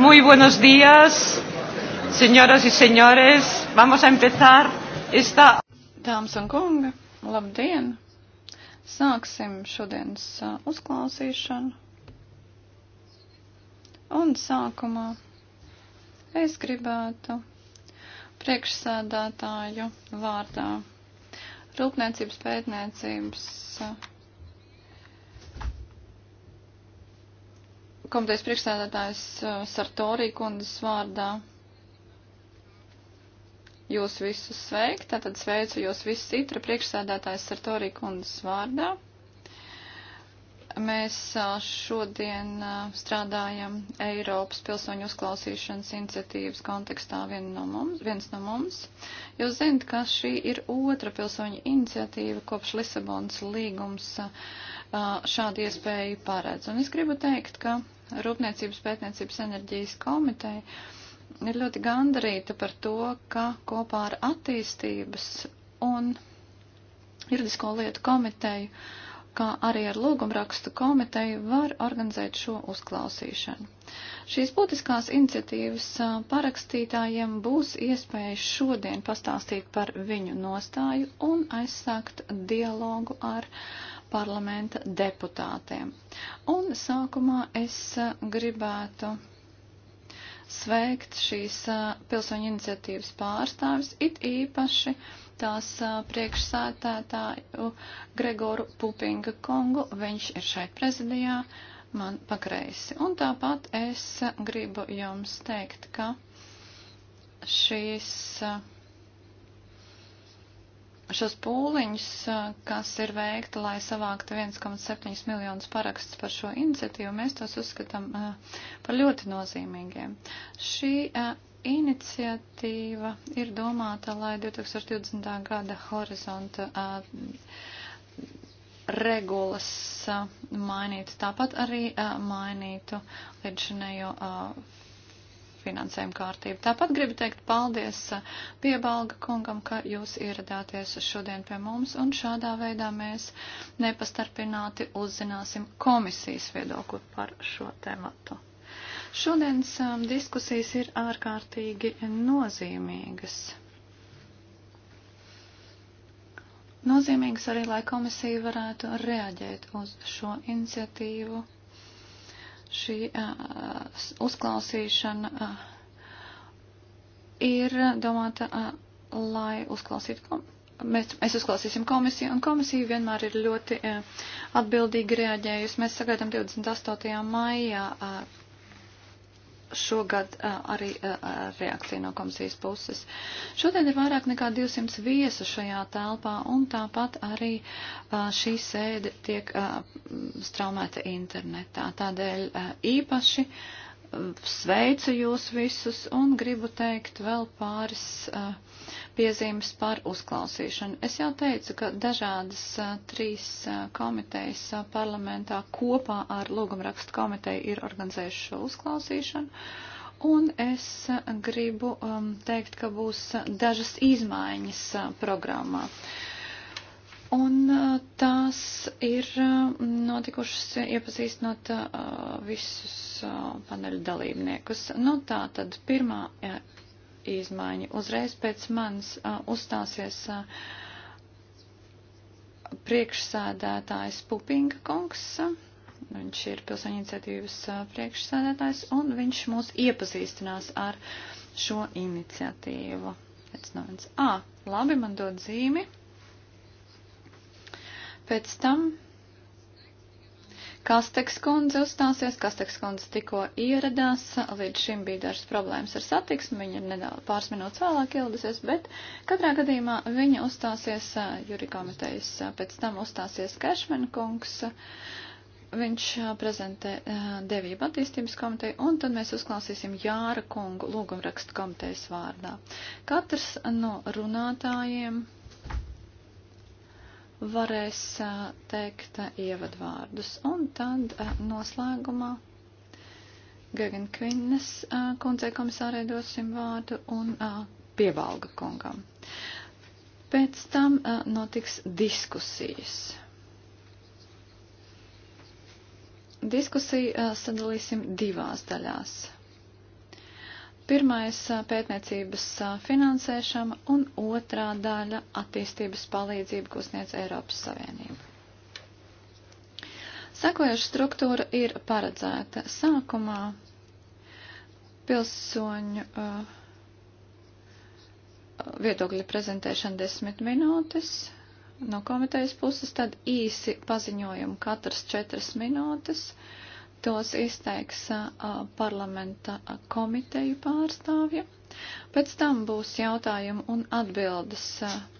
Muy buenos días, señoras y señores. Vamos a empezar esta. Dāmas un kungi, labdien! Sāksim šodienas uzklausīšanu. Un sākumā es gribētu priekšsēdētāju vārdā Rūpniecības pētniecības komitejas priekšstādātājs uh, Sartorī kundas vārdā jūs visus sveikt, tātad sveicu jūs visus itra priekšsēdētājs Sartorī kundas vārdā. Mēs uh, šodien uh, strādājam Eiropas pilsoņu uzklausīšanas iniciatīvas kontekstā vien no mums, viens no mums. Jūs zinat, ka šī ir otra pilsoņu iniciatīva kopš Lisabonas līgums šādu iespēju paredz. Un es gribu teikt, ka Rūpniecības pētniecības enerģijas komiteja ir ļoti gandarīta par to, ka kopā ar attīstības un juridisko lietu komiteju, kā arī ar lūgumrakstu komiteju var organizēt šo uzklausīšanu. Šīs būtiskās iniciatīvas parakstītājiem būs iespēja šodien pastāstīt par viņu nostāju un aizsākt dialogu ar parlamenta deputātiem. Un sākumā es eh, gribētu sveikt šīs eh, pilsoņu iniciatīvas pārstāvis, it īpaši tās eh, priekšsētētāju Gregoru Pupinga Kongu. Viņš ir šeit prezidijā man pakreisi. Un tāpat es gribu jums teikt, ka šīs. Uh, šos pūliņus, kas ir veikta, lai savāktu 1,7 miljonus parakstus par šo iniciatīvu, mēs tos uzskatām par ļoti nozīmīgiem. Šī iniciatīva ir domāta, lai 2020. gada horizonta regulas mainītu, tāpat arī mainītu līdzinējo finansējuma kārtību. Tāpat gribu teikt paldies uh, piebalga kungam, ka jūs ieradāties šodien pie mums, un šādā veidā mēs nepastarpināti uzzināsim komisijas viedokli par šo tematu. Šodienas um, diskusijas ir ārkārtīgi nozīmīgas. Nozīmīgas arī, lai komisija varētu reaģēt uz šo iniciatīvu Šī uh, uzklausīšana uh, ir domāta, uh, lai uzklausītu komisiju mēs, mēs uzklausīsim komisiju, un komisija vienmēr ir ļoti atbildīgi reaģējusi. Mēs sagaidām 28. maijā šogad arī reakcija no komisijas puses. Šodien ir vairāk nekā 200 viesu šajā telpā, un tāpat arī šī sēde tiek straumēta internetā. Tādēļ īpaši sveicu jūs visus un gribu teikt vēl pāris. Uh, piezīmes par uzklausīšanu. Es jau teicu, ka dažādas trīs komitejas parlamentā kopā ar lūgumrakstu komiteju ir organizējuši šo uzklausīšanu. Un es gribu um, teikt, ka būs dažas izmaiņas programmā. Un tās ir notikušas iepazīstinot visus paneļu dalībniekus. Nu tā tad pirmā izmaiņa. Uzreiz pēc manis uzstāsies priekšsādātājs Pupinga kungs. Viņš ir pilsēņu iniciatīvas priekšsādātājs un viņš mūs iepazīstinās ar šo iniciatīvu. Pēc no viens. Ā, labi, man dod zīmi. Pēc tam Kasteks kundze uzstāsies, Kasteks kundze tikko ieradās, līdz šim bija dažas problēmas ar satiksmi, viņa ir nedaudz pāris minūtes vēlāk ieldusies, bet katrā gadījumā viņa uzstāsies, Juri komitejas pēc tam uzstāsies Kešmen kungs, viņš prezentē eh, devību attīstības komiteju, un tad mēs uzklāsīsim Jāra kungu lūgumrakstu komitejas vārdā. Katrs no runātājiem varēs teikt ievadvārdus. Un tad noslēgumā Gagan Kvinnes kundzei komisārai dosim vārdu un piebalga kungam. Pēc tam notiks diskusijas. Diskusiju sadalīsim divās daļās. Pirmais - pētniecības finansēšana un otrā daļa - attīstības palīdzība, ko sniedz Eiropas Savienība. Sekojoša struktūra ir paredzēta sākumā pilsoņu uh, viedokļa prezentēšana desmit minūtes no komitejas puses, tad īsi paziņojumi katras četras minūtes. Uh, Tos izteiks parlamenta komiteju pārstāvja. Pēc tam būs jautājumi un atbildes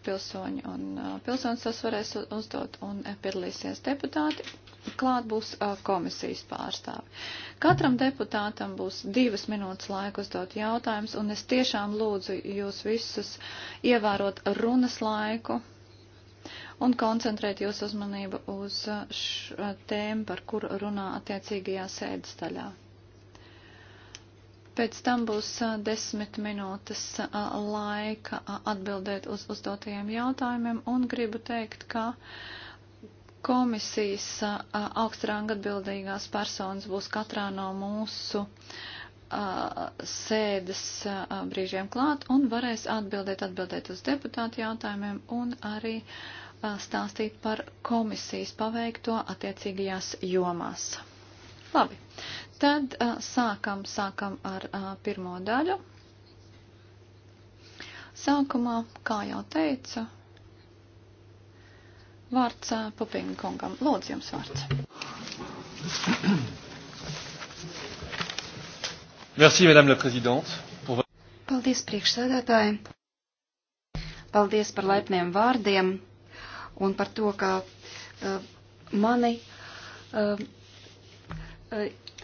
pilsoņi un pilsonis tos varēs uzdot un e, piedalīsies deputāti. Klāt būs komisijas pārstāvi. Katram deputātam būs divas minūtes laika uzdot jautājumus, un es tiešām lūdzu jūs visus ievērot runas laiku, un koncentrēt jūsu uzmanību uz uh, uh, tēmu, par kuru runā attiecīgajā sēdes daļā. Pēc tam būs uh, desmit minūtes laika atbildēt uz uzdotajiem jautājumiem un gribu teikt, ka komisijas augstrāng atbildīgās personas būs katrā no mūsu sēdes brīžiem klāt un varēs atbildēt, atbildēt uz deputātu jautājumiem un arī uh, stāstīt par komisijas paveikto attiecīgajās jomās. Labi, tad sākam, sākam ar pirmo daļu. Sākumā, kā jau teicu, vārds Pupinga kungam. Lūdzu, jums vārds. Merci, madame la présidente. Pour... Paldies, priekšsēdētāji. Paldies par laipniem vārdiem un par to, ka uh, mani, uh,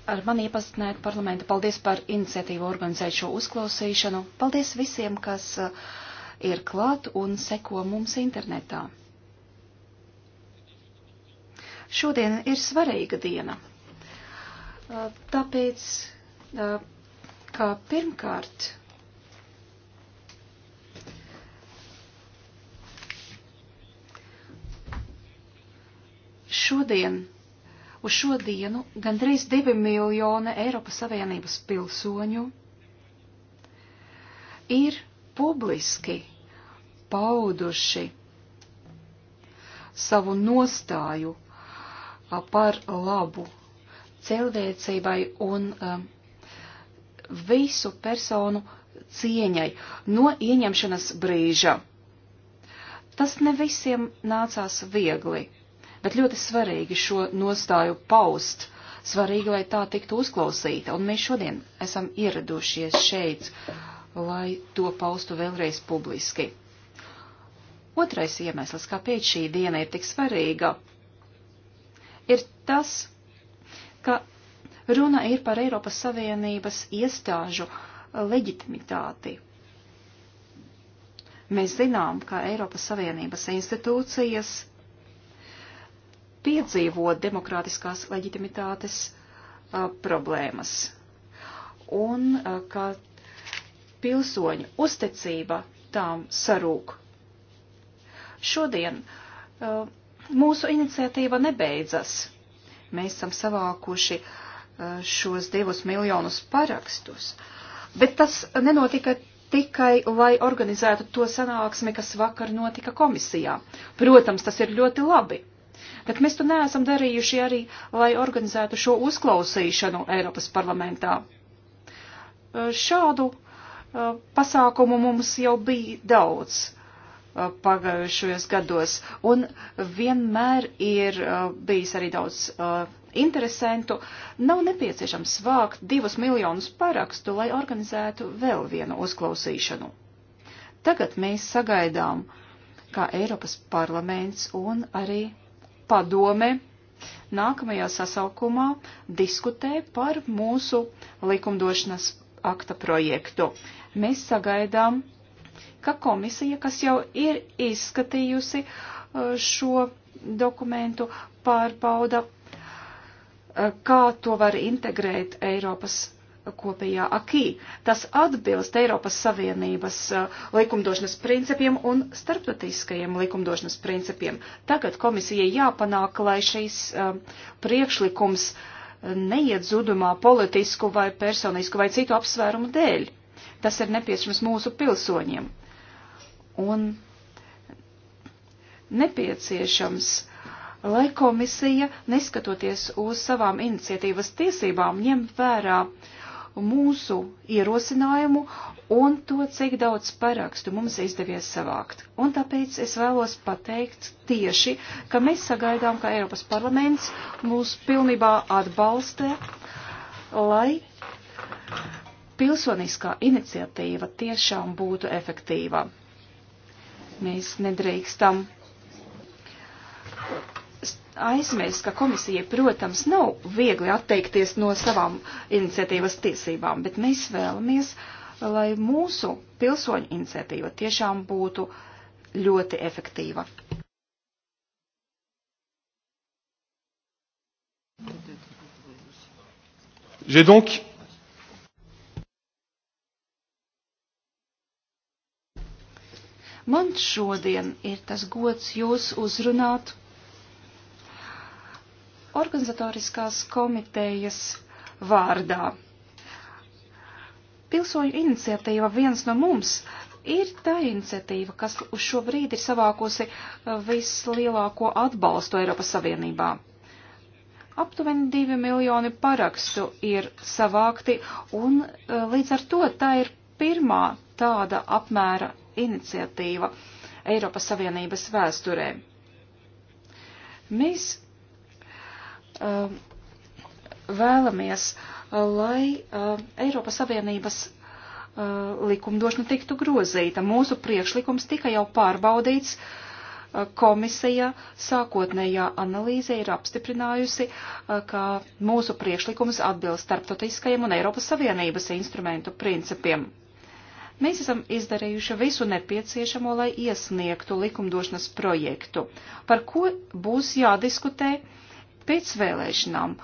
ar mani iepazīstināja parlamentu. Paldies par iniciatīvu organizēt šo uzklausīšanu. Paldies visiem, kas uh, ir klāt un seko mums internetā. Šodien ir svarīga diena, tāpēc, ka pirmkārt Šodien, uz šodienu, gandrīz 2 miljoni Eiropas Savienības pilsoņu ir publiski pauduši savu nostāju par labu celtniecībai un um, visu personu cieņai no ieņemšanas brīža. Tas ne visiem nācās viegli, bet ļoti svarīgi šo nostāju paust. Svarīgi, lai tā tiktu uzklausīta, un mēs šodien esam ieradušies šeit, lai to paustu vēlreiz publiski. Otrais iemesls, kāpēc šī diena ir tik svarīga, ir tas, ka runa ir par Eiropas Savienības iestāžu leģitimitāti. Mēs zinām, ka Eiropas Savienības institūcijas piedzīvo demokrātiskās leģitimitātes uh, problēmas. Un uh, ka pilsoņu uzticība tām sarūk. Šodien uh, mūsu iniciatīva nebeidzas. Mēs esam savākuši šos divus miljonus parakstus, bet tas nenotika tikai, lai organizētu to sanāksmi, kas vakar notika komisijā. Protams, tas ir ļoti labi bet mēs to neesam darījuši arī, lai organizētu šo uzklausīšanu Eiropas parlamentā. Šādu pasākumu mums jau bija daudz pagājušajos gados, un vienmēr ir bijis arī daudz interesantu. Nav nepieciešams vākt divus miljonus parakstu, lai organizētu vēl vienu uzklausīšanu. Tagad mēs sagaidām, kā Eiropas parlaments un arī padome nākamajā sasaukumā diskutē par mūsu likumdošanas akta projektu. Mēs sagaidām, ka komisija, kas jau ir izskatījusi uh, šo dokumentu, pārbauda, uh, kā to var integrēt Eiropas kopējā akī. Tas atbilst Eiropas Savienības uh, likumdošanas principiem un starptautiskajiem likumdošanas principiem. Tagad komisijai jāpanāk, lai šīs uh, priekšlikums uh, neiet zudumā politisku vai personisku vai citu apsvērumu dēļ. Tas ir nepieciešams mūsu pilsoņiem. Un nepieciešams uh, lai komisija, neskatoties uz savām iniciatīvas tiesībām, ņem vērā mūsu ierosinājumu un to, cik daudz parakstu mums izdevies savākt. Un tāpēc es vēlos pateikt tieši, ka mēs sagaidām, ka Eiropas parlaments mūs pilnībā atbalsta, lai pilsoniskā iniciatīva tiešām būtu efektīva. Mēs nedrīkstam aizmirst, ka komisijai, protams, nav viegli atteikties no savām iniciatīvas tiesībām, bet mēs vēlamies, lai mūsu pilsoņu iniciatīva tiešām būtu ļoti efektīva. J'ai donc Man šodien ir tas gods jūs uzrunāt organizatoriskās komitejas vārdā. Pilsoņu iniciatīva viens no mums ir tā iniciatīva, kas uz šo brīdi ir savākusi eh, vislielāko atbalstu Eiropas Savienībā. Aptuveni divi miljoni parakstu ir savākti, un eh, līdz ar to tā ir pirmā tāda apmēra iniciatīva Eiropas Savienības vēsturē. Mēs Uh, vēlamies, uh, lai uh, Eiropas Savienības likumdošana tiktu grozīta. Mūsu priekšlikums tika jau pārbaudīts. Komisija sākotnējā analīze ir apstiprinājusi, ka mūsu priekšlikums atbilst starptautiskajiem un Eiropas Savienības instrumentu principiem. Mēs esam izdarījuši visu nepieciešamo, lai iesniegtu likumdošanas projektu, par ko būs jādiskutē uh, Pēc vēlēšanām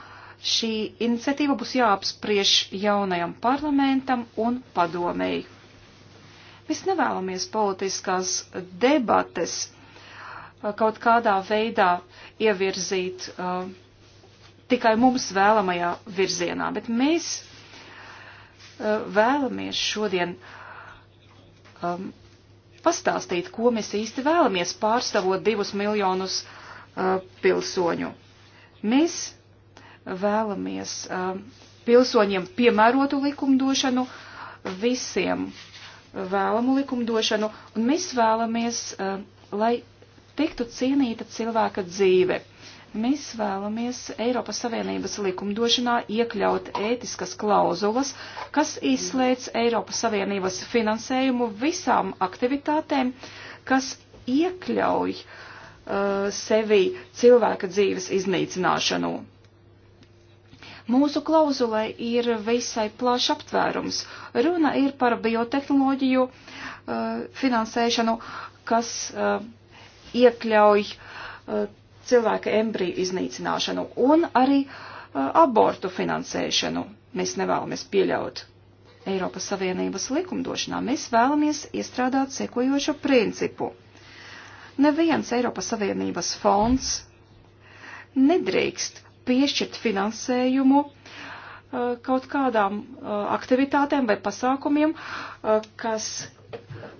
šī iniciatīva būs jāapspriež jaunajam parlamentam un padomēji. Mēs nevēlamies politiskās debates uh, kaut kādā veidā ievirzīt uh, tikai mums vēlamajā virzienā, bet mēs uh, vēlamies šodien um, pastāstīt, ko mēs īsti vēlamies pārstāvot divus miljonus uh, pilsoņu. Mēs vēlamies uh, pilsoņiem piemērotu likumdošanu, visiem vēlamu likumdošanu, un mēs vēlamies, uh, lai tiktu cienīta cilvēka dzīve. Mēs vēlamies Eiropas Savienības likumdošanā iekļaut ētiskas klauzulas, kas izslēdz Eiropas Savienības finansējumu visām aktivitātēm, kas iekļauj uh, Uh, sevi cilvēka dzīves iznīcināšanu. Mūsu klauzulē ir visai plašs aptvērums. Runa ir par biotehnoloģiju uh, finansēšanu, kas uh, iekļauj uh, cilvēka embriju iznīcināšanu un arī uh, abortu finansēšanu. Mēs nevēlamies pieļaut Eiropas Savienības likumdošanā. Mēs vēlamies iestrādāt sekojošo principu. Neviens Eiropas Savienības fonds nedrīkst piešķirt finansējumu uh, kaut kādām uh, aktivitātēm vai pasākumiem, uh, kas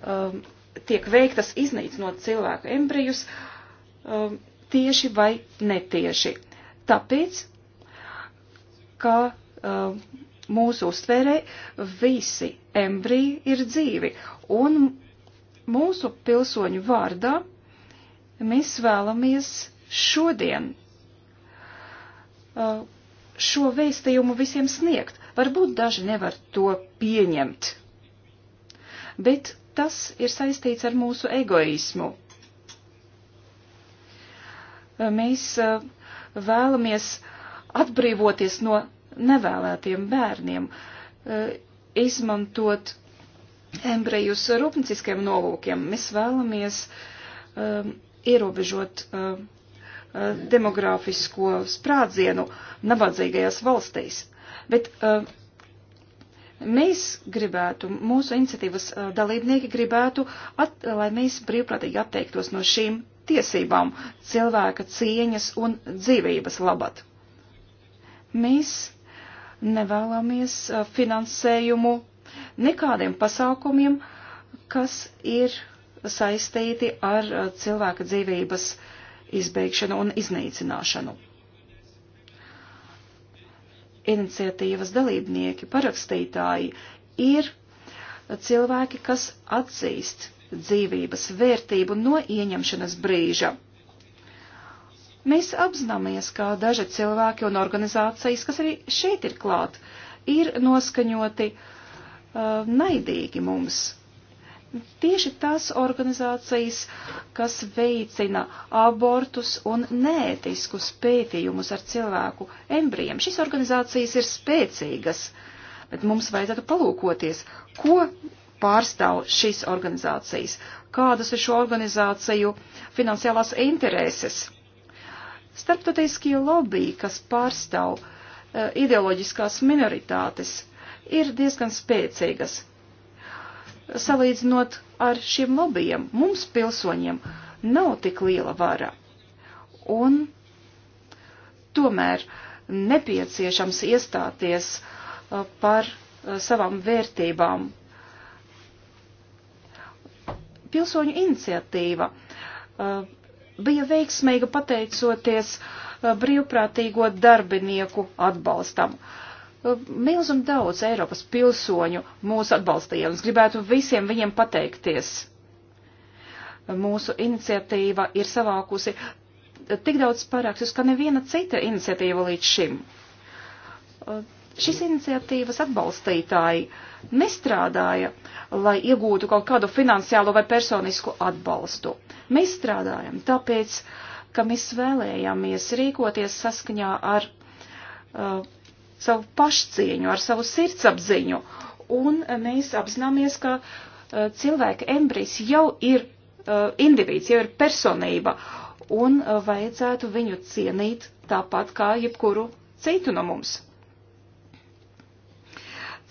um, tiek veiktas iznīcinot cilvēku embrijus um, tieši vai netieši. Tāpēc, ka um, mūsu uztvērē visi embriji ir dzīvi un mūsu pilsoņu vārdā Mēs vēlamies šodien uh, šo vēstījumu visiem sniegt. Varbūt daži nevar to pieņemt, bet tas ir saistīts ar mūsu egoismu. Uh, mēs uh, vēlamies atbrīvoties no nevēlētiem bērniem, izmantot embrejus rūpnieciskiem nolūkiem. Mēs vēlamies um, ierobežot uh, uh, demogrāfisko sprādzienu nabadzīgajās valstīs. Bet uh, mēs gribētu, mūsu iniciatīvas uh, dalībnieki gribētu, at, lai mēs brīvprātīgi atteiktos no šīm tiesībām cilvēka cieņas un dzīvības labad. Mēs nevēlamies uh, finansējumu nekādiem pasākumiem, kas ir saistīti ar uh, cilvēka dzīvības izbeigšanu un iznīcināšanu. Iniciatīvas dalībnieki, parakstītāji ir cilvēki, kas atzīst dzīvības vērtību no ieņemšanas brīža. Mēs apzināmies, ka daži cilvēki un organizācijas, kas arī šeit ir klāt, ir noskaņoti uh, naidīgi mums tieši tās organizācijas, kas veicina abortus un nētiskus pētījumus ar cilvēku embrijiem. Šīs organizācijas ir spēcīgas, bet mums vajadzētu palūkoties, ko pārstāv šīs organizācijas, kādas ir šo organizāciju finansiālās intereses. Starptautiskie lobby, kas pārstāv uh, ideoloģiskās minoritātes, ir diezgan spēcīgas salīdzinot ar šiem lobbyiem. Mums pilsoņiem nav tik liela vara. Un tomēr nepieciešams iestāties uh, par uh, savām vērtībām. Pilsoņu iniciatīva uh, bija veiksmīga pateicoties brīvprātīgo darbinieku atbalstam. Uh, milzum daudz Eiropas pilsoņu mūs atbalstīja, un es gribētu visiem viņiem pateikties. Mūsu iniciatīva ir savākusi tik daudz parakstus, ka neviena cita iniciatīva līdz šim. Šis iniciatīvas atbalstītāji nestrādāja, lai iegūtu kaut kādu finansiālu vai personisku atbalstu. Mēs strādājam tāpēc, ka mēs vēlējāmies rīkoties saskaņā ar uh, savu pašcieņu, ar savu sirdsapziņu. Un eh, mēs apzināmies, ka uh, cilvēka embrijs jau ir uh, individs, jau ir personība, un uh, vajadzētu viņu cienīt tāpat kā jebkuru citu no mums.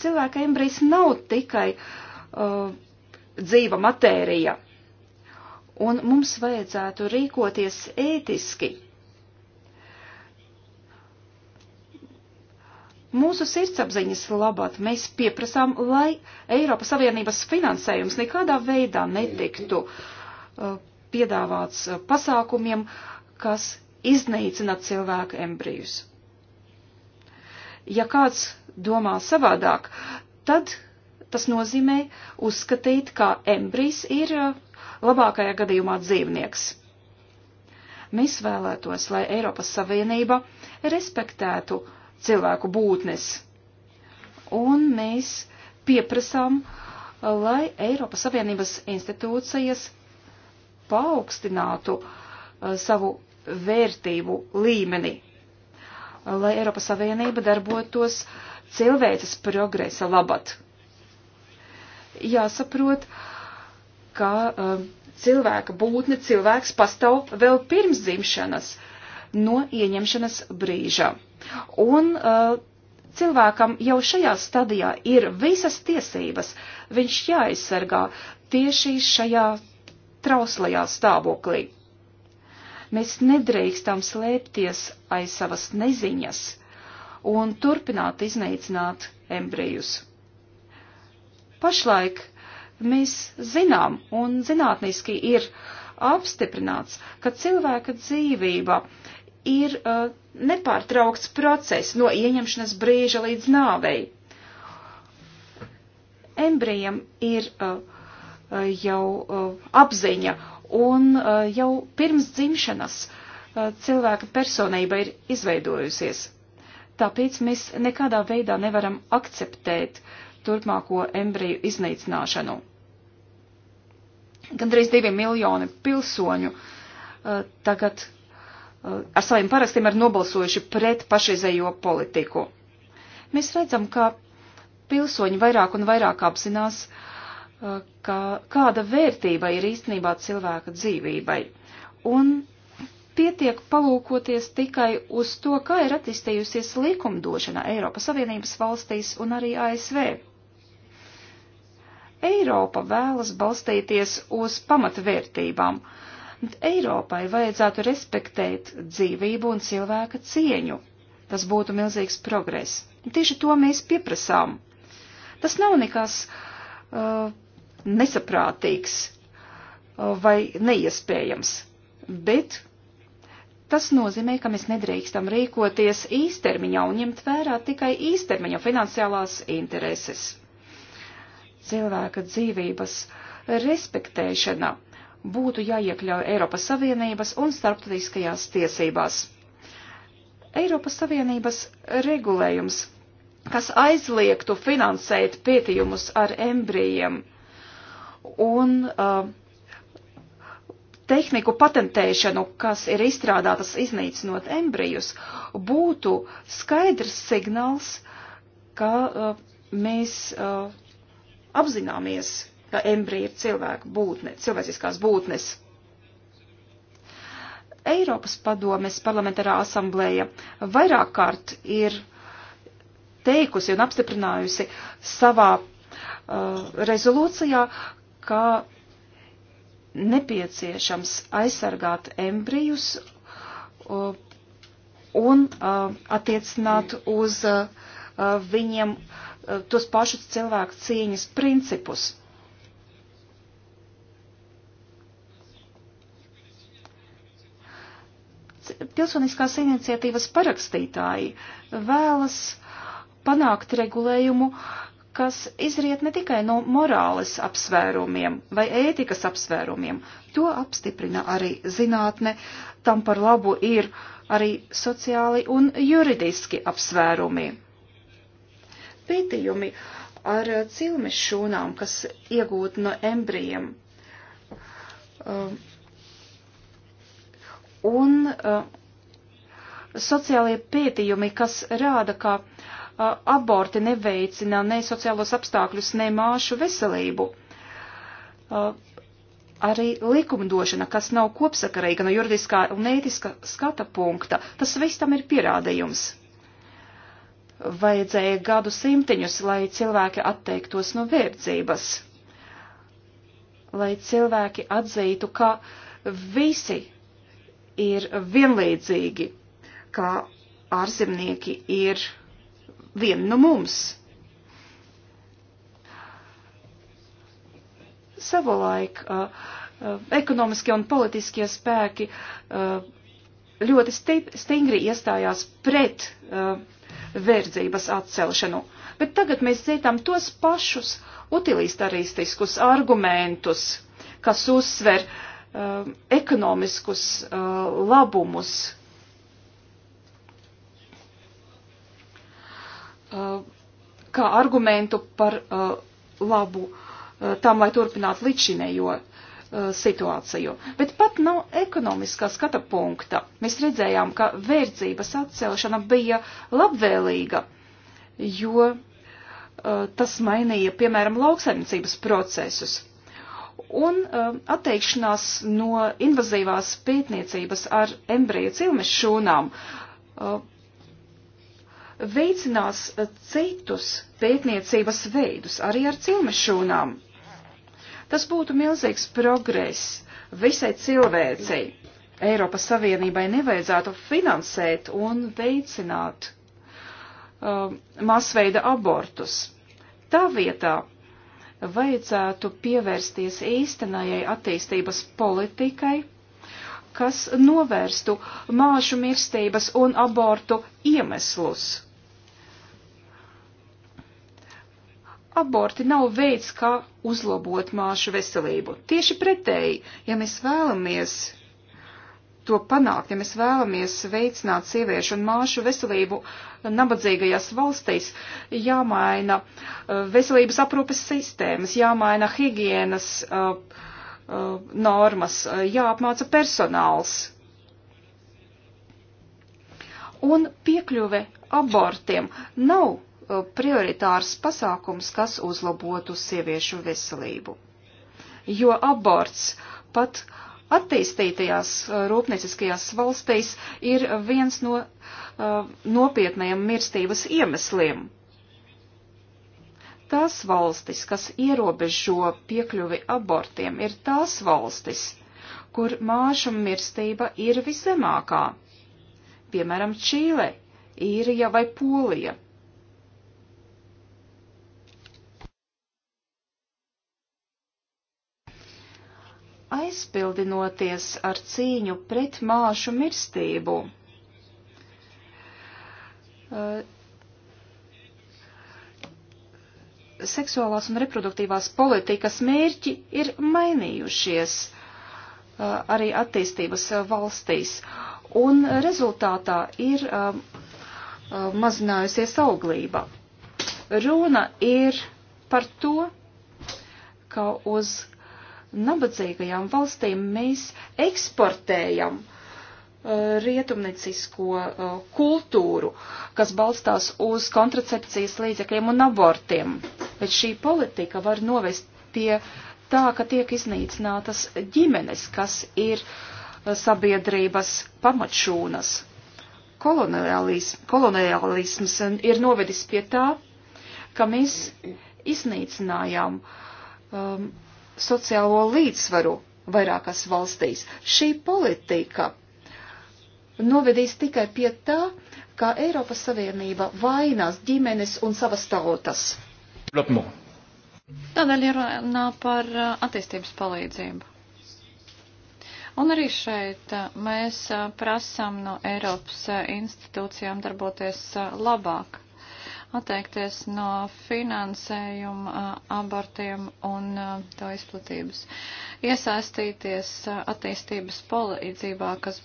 Cilvēka embrijs nav tikai uh, dzīva matērija, un mums vajadzētu rīkoties ētiski Mūsu sirdsapziņas labāk mēs pieprasām, lai Eiropas Savienības finansējums nekādā veidā netiktu uh, piedāvāts uh, pasākumiem, kas iznīcina cilvēku embrijus. Ja kāds domā savādāk, tad tas nozīmē uzskatīt, ka embrijs ir uh, labākajā gadījumā dzīvnieks. Mēs vēlētos, lai Eiropas Savienība respektētu cilvēku būtnes. Un mēs pieprasām, lai Eiropas Savienības institūcijas paaugstinātu uh, savu vērtību līmeni, lai Eiropas Savienība darbotos cilvēces progresa labad. Jāsaprot, ka uh, cilvēka būtne cilvēks pastāv vēl pirms dzimšanas. Uh, no ieņemšanas brīža. Un uh, cilvēkam jau šajā stadijā ir visas tiesības, viņš jāaizsargā tieši šajā trauslajā stāvoklī. Mēs nedrīkstam slēpties aiz savas neziņas un turpināt iznīcināt embrijus. Pašlaik mēs zinām un zinātniski ir apstiprināts, ka cilvēka dzīvība ir uh, nepārtraukts process no ieņemšanas brīža līdz nāvei. Embrijam ir uh, jau uh, apziņa un uh, jau pirms dzimšanas uh, cilvēka personība ir izveidojusies. Tāpēc mēs nekādā veidā nevaram akceptēt turpmāko embriju iznīcināšanu. Gandrīz divi miljoni pilsoņu uh, tagad Uh, ar saviem parakstiem ir nobalsojuši pret pašreizējo politiku. Mēs redzam, ka pilsoņi vairāk un vairāk apzinās, uh, ka kāda vērtība ir īstenībā cilvēka dzīvībai. Un pietiek palūkoties tikai uz to, kā ir attīstījusies likumdošana Eiropas Savienības valstīs un arī ASV. Eiropa vēlas balstīties uz pamatvērtībām, uh, Un Eiropai vajadzētu respektēt dzīvību un cilvēka cieņu. Tas būtu milzīgs progress. Un tieši to mēs pieprasām. Tas nav nekas uh, nesaprātīgs uh, vai neiespējams, bet Tas nozīmē, ka mēs nedrīkstam rīkoties īstermiņā un ņemt vērā tikai īstermiņa finansiālās intereses. Cilvēka dzīvības respektēšana būtu jāiekļauj Eiropas Savienības un starptautiskajās tiesībās. Eiropas Savienības regulējums, kas aizliegtu finansēt pētījumus ar embrijiem un uh, tehniku patentēšanu, kas ir izstrādātas iznīcinot embrijus, būtu skaidrs signāls, ka uh, mēs uh, apzināmies ka embrija ir cilvēka būtne, cilvēciskās būtnes. Eiropas padomes parlamentārā asamblēja vairāk kārt ir teikusi un apstiprinājusi savā uh, rezolūcijā, ka nepieciešams aizsargāt embrijus uh, un uh, attiecināt uz uh, uh viņiem uh, tos pašus cilvēku cieņas principus. pilsoniskās iniciatīvas parakstītāji vēlas panākt regulējumu, kas izriet ne tikai no morāles apsvērumiem vai ētikas apsvērumiem. To apstiprina arī zinātne, tam par labu ir arī sociāli un juridiski apsvērumi. Pētījumi ar cilmes šūnām, kas iegūti no embrijiem, um, Un uh, sociālie pētījumi, kas rāda, ka uh, aborti neveicina ne sociālos apstākļus, ne māšu veselību. Uh, arī likumdošana, kas nav kopsakarīga no juridiskā un ētiska skata punkta, tas viss tam ir pierādījums. Vajadzēja gadu simtiņus, lai cilvēki atteiktos no verdzības, lai cilvēki atzītu, ka visi ir vienlīdzīgi, kā ārzemnieki ir vieni no mums. Savulaik uh, uh, ekonomiskie un politiskie spēki uh, ļoti stingri iestājās pret uh, verdzības atcelšanu, bet tagad mēs dzirdam tos pašus utilitaristiskus argumentus, kas uzsver uh, Um, ekonomiskus uh, labumus. Uh, kā argumentu par uh, labu tam, lai turpinātu līdzinējo situāciju. Bet pat no ekonomiskā skata punkta mēs redzējām, ka vērdzības atcelšana bija labvēlīga, jo tas mainīja, piemēram, lauksaimniecības procesus un uh, atteikšanās no invazīvās pētniecības ar embriju cilmes šūnām uh, veicinās uh, citus pētniecības veidus arī ar cilmes šūnām. Tas būtu milzīgs progress visai cilvēcei. Eiropas Savienībai nevajadzētu finansēt un veicināt uh, masveida abortus. Tā vietā vajadzētu pievērsties īstenajai attīstības politikai, kas novērstu māšu mirstības un abortu iemeslus. Aborti nav veids, kā uzlabot māšu veselību. Tieši pretēji, ja mēs vēlamies to panākt, ja mēs vēlamies veicināt sieviešu un māšu veselību nabadzīgajās valstīs, jāmaina uh, veselības aprūpes sistēmas, jāmaina higienas uh, uh, normas, uh, jāapmāca personāls. Un piekļuve abortiem nav uh, prioritārs pasākums, kas uzlabotu sieviešu veselību. Jo aborts pat uh, Attīstītajās uh, rūpnieciskajās valstīs ir viens no uh, nopietniem mirstības iemesliem. Tās valstis, kas ierobežo piekļuvi abortiem, ir tās valstis, kur māšu mirstība ir viszemākā. Piemēram, Čīle, Īrija vai Polija. aizpildinoties ar cīņu pret māšu mirstību. Uh, seksuālās un reproduktīvās politikas mērķi ir mainījušies uh, arī attīstības valstīs, un rezultātā ir uh, uh mazinājusies auglība. Runa ir par to, ka uz nabadzīgajām valstīm mēs eksportējam uh, rietumnicisko uh, kultūru, kas balstās uz kontracepcijas līdzekļiem un abortiem. Bet šī politika var novest pie tā, ka tiek iznīcinātas ģimenes, kas ir uh, sabiedrības pamatšūnas. Kolonialism, kolonialisms ir novedis pie tā, ka mēs iznīcinājām um, sociālo līdzsvaru vairākās valstīs. Šī politika novedīs tikai pie tā, ka Eiropas Savienība vainās ģimenes un savas tautas. Tādēļ ir runā par uh, attīstības palīdzību. Un arī šeit uh, mēs uh, prasām no Eiropas institūcijām darboties labāk atteikties no finansējuma abortiem un to izplatības. Iesaistīties attīstības palīdzībā, kas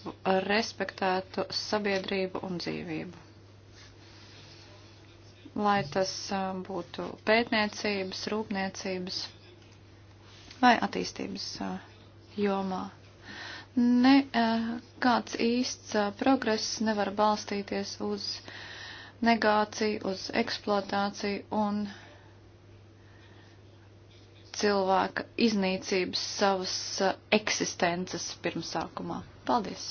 respektētu sabiedrību un dzīvību. Lai tas būtu pētniecības, rūpniecības vai attīstības jomā. Ne, kāds īsts progress nevar balstīties uz uh, negāciju, uz eksploatāciju un cilvēka iznīcības savas uh, eksistences pirmsākumā. Paldies!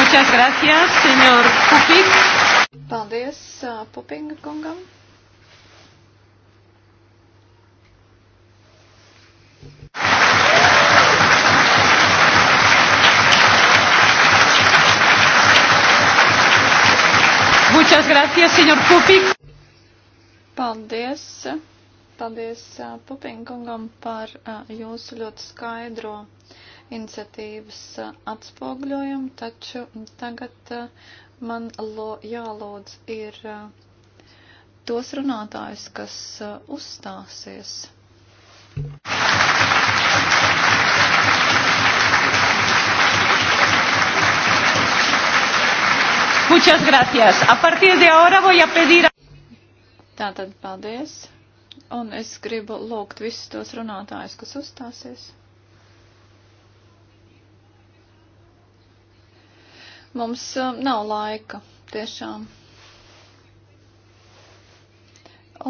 Muchas gracias, señor Pupik. Paldies, uh, Pupinga kungam. Muchas gracias, senor Pupiks. Paldies. Paldies uh, Pupinkungam par uh, jūsu ļoti skaidro iniciatīvas uh, atspoguļojumu, taču tagad uh, man lo, jālūdz ir uh, tos runātājus, kas uh, uzstāsies. Muchas gracias. A partir de ahora voy a pedir. A... Tātad paldies. Un es gribu lūgt visus tos runātājus, kas uzstāsies. Mums um, nav laika, tiešām.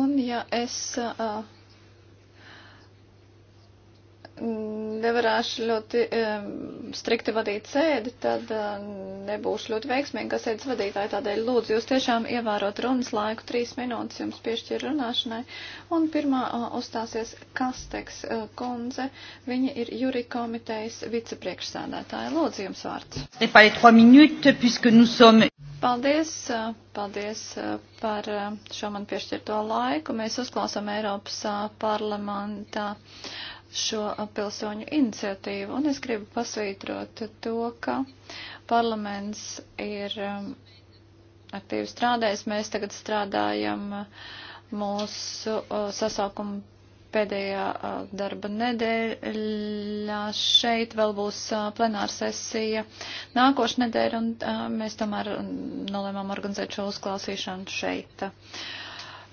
Un ja es. Uh, nevarēšu ļoti um, strikti vadīt sēdi, tad um, nebūšu ļoti veiksmīga sēdes vadītāja. Tādēļ lūdzu jūs tiešām ievērot runas laiku, trīs minūtes jums piešķir runāšanai. Un pirmā uh, uzstāsies Kasteks uh, kundze, viņa ir juri komitejas vicepriekšsēdētāja. Lūdzu jums vārds. Paldies, uh, paldies uh, par uh, šo man piešķirto laiku. Mēs uzklausām Eiropas uh, parlamentā. Uh, šo pilsoņu iniciatīvu. Un es gribu pasvītrot to, ka parlaments ir um, aktīvi strādājis. Mēs tagad strādājam mūsu sasaukumu pēdējā darba nedēļā. Šeit vēl būs plenāra sesija nākošu nedēļu, un mēs tomēr nolēmām organizēt šo uzklausīšanu šeit. Uh,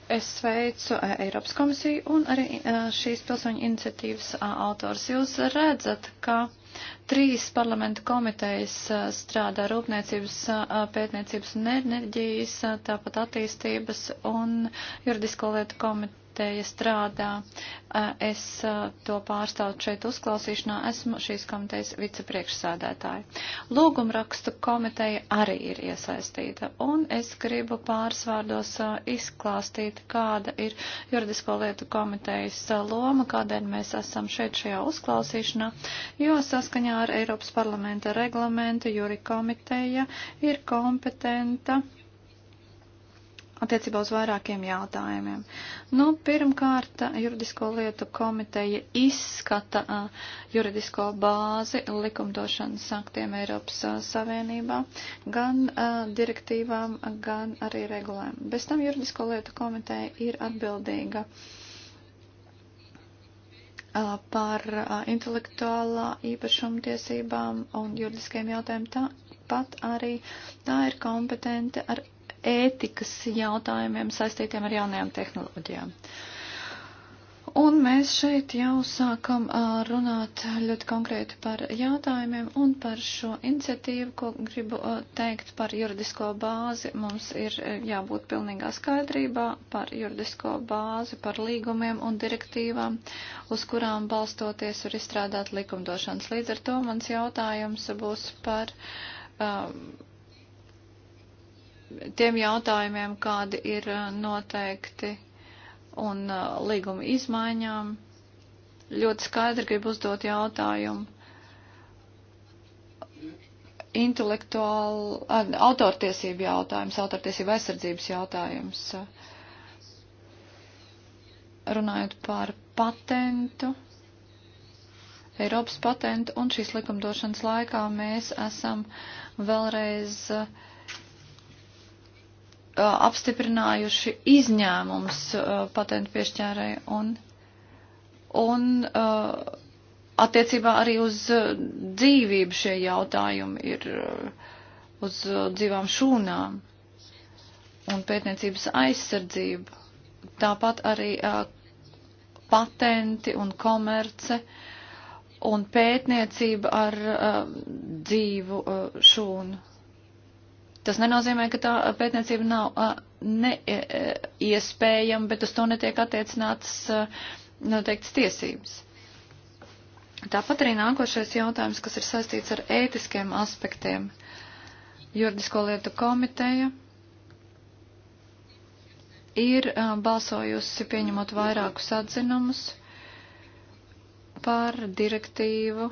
Es sveicu eh, Eiropas komisiju un arī eh, šīs pilsoņu iniciatīvas eh, autors. Jūs redzat, ka trīs parlamenta komitejas strādā rūpniecības, pētniecības un enerģijas, tāpat attīstības un juridisko lietu komiteja komiteja strādā. Es to pārstāvu šeit uzklausīšanā, esmu šīs komitejas vicepriekšsādētāja. Lūgumrakstu komiteja arī ir iesaistīta, un es gribu pārsvārdos izklāstīt, kāda ir juridisko lietu komitejas loma, kādēļ mēs esam šeit šajā uzklausīšanā, jo saskaņā ar Eiropas parlamenta reglamentu juri komiteja ir kompetenta attiecībā uz vairākiem jautājumiem. Nu, pirmkārt, juridisko lietu komiteja izskata uh, juridisko bāzi likumdošanas aktiem Eiropas uh, Savienībā, gan uh, direktīvām, gan arī regulēm. Bez tam juridisko lietu komiteja ir atbildīga uh, par uh, intelektuālā īpašuma tiesībām un juridiskajiem jautājumiem. Tā pat arī tā ir kompetente ar ētikas jautājumiem saistītiem ar jaunajām tehnoloģijām. Un mēs šeit jau sākam runāt ļoti konkrēti par jautājumiem un par šo iniciatīvu, ko gribu teikt par juridisko bāzi. Mums ir jābūt pilnīgā skaidrībā par juridisko bāzi, par līgumiem un direktīvām, uz kurām balstoties var izstrādāt likumdošanas. Līdz ar to mans jautājums būs par. Um, tiem jautājumiem, kādi ir uh, noteikti un uh, līguma izmaiņām. Ļoti skaidri grib uzdot jautājumu. Intelektuāli, uh, autortiesību jautājums, autortiesību aizsardzības jautājums. Runājot par patentu, Eiropas patentu un šīs likumdošanas laikā mēs esam vēlreiz uh, apstiprinājuši izņēmums patentu piešķērai un, un attiecībā arī uz dzīvību šie jautājumi ir uz dzīvām šūnām un pētniecības aizsardzību. Tāpat arī patenti un komerce un pētniecība ar dzīvu šūnu Tas nenozīmē, ka tā pētniecība nav neiespējama, e, e, bet uz to netiek attiecināts noteikts tiesības. Tāpat arī nākošais jautājums, kas ir saistīts ar ētiskiem aspektiem. Juridisko lietu komiteja ir balsojusi pieņemot vairākus atzinumus par direktīvu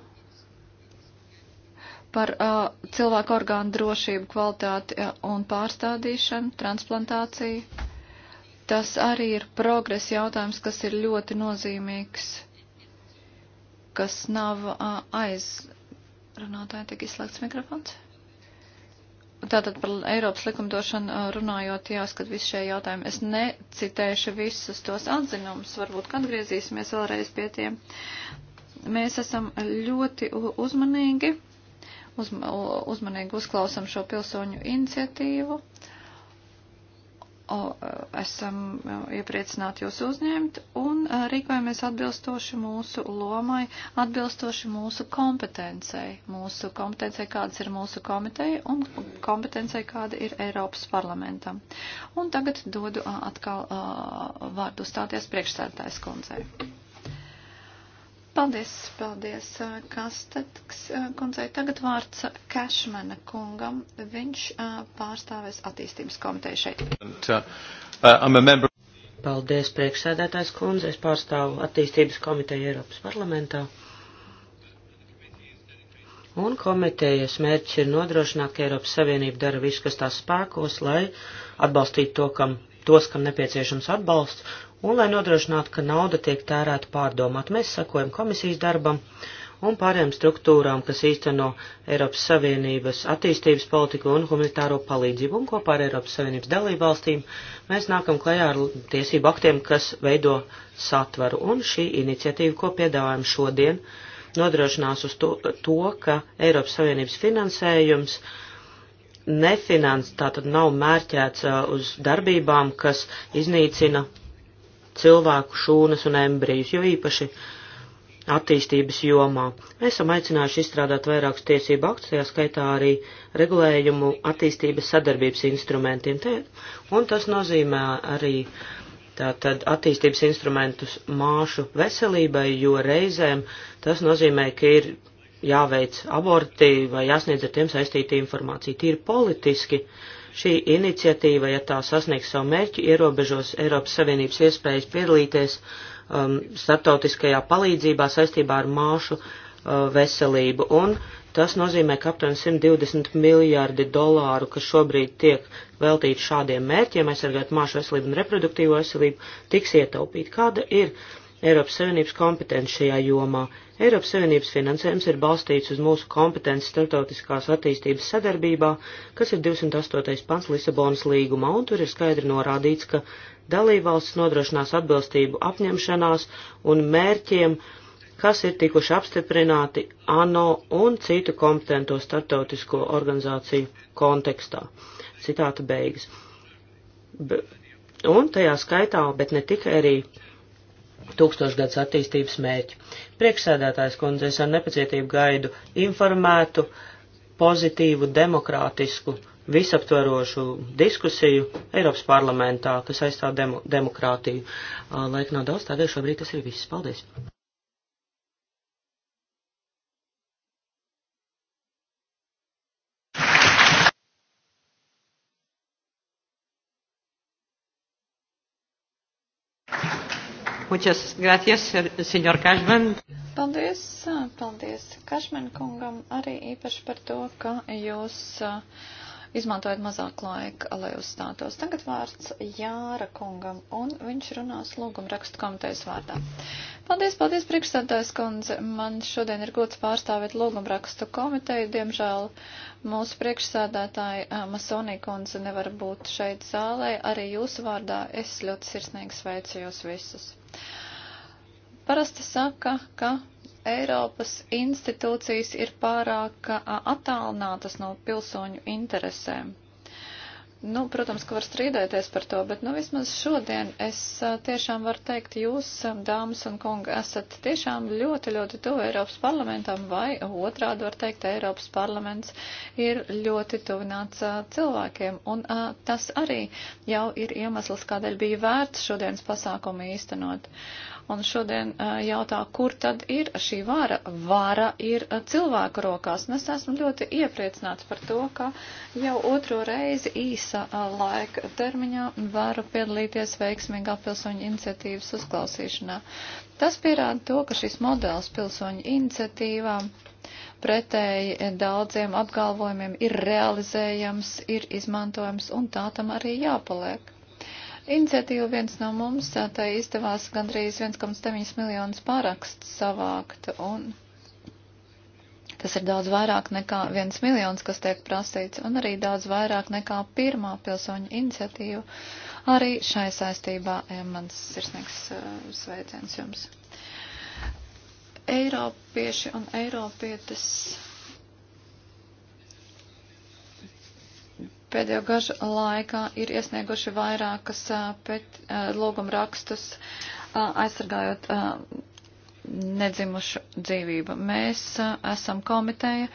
par uh, cilvēku orgānu drošību, kvalitāti uh, un pārstādīšanu, transplantāciju. Tas arī ir progresa jautājums, kas ir ļoti nozīmīgs, kas nav uh, aiz. Runātāji tiek izslēgts mikrofons. Tātad par Eiropas likumdošanu runājot, jāskat visi šie jautājumi. Es necitēšu visus tos atzinumus, varbūt atgriezīsimies vēlreiz pie tiem. Mēs esam ļoti uzmanīgi uzma, uzmanīgi uzklausam šo pilsoņu iniciatīvu. O, esam iepriecināti jūs uzņemt un rīkojamies atbilstoši mūsu lomai, atbilstoši mūsu kompetencei. Mūsu kompetencei, kādas ir mūsu komiteja un kompetencei, kāda ir Eiropas parlamentam. Un tagad dodu atkal vārdu stāties priekšsēdētājs kundzei. Paldies, paldies, uh, Kasteks uh, kundzei. Tagad vārds Kešmena kungam. Viņš uh, pārstāvēs attīstības komiteju šeit. And, uh, Paldies, priekšsēdētājs kundze. Es pārstāvu attīstības komiteju Eiropas parlamentā. Un komitejas mērķis ir nodrošināt, ka Eiropas Savienība dara visu, kas tās spēkos, lai atbalstītu to, kam, tos, kam nepieciešams atbalsts, un lai nodrošinātu, ka nauda tiek tērēta pārdomāt, mēs sakojam komisijas darbam un pārējām struktūrām, kas īsteno Eiropas Savienības attīstības politiku un humanitāro palīdzību, un kopā ar Eiropas Savienības dalību valstīm mēs nākam klajā ar tiesību aktiem, kas veido satvaru, un šī iniciatīva, ko piedāvājam šodien, nodrošinās uz to, to ka Eiropas Savienības finansējums nefinans, tātad nav mērķēts uh, uz darbībām, kas iznīcina cilvēku šūnas un embrijus, jo īpaši attīstības jomā. Esam aicinājuši izstrādāt vairākus tiesību aktus, tajā skaitā arī regulējumu attīstības sadarbības instrumentiem. Te, un tas nozīmē arī tātad attīstības instrumentus māšu veselībai, jo reizēm tas nozīmē, ka ir jāveic aborti vai jāsniedz ar tiem saistīta informācija. Tīri politiski uh, Šī iniciatīva, ja tā sasniegs savu mērķi, ierobežos Eiropas Savienības iespējas piedalīties um, starptautiskajā palīdzībā saistībā ar māšu uh, veselību. Un tas nozīmē, ka aptuveni 120 miljārdi dolāru, kas šobrīd tiek veltīti šādiem mērķiem, aizsargāt māšu veselību un reproduktīvo veselību, tiks ietaupīti. Kāda ir? Uh, Eiropas Savienības kompetenci šajā jomā. Eiropas Savienības finansējums ir balstīts uz mūsu kompetenci starptautiskās attīstības sadarbībā, kas ir 208. pants Lisabonas līgumā, un tur ir skaidri norādīts, ka dalībvalsts nodrošinās atbilstību apņemšanās un mērķiem, kas ir tikuši apstiprināti ANO un citu kompetento startautisko organizāciju kontekstā. Citāta beigas. Be, un tajā skaitā, bet ne tikai arī tūkstošgads attīstības mēķi. Priekšsēdētājs kundze, es ar nepacietību gaidu informētu, pozitīvu, demokrātisku, visaptvarošu diskusiju Eiropas parlamentā, kas aizstāv demo, demokrātiju. Laika nav daudz, tādēļ šobrīd tas ir viss. Paldies! Muchas gracias, senor Cashman. Paldies, paldies Kašmen kungam arī īpaši par to, ka jūs uh, izmantojot mazāk laika, lai uzstātos. Tagad vārds Jāra kungam, un viņš runās lūguma rakstu komitejas vārdā. Paldies, paldies, priekšstādājs kundze. Man šodien ir gods pārstāvēt lūguma rakstu komiteju. Diemžēl mūsu priekšsādātāja Masonī kundze nevar būt šeit zālē. Arī jūsu vārdā es ļoti sirsnīgi sveicu jūs visus. Parasti saka, ka Eiropas institūcijas ir pārāk attālinātas no pilsoņu interesēm. Nu, protams, ka var strīdēties par to, bet nu, vismaz šodien es tiešām varu teikt, jūs, dāmas un kungi, esat tiešām ļoti, ļoti tuvu Eiropas parlamentam, vai otrādi var teikt, Eiropas parlaments ir ļoti tuvināts cilvēkiem. Un a, tas arī jau ir iemesls, kādēļ bija vērts šodienas pasākumu īstenot. A, Un šodien jautā, kur tad ir šī vara? Vara ir cilvēku rokās. Un es esmu ļoti iepriecināts par to, ka jau otro reizi īsa laika termiņā varu piedalīties veiksmīgā pilsoņu iniciatīvas uzklausīšanā. Tas pierāda to, ka šis modelis pilsoņu iniciatīvām pretēji daudziem apgalvojumiem ir realizējams, ir izmantojams un tā tam arī jāpaliek. Iniciatīva viens no mums, tai izdevās gandrīz 1,9 miljonus pārakstu savākt, un tas ir daudz vairāk nekā 1 miljons, kas tiek prasīts, un arī daudz vairāk nekā pirmā pilsoņa iniciatīva. Arī šai saistībā mans sirsnīgs eh, sveiciens jums. Eiropieši un Eiropietis pēdējo gažu laikā ir iesnieguši vairākas uh, pēc uh, lūguma rakstus uh, aizsargājot nedzimušu dzīvību. Mēs a, esam komiteja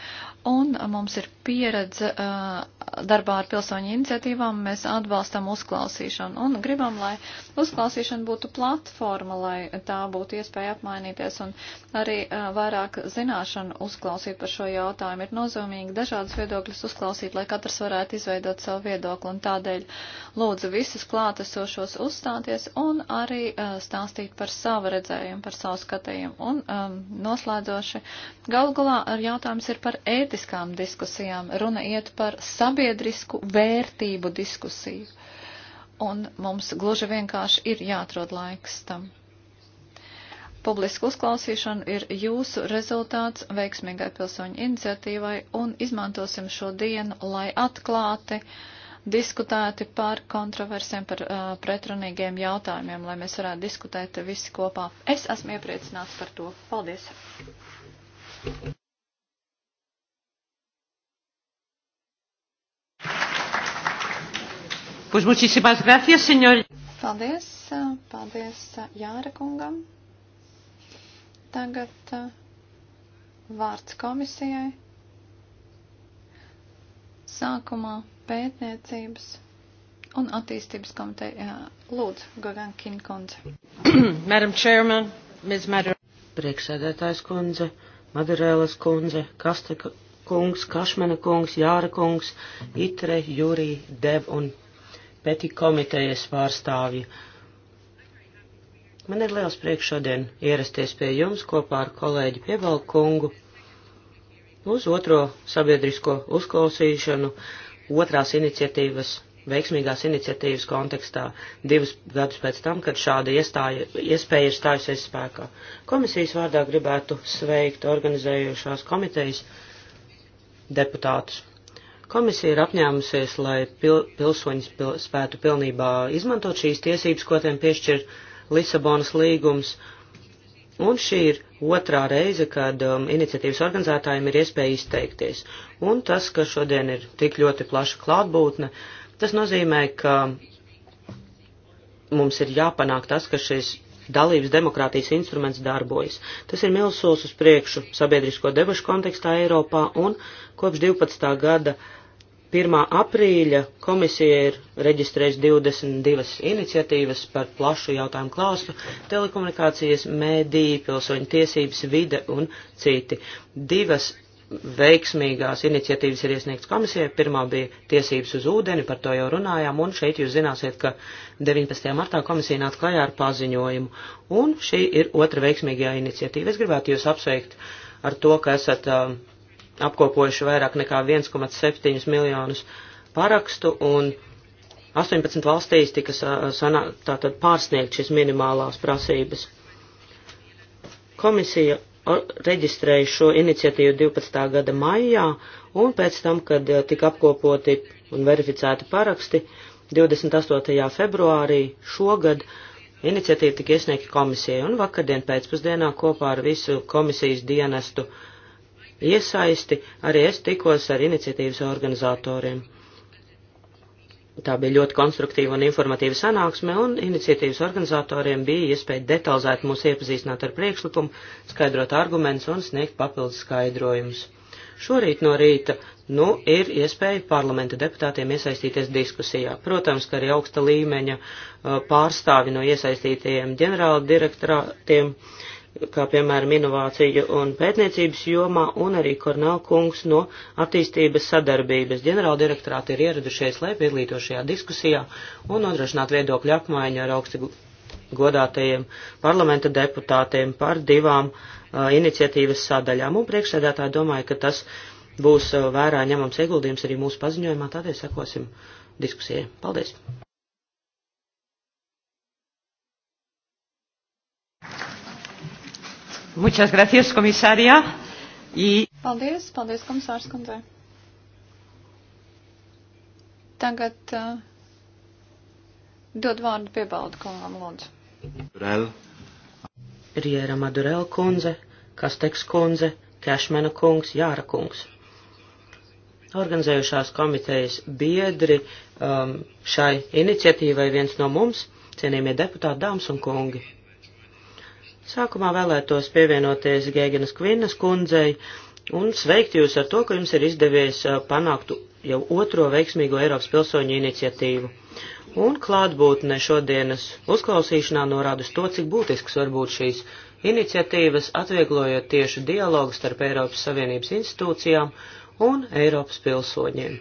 un a, mums ir pieredze a, darbā ar pilsoņu iniciatīvām. Mēs atbalstam uzklausīšanu un gribam, lai uzklausīšana būtu platforma, lai tā būtu iespēja apmainīties un arī vairāk zināšanu uzklausīt par šo jautājumu. Ir nozīmīgi dažādas viedokļas uzklausīt, lai katrs varētu izveidot savu viedokli un tādēļ lūdzu visus klātesošos uzstāties un arī stāstīt par savu redzējumu, par savu skatījumu grozījumu. Un um, noslēdzoši, galu galā jautājums ir par ētiskām diskusijām. Runa iet par sabiedrisku vērtību diskusiju. Un mums gluži vienkārši ir jāatrod laiks tam. Publisku uzklausīšanu ir jūsu rezultāts veiksmīgai pilsoņu iniciatīvai un izmantosim šo dienu, lai atklāti uh, diskutēti par kontroversiem, par uh, pretrunīgiem jautājumiem, lai mēs varētu diskutēt visi kopā. Es esmu iepriecināts par to. Paldies! Pues muchísimas gracias, señor. Paldies, uh, paldies uh, Jāra kungam. Tagad uh, vārds komisijai. Sākumā pētniecības un attīstības komiteja. Lūdzu, Gogan Kinkundze. Madam Chairman, Ms. Madara. Priekšsēdētājs kundze, Madarēlas kundze, Kasteka kungs, Kašmena kungs, Jāra kungs, Itre, Jurī, Dev un Peti komitejas pārstāvji. Man ir liels prieks šodien ierasties pie jums kopā ar kolēģi Piebalkungu uz otro sabiedrisko uzklausīšanu otrās iniciatīvas, veiksmīgās iniciatīvas kontekstā divus gadus pēc tam, kad šāda iestāja, iespēja ir stājusies spēkā. Komisijas vārdā gribētu sveikt organizējušās komitejas deputātus. Komisija ir apņēmusies, lai pil pilsoņi pil spētu pilnībā izmantot šīs tiesības, ko tiem piešķir Lisabonas līgums Un šī ir otrā reize, kad um, iniciatīvas organizētājiem ir iespēja izteikties. Un tas, ka šodien ir tik ļoti plaša klātbūtne, tas nozīmē, ka mums ir jāpanāk tas, ka šis dalības demokrātijas instruments darbojas. Tas ir milzs solis uz priekšu sabiedrisko debašu kontekstā Eiropā un kopš 12. gada uh, 1. aprīļa komisija ir reģistrējusi 22 iniciatīvas par plašu jautājumu klāstu - telekomunikācijas, mēdī, pilsoņu tiesības, vide un citi. Divas veiksmīgās iniciatīvas ir iesniegts komisijai. Pirmā bija tiesības uz ūdeni, par to jau runājām, un šeit jūs zināsiet, ka 19. martā komisija nāca klajā ar paziņojumu. Un šī ir otra veiksmīgajā iniciatīva. Es gribētu jūs apsveikt ar to, ka esat uh, apkopojuši vairāk nekā 1,7 miljonus parakstu un 18 valstīs tika sanā, tātad pārsniegt šis minimālās prasības. Komisija reģistrēja šo iniciatīvu 12. gada maijā, un pēc tam, kad eh, tika apkopoti un verificēti paraksti, 28. februārī šogad iniciatīva tika iesniegta komisijai, un vakardien pēcpusdienā kopā ar visu komisijas dienestu iesaisti, arī es tikos ar iniciatīvas organizatoriem. Tā bija ļoti konstruktīva un informatīva sanāksme, un iniciatīvas organizatoriem bija iespēja detalizēt mūs iepazīstināt ar priekšlikumu, skaidrot argumentus un sniegt papildus skaidrojumus. Šorīt no rīta, nu, ir iespēja parlamenta deputātiem iesaistīties diskusijā. Protams, ka arī augsta līmeņa uh, pārstāvi no iesaistītajiem ģenerāla direktorātiem. Uh, kā piemēram inovāciju un pētniecības jomā, un arī Kornel kungs no attīstības sadarbības ģenerāla direktorāta ir ieradušies, lai piedalītos šajā diskusijā un nodrošinātu viedokļu apmaiņu ar augsti godātajiem parlamenta deputātiem par divām uh, iniciatīvas sadaļām. Un priekšsēdētāji domāju, ka tas būs uh, vērā ņemams ieguldījums arī mūsu paziņojumā, tādēļ sekosim diskusijai. Paldies! Muchas gracias, komisārija. I... Paldies, paldies, komisārs kundzei. Tagad uh, dod vārdu piebaldu kungam, lūdzu. Durel. Riera Madurel kundze, Kasteks kundze, Kešmena kungs, Jāra kungs. Organizējušās komitejas biedri um, šai iniciatīvai viens no mums, cienījamie deputāti, dāmas un kungi. Sākumā vēlētos pievienoties Gēgenas Kvinnas kundzei un sveikt jūs ar to, ka jums ir izdevies panākt jau otro veiksmīgo Eiropas pilsoņu iniciatīvu. Un klātbūtne šodienas uzklausīšanā norāda to, cik būtisks var būt šīs iniciatīvas, atvieglojot tieši dialogu starp Eiropas Savienības institūcijām un Eiropas pilsoņiem.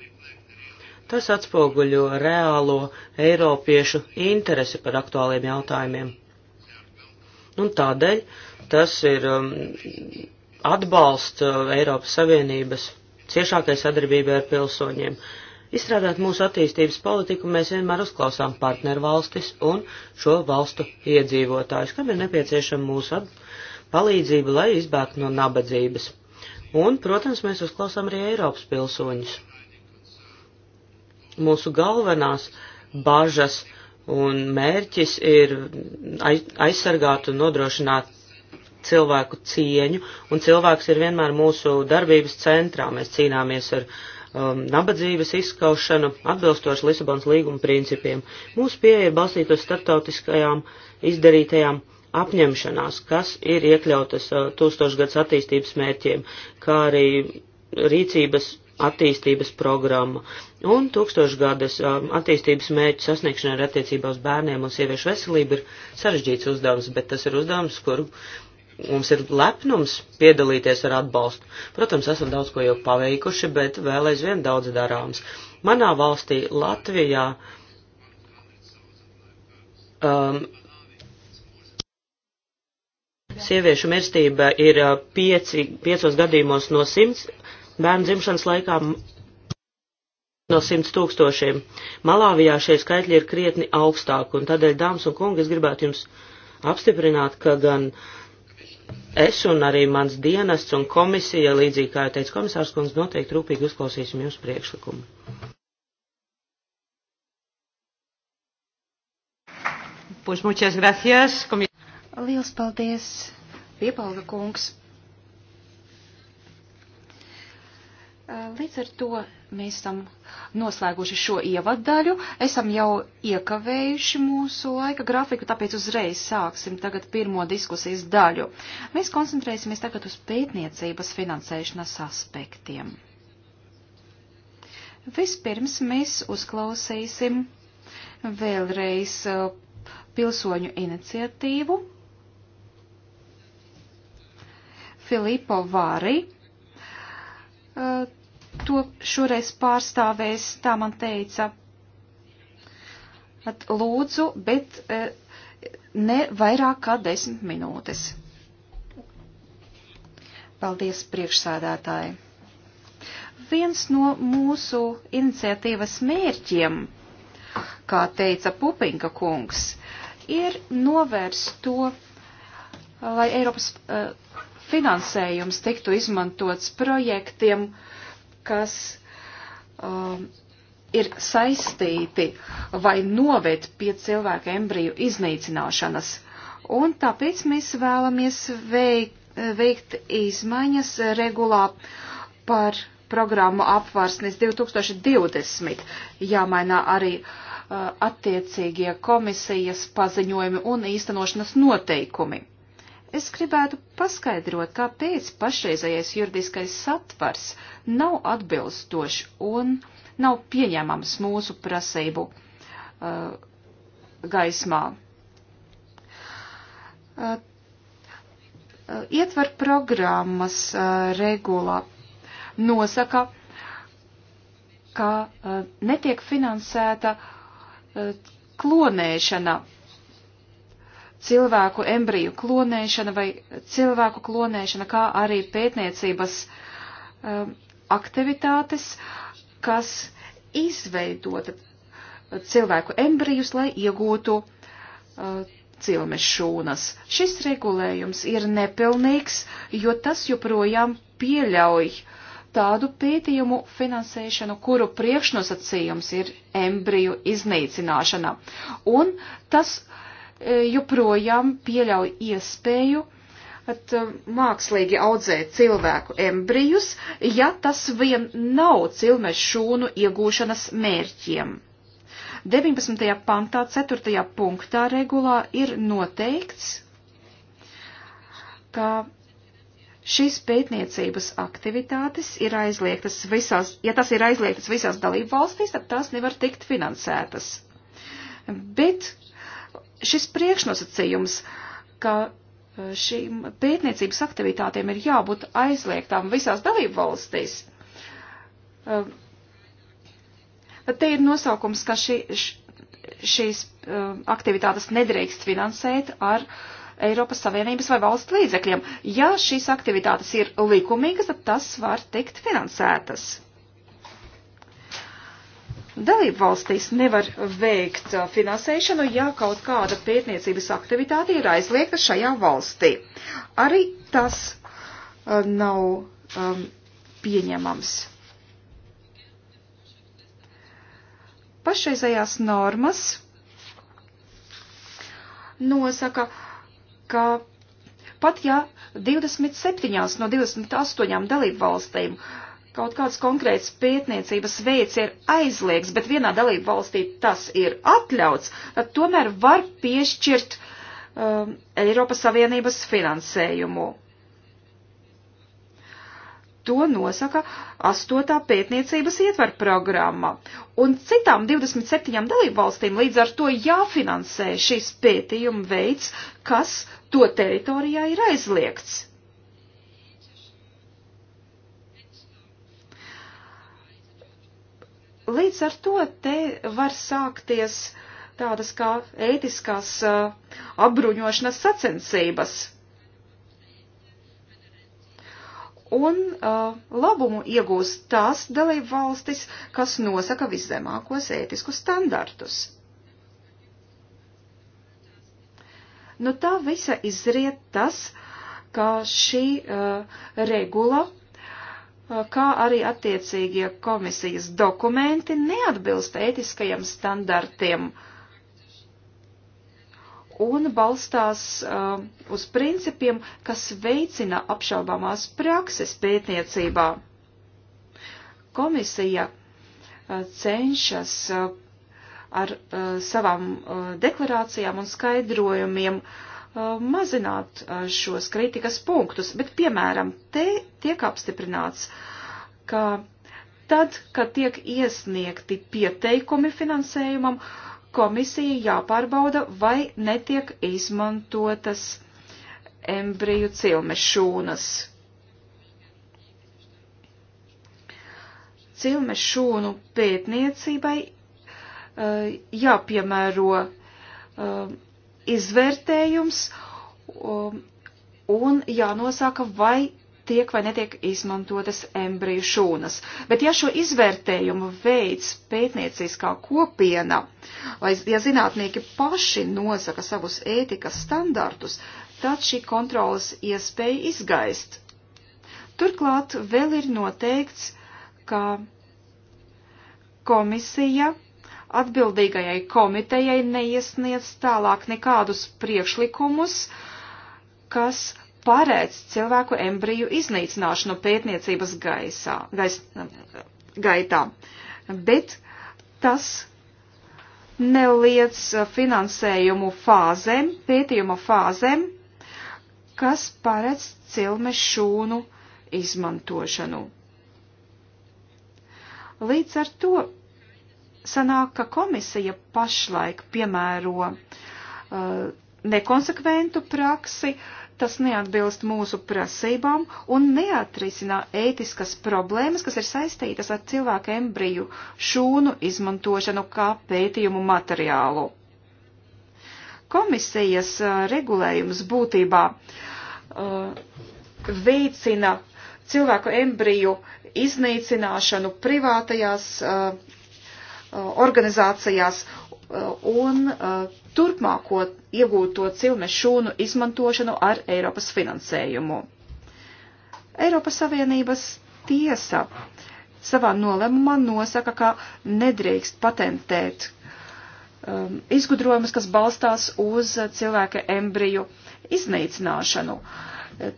Tas atspoguļo reālo eiropiešu interesi par aktuāliem jautājumiem. Un tādēļ tas ir um, atbalsts uh, Eiropas Savienības ciešākai sadarbībai ar pilsoņiem. Izstrādāt mūsu attīstības politiku mēs vienmēr uzklausām partneru valstis un šo valstu iedzīvotājus, kam ir nepieciešama mūsu palīdzība, lai izbēgtu no nabadzības. Un, protams, mēs uzklausām arī Eiropas pilsoņus. Mūsu galvenās bažas uh, un mērķis ir aizsargāt un nodrošināt cilvēku cieņu, un cilvēks ir vienmēr mūsu darbības centrā. Mēs cīnāmies ar um, nabadzības izskaušanu atbilstoši Lisabonas līguma principiem. Mūsu pieeja ir balstīta uz starptautiskajām izdarītajām apņemšanās, kas ir iekļautas uh, tūstošgads attīstības mērķiem, kā arī rīcības attīstības programma un tūkstošgades um, attīstības mērķu sasniegšanai ar attiecībā uz bērniem un sieviešu veselību ir sarežģīts uzdevums, bet tas ir uzdevums, kur mums ir lepnums piedalīties ar atbalstu. Protams, esam daudz ko jau paveikuši, bet vēl aizvien daudz darāms. Manā valstī, Latvijā, um, sieviešu mirstība ir uh, pieci, piecos gadījumos no simts bērnu dzimšanas laikā no 100 tūkstošiem. Malāvijā šie skaitļi ir krietni augstāki, un tādēļ, dāmas un kungi, es gribētu jums apstiprināt, ka gan es un arī mans dienests un komisija, līdzīgi kā jau teica komisārs kundze, noteikti rūpīgi uzklausīsim jūsu priekšlikumu. Pues muchas gracias. Liels paldies, Piepalga kungs. Līdz ar to mēs esam noslēguši šo ievaddaļu, esam jau iekavējuši mūsu laika grafiku, tāpēc uzreiz sāksim tagad pirmo diskusijas daļu. Mēs koncentrēsimies tagad uz pētniecības finansēšanas aspektiem. Vispirms mēs uzklausīsim vēlreiz uh, pilsoņu iniciatīvu Filipo Vāri uh, to šoreiz pārstāvēs, tā man teica. At, lūdzu, bet eh, ne vairāk kā desmit minūtes. Paldies, priekšsādātāji! Viens no mūsu iniciatīvas mērķiem, kā teica Pupinka kungs, ir novērst to, lai Eiropas uh, finansējums tiktu izmantots projektiem, kas um, ir saistīti vai noved pie cilvēka embriju iznīcināšanas. Un tāpēc mēs vēlamies veikt, veikt izmaiņas regulā par programmu apvārsnes 2020. Jāmainā arī uh, attiecīgie komisijas paziņojumi un īstenošanas noteikumi. Es gribētu paskaidrot, kāpēc pašreizējais juridiskais satvars nav atbilstošs un nav pieņemams mūsu prasību uh, gaismā. Uh, uh ietver programmas uh, regulā nosaka, ka uh, netiek finansēta uh, klonēšana cilvēku embriju klonēšana vai cilvēku klonēšana, kā arī pētniecības um, aktivitātes, kas izveidota cilvēku embrijus, lai iegūtu uh, cilmes šūnas. Šis regulējums ir nepilnīgs, jo tas joprojām pieļauj tādu pētījumu finansēšanu, kuru priekšnosacījums ir embriju iznīcināšana. Un tas uh, E, joprojām pieļauj iespēju at, e, mākslīgi audzēt cilvēku embrijus, ja tas vien nav cilmešu šūnu iegūšanas mērķiem. 19. pantā 4. punktā regulā ir noteikts, ka šīs pētniecības aktivitātes ir aizliegtas visās, ja tas ir aizliegtas visās dalību valstīs, tad tās nevar tikt finansētas. Bet šis priekšnosacījums, ka e, šīm pētniecības aktivitātēm ir jābūt aizliegtām visās dalību valstīs. Bet te ir nosaukums, ka šī, šīs e, aktivitātes nedrīkst finansēt ar Eiropas Savienības vai valsts līdzekļiem. Ja šīs aktivitātes ir likumīgas, tad tas var tikt finansētas. Dalību valstīs nevar veikt uh, finansēšanu, ja kaut kāda pētniecības aktivitāte ir aizliegta šajā valstī. Arī tas uh, nav um, pieņemams. Pašreizējās normas nosaka, ka pat ja 27 no 28 dalību valstīm uh, kaut kāds konkrēts pētniecības veids ir aizliegts, bet vienā dalību valstī tas ir atļauts, tad tomēr var piešķirt um, Eiropas Savienības finansējumu. To nosaka 8. pētniecības ietver programma, un citām 27 dalību valstīm līdz ar to jāfinansē šis pētījuma veids, kas to teritorijā ir aizliegts. Līdz ar to te var sākties tādas kā ētiskās uh, apbruņošanas sacensības. Un uh, labumu iegūst tās dalību valstis, kas nosaka viszemākos ētiskus standartus. No nu, tā visa izriet tas, ka šī uh, regula Uh, kā arī attiecīgie komisijas dokumenti neatbilst ētiskajiem standartiem un balstās uh, uz principiem, kas veicina apšaubāmās prakses pētniecībā. Komisija uh, cenšas uh, ar uh, savām uh, deklarācijām un skaidrojumiem uh, Uh, mazināt uh, šos kritikas punktus, bet, piemēram, te tiek apstiprināts, ka tad, kad tiek iesniegti pieteikumi finansējumam, komisija jāpārbauda, vai netiek izmantotas embriju cilmešūnas. Cilmešūnu pētniecībai uh, jāpiemēro izvērtējums um, un jānosaka, vai tiek vai netiek izmantotas embriju šūnas. Bet ja šo izvērtējumu veids pētnieciskā kopiena, vai ja zinātnieki paši nosaka savus ētikas standartus, tad šī kontrolas iespēja izgaist. Turklāt vēl ir noteikts, ka komisija atbildīgajai komitejai neiesniedz tālāk nekādus priekšlikumus, kas paredz cilvēku embriju iznīcināšanu pētniecības gaisā, gais, gaitā. Bet tas neliec finansējumu fāzēm, pētījuma fāzēm, kas paredz cilmes šūnu izmantošanu. Līdz ar to sanāk, ka komisija pašlaik piemēro uh, nekonsekventu praksi, tas neatbilst mūsu prasībām un neatrisinā ētiskas problēmas, kas ir saistītas ar cilvēku embriju šūnu izmantošanu kā pētījumu materiālu. Komisijas uh, regulējums būtībā uh, veicina cilvēku embriju iznīcināšanu privātajās uh, Uh, organizācijās uh, un uh, turpmāko iegūto cilmes šūnu izmantošanu ar Eiropas finansējumu. Eiropas Savienības tiesa savā nolēmumā nosaka, ka nedrīkst patentēt um, izgudrojumus, kas balstās uz cilvēka embriju iznīcināšanu.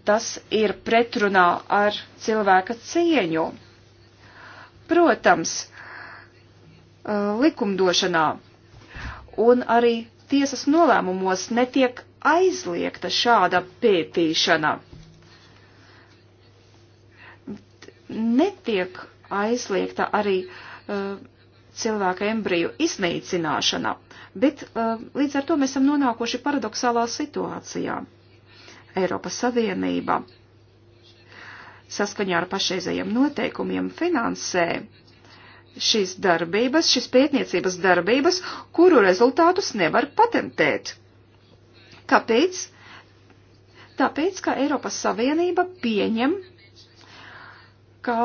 Tas ir pretrunā ar cilvēka cieņu. Protams, Uh, likumdošanā un arī tiesas nolēmumos netiek aizliegta šāda pētīšana. Netiek aizliegta arī uh, cilvēka embriju iznīcināšana, bet uh, līdz ar to mēs esam nonākuši paradoxālā situācijā. Eiropas Savienība saskaņā ar pašreizējiem noteikumiem finansē uh, šīs darbības, šīs pētniecības darbības, kuru rezultātus nevar patentēt. Kāpēc? Tāpēc, ka Eiropas Savienība pieņem, ka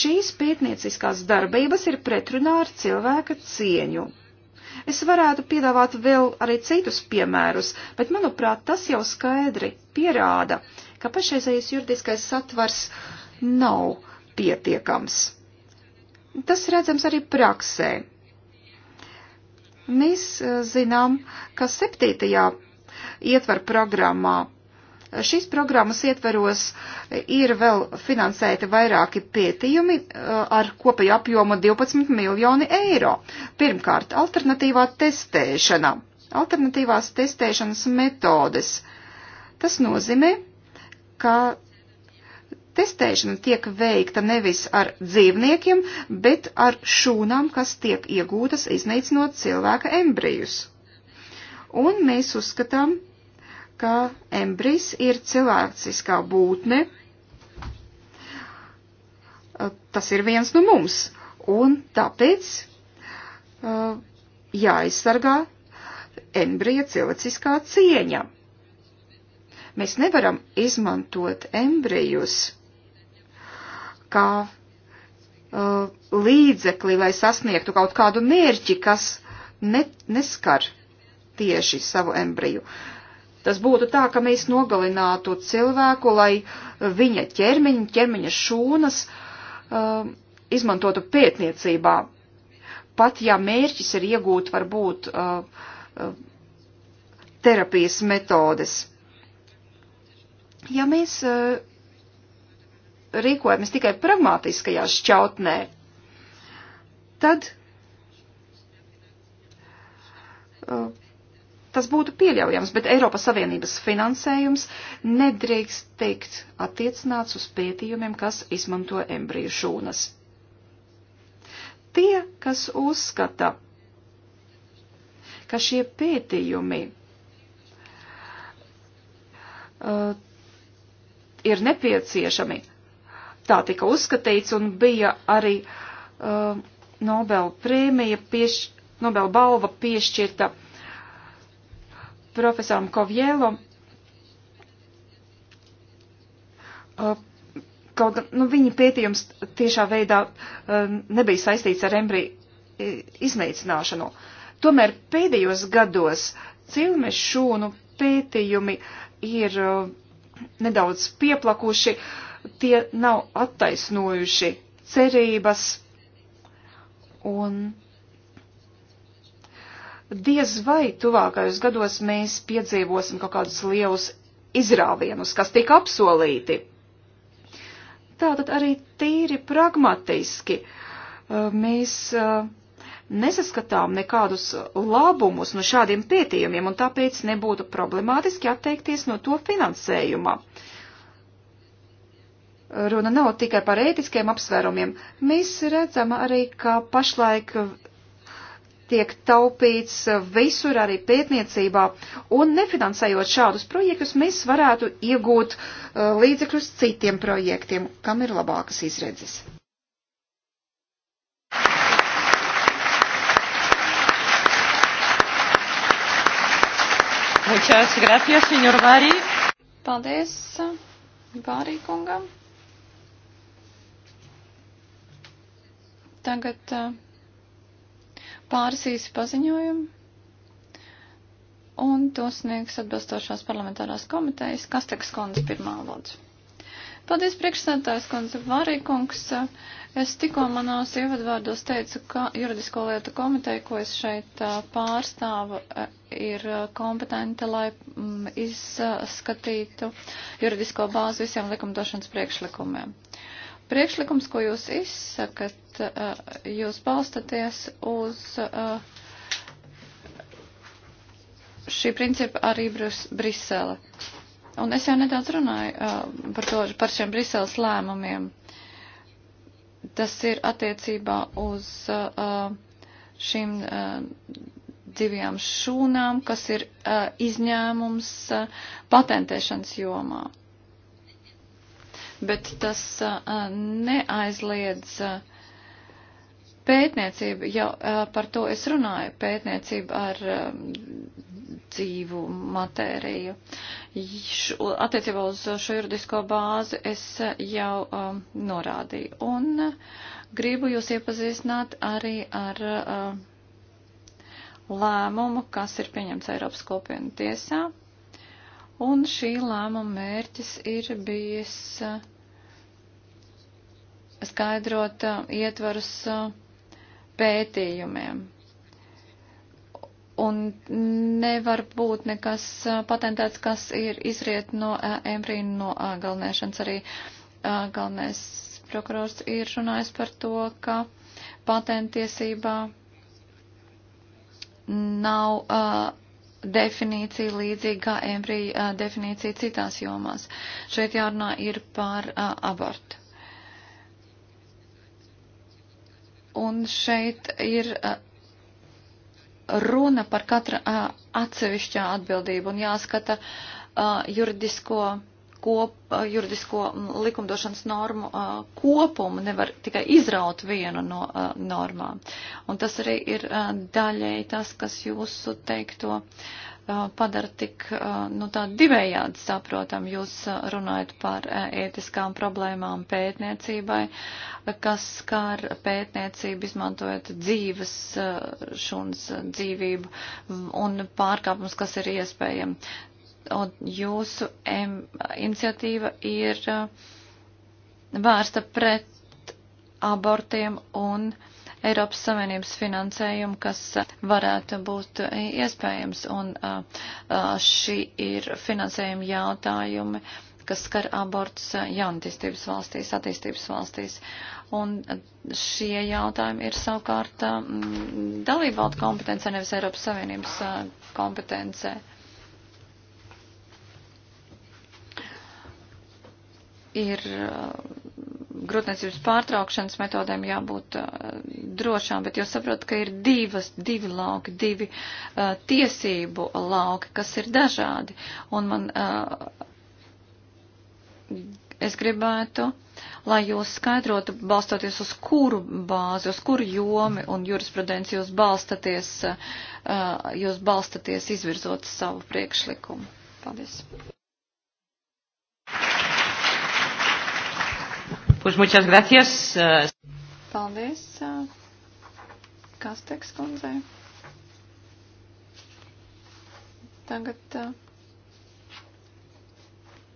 šīs pētnieciskās darbības ir pretrunā ar cilvēka cieņu. Es varētu piedāvāt vēl arī citus piemērus, bet, manuprāt, tas jau skaidri pierāda, ka pašreizējais juridiskais satvars nav pietiekams Tas redzams arī praksē. Mēs eh, zinām, ka septītajā ietver programmā. Eh, šīs programmas ietveros eh, ir vēl finansēti vairāki pētījumi ar kopēju apjomu 12 miljoni eiro. Pirmkārt, alternatīvā testēšana, alternatīvās testēšanas metodes. Tas nozīmē, ka Testēšana tiek veikta nevis ar dzīvniekiem, bet ar šūnām, kas tiek iegūtas iznīcinot cilvēka embrijus. Un mēs uzskatām, ka embrijs ir cilvēciskā būtne. Tas ir viens no mums. Un tāpēc uh, jāaizsargā embrija cilvēciskā cieņa. Mēs nevaram izmantot embrijus kā uh, līdzekli, lai sasniegtu kaut kādu mērķi, kas ne, neskar tieši savu embriju. Tas būtu tā, ka mēs nogalinātu cilvēku, lai viņa ķermeņa, ķermeņa šūnas uh, izmantotu pētniecībā. Pat ja mērķis ir iegūt varbūt uh, uh, terapijas metodes. Ja mēs uh, rīkojamies tikai pragmātiskajā šķautnē, tad uh, tas būtu pieļaujams, bet Eiropas Savienības finansējums nedrīkst teikt attiecināts uz pētījumiem, kas izmanto embriju šūnas. Tie, kas uzskata, ka šie pētījumi uh, ir nepieciešami, tā tika uzskatīts un bija arī uh, Nobel prēmija, pieš, Nobel balva piešķirta profesoram Kovjēlo. Uh, kaut gan nu, viņa pētījums tiešā veidā uh, nebija saistīts ar embriju iznīcināšanu. Tomēr pēdējos gados cilmes šūnu pētījumi ir uh, nedaudz pieplakuši, uh, tie nav attaisnojuši cerības un diez vai tuvākajos gados mēs piedzīvosim kaut kādus lielus izrāvienus, kas tika apsolīti. Tātad arī tīri pragmatiski uh, mēs uh, nesaskatām nekādus labumus no šādiem pētījumiem, un tāpēc nebūtu problemātiski atteikties no to finansējuma. Uh, runa nav tikai par ētiskiem apsvērumiem. Mēs redzam arī, ka pašlaik tiek taupīts visur arī pētniecībā, un nefinansējot šādus projektus, mēs varētu iegūt uh, līdzekļus citiem projektiem, kam ir labākas izredzes. Muchas gracias, señor Bari. Paldies, Bari kungam. Tagad uh, pāris īsi paziņojumi. Un to sniegs atbilstošās parlamentārās komitejas Kasteks kundze pirmā lodze. Paldies, priekšsētājs kundze Varīkungs. Uh, es tikko manos ievadvārdos teicu, ka juridisko lietu komiteja, ko es šeit uh, pārstāvu, ir kompetenta, lai mm, izskatītu juridisko bāzi visiem likumdošanas priekšlikumiem. Priekšlikums, ko jūs izsakat, eh, jūs balstaties uz eh, šī principa arī Brus Brisele. Un es jau nedaudz runāju eh, par, to, par šiem Briseles lēmumiem. Tas ir attiecībā uz šīm divajām šūnām, kas ir izņēmums patentēšanas jomā bet tas neaizliedz pētniecību. Jau par to es runāju, pētniecību ar dzīvu matēriju. Attiecībā uz šo juridisko bāzi es jau norādīju. Un gribu jūs iepazīstināt arī ar lēmumu, kas ir pieņemts Eiropas kopienu tiesā Un šī lēmuma mērķis ir bijis uh, skaidrot uh, ietvarus uh, pētījumiem. Un nevar būt nekas patentēts, kas ir izriet no embrīna no galvenēšanas. Arī galvenais prokurors ir runājis par to, ka patentiesībā nav uh, definīcija līdzīga kā embrija definīcija citās jomās. Šeit jārunā ir par a, abortu. Un šeit ir a, runa par katra a, atsevišķā atbildību un jāskata juridisko kop, juridisko likumdošanas normu kopumu, nevar tikai izraut vienu no normām. Un tas arī ir daļēji tas, kas jūsu teikto padara tik nu, tā divējādi saprotam. Jūs runājat par ētiskām problēmām pētniecībai, kas skar pētniecību, izmantojot dzīves šuns dzīvību un pārkāpums, kas ir iespējami un jūsu em, iniciatīva ir uh, vērsta pret abortiem un Eiropas Savienības finansējumu, kas uh, varētu būt uh, iespējams. Un šī ir finansējuma jautājumi, kas skar abortus jaunatistības valstīs, attīstības valstīs. Un šie jautājumi ir savukārt dalībvalstu kompetencē, nevis Eiropas Savienības kompetencē. Uh, ir uh, grūtniecības pārtraukšanas metodēm jābūt uh, drošām, bet jūs saprotat, ka ir divas, divi lauki, divi uh, tiesību lauki, kas ir dažādi. Un man, uh, es gribētu, lai jūs skaidrotu, balstoties uz kuru bāzi, uz kuru jomi un jurisprudenci jūs balstaties, uh, jūs balstaties izvirzot savu priekšlikumu. Paldies. Pues muchas gracias. Eh. Paldies, eh, Kasteks kundzei. Tagad uh,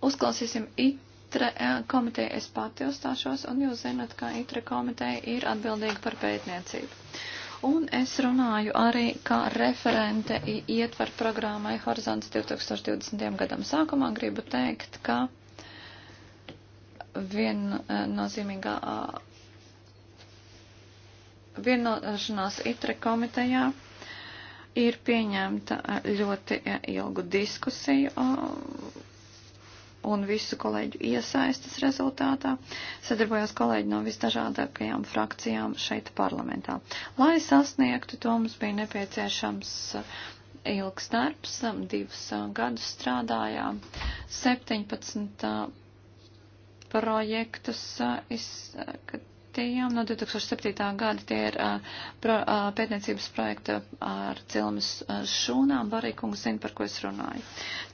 uzklausīsim ITRE komiteju. Es pati uzstāšos, un jūs zinat, ka ITRE komiteja ir atbildīga par pētniecību. Un es runāju arī, kā referente ietver programmai Horizons 2020. gadam. Sākumā gribu teikt, ka viennozīmīgā vienošanās ITRE komitejā ir pieņemta ļoti ilgu diskusiju un visu kolēģu iesaistas rezultātā. Sadarbojos kolēģi no visdažādākajām frakcijām šeit parlamentā. Lai sasniegtu to, mums bija nepieciešams ilgs darbs, divus gadus strādājām, 17 projektus izskatījām no 2007. gada. Tie ir pro, pētniecības projekta ar cilmes šūnām. Barīkungs zina, par ko es runāju.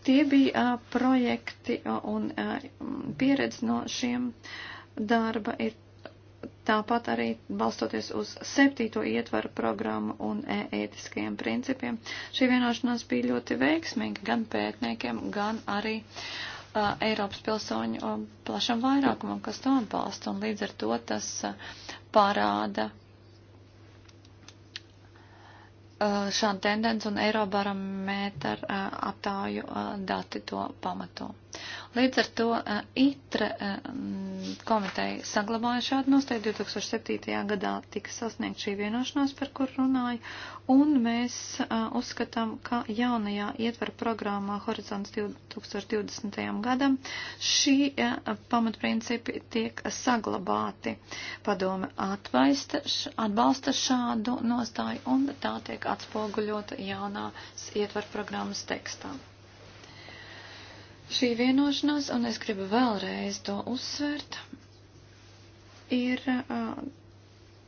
Tie bija projekti un pieredze no šiem darba ir Tāpat arī balstoties uz septīto ietvaru programmu un ētiskajiem principiem, šī vienošanās bija ļoti veiksmīga gan pētniekiem, gan arī uh, Eiropas pilsoņu um, plašam vairākumam, kas to atbalsta. Un līdz ar to tas uh, parāda uh, šādu tendenci un Eirobarometra aptāju dati to pamato. Līdz ar to eh, ITRA eh, komiteja saglabāja šādu nostāju. 2007. gadā tika sasniegt šī vienošanās, par kur runāju, un mēs eh, uzskatām, ka jaunajā ietvara programmā Horizons 2020. gadam šī pamatprincipi tiek saglabāti. Padome atvaista, atbalsta šādu nostāju, un tā tiek atspoguļota jaunās ietvara programmas tekstā. Šī vienošanās, un es gribu vēlreiz to uzsvērt, ir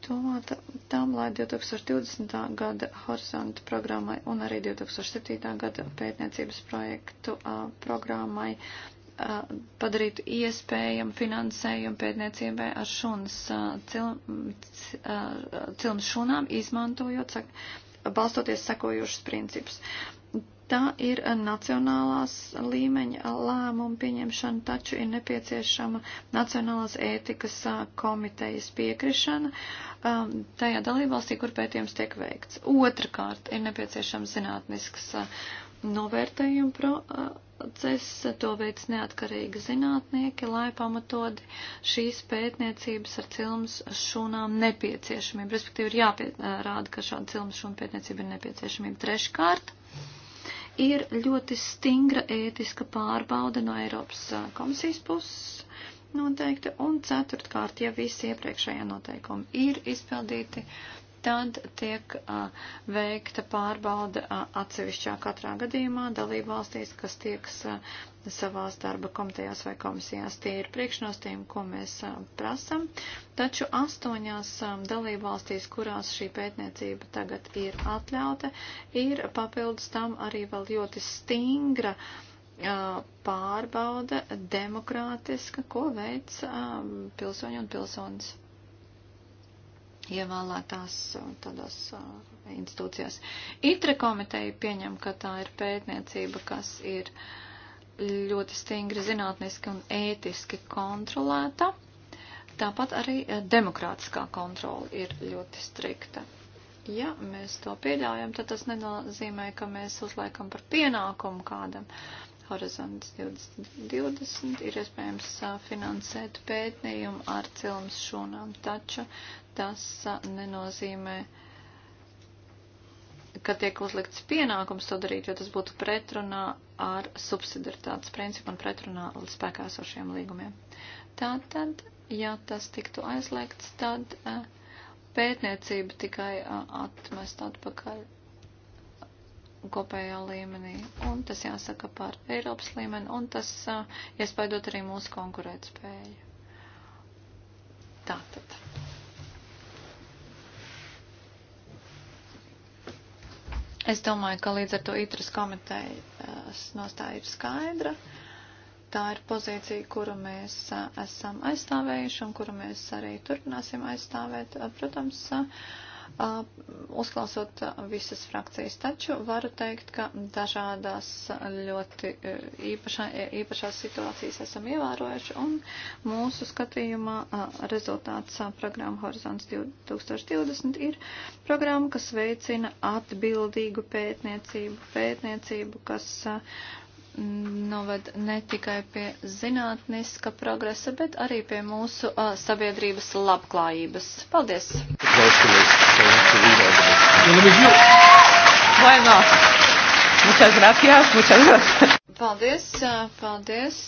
domāta tam, lai 2020. gada horizonta programmai un arī 2007. gada pētniecības projektu programmai padarītu iespējamu finansējumu pētniecībai ar šunas, cilmas cil, šunām, izmantojot, balstoties sekojušas principus. Tā ir nacionālās līmeņa lēmuma pieņemšana, taču ir nepieciešama Nacionālās ētikas komitejas piekrišana tajā dalībvalstī, kur pētījums tiek veikts. Otrakārt, ir nepieciešams zinātnisks novērtējuma process, to veids neatkarīgi zinātnieki, lai pamatodi šīs pētniecības ar cilmas šūnām nepieciešamību, respektīvi ir jāpierāda, ka šāda cilmas šūna pētniecība ir nepieciešamība. Treškārt, ir ļoti stingra ētiska pārbauda no Eiropas komisijas puses noteikti, un ceturtkārt, ja visi iepriekšējie noteikumi ir izpildīti, tad tiek a, veikta pārbauda a, atsevišķā katrā gadījumā dalību valstīs, kas tieks a, savās darba komitejās vai komisijās. Tie ir priekšnostījumi, ko mēs a, prasam. Taču astoņās a, dalību valstīs, kurās šī pētniecība tagad ir atļauta, ir papildus tam arī vēl ļoti stingra a, pārbauda demokrātiska, ko veic pilsoņi un pilsonis ievēlētās uh, tādās uh, institūcijās. ITRE komiteja pieņem, ka tā ir pētniecība, kas ir ļoti stingri zinātniski un ētiski kontrolēta. Tāpat arī uh, demokrātiskā kontrola ir ļoti strikta. Ja mēs to pieļaujam, tad tas nenozīmē, ka mēs uzliekam par pienākumu kādam. Horizonts 2020 ir iespējams finansēt pētnījumu ar cilmas šūnām, taču tas nenozīmē, ka tiek uzlikts pienākums to darīt, jo tas būtu pretrunā ar subsidaritātes principu un pretrunā spēkā esošiem līgumiem. Tātad, ja tas tiktu aizliegts, tad pētniecība tikai atmest atpakaļ kopējā līmenī, un tas jāsaka par Eiropas līmeni, un tas iespaidot arī mūsu konkurētspēju. Tātad. Es domāju, ka līdz ar to ITRAS komitejas nostāja ir skaidra. Tā ir pozīcija, kuru mēs eh, esam aizstāvējuši un kuru mēs arī turpināsim aizstāvēt. Eh, protams, a, eh, Uh, uzklausot visas frakcijas. Taču varu teikt, ka dažādās ļoti uh, īpašā, īpašās situācijas esam ievērojuši un mūsu skatījumā uh, rezultāts programma Horizons 2020 ir programma, kas veicina atbildīgu pētniecību, pētniecību, kas uh, noved ne tikai pie zinātniska progresa, bet arī pie mūsu uh, sabiedrības labklājības. Paldies! Paldies, paldies.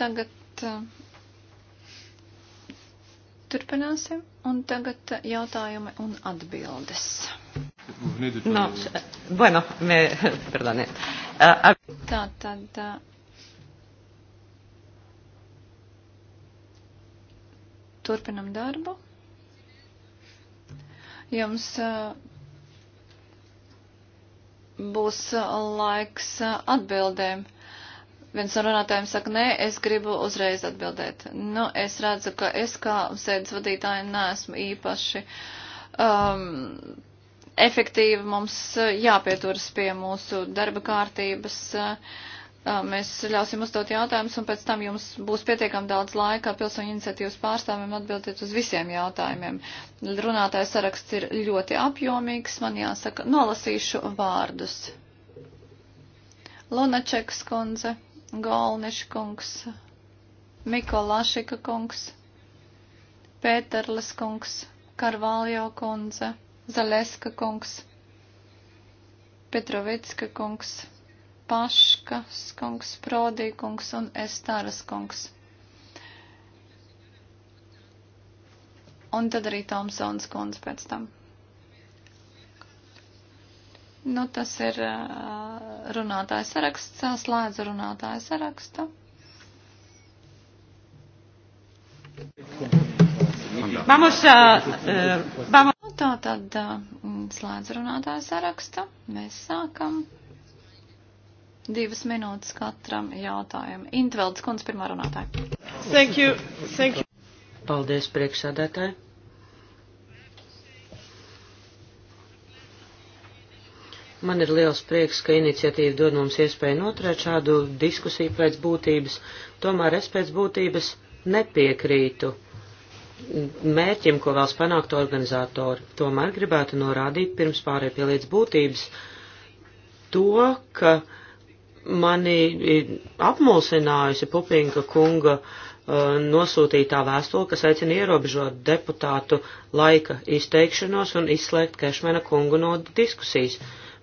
Tagad uh, turpināsim un tagad jautājumi un atbildes. Vous venez de... No, eh, bueno, me... Perdone. Uh, tā, tad... Uh, turpinam darbu. Jums uh, būs eh, laiks atbildēm. Viens no runātājiem saka, nē, es gribu uzreiz atbildēt. Nu, es redzu, ka es kā sēdes vadītāja neesmu īpaši um, efektīvi mums eh, jāpieturas pie mūsu darba kārtības. Eh, eh, mēs ļausim uzdot jautājumus, un pēc tam jums būs pietiekami daudz laika pilsoņu iniciatīvas pārstāvjiem atbildēt uz visiem jautājumiem. Runātājs saraksts ir ļoti apjomīgs, man jāsaka, nolasīšu vārdus. Lunačeks kundze, Golniša kungs, Mikolašika kungs, Pēterles kungs, Karvaljo kundze. Zaleska kungs, Petrovicka kungs, Paškas kungs, Prodī kungs un Estāras kungs. Un tad arī Tomsons kundze pēc tam. Nu, tas ir runātājs saraksts, slēdzu runātāju sarakstu. Vamos a, uh, vamos tā tad uh, mm, slēdz runātāju sarakstu. Mēs sākam. Divas minūtes katram jautājumam. Intvelds kundze pirmā runātāja. Thank you. Thank you. Paldies priekšsādētāji. Man ir liels prieks, ka iniciatīva dod mums iespēju noturēt šādu diskusiju pēc būtības. Tomēr es pēc būtības nepiekrītu mērķim, ko vēlas panākt organizatori. Tomēr gribētu norādīt pirms pārēj pie lietas būtības to, ka mani apmulsinājusi Pupinka kunga uh, nosūtītā vēstule, kas aicina ierobežot deputātu laika izteikšanos un izslēgt Kešmena kungu no diskusijas.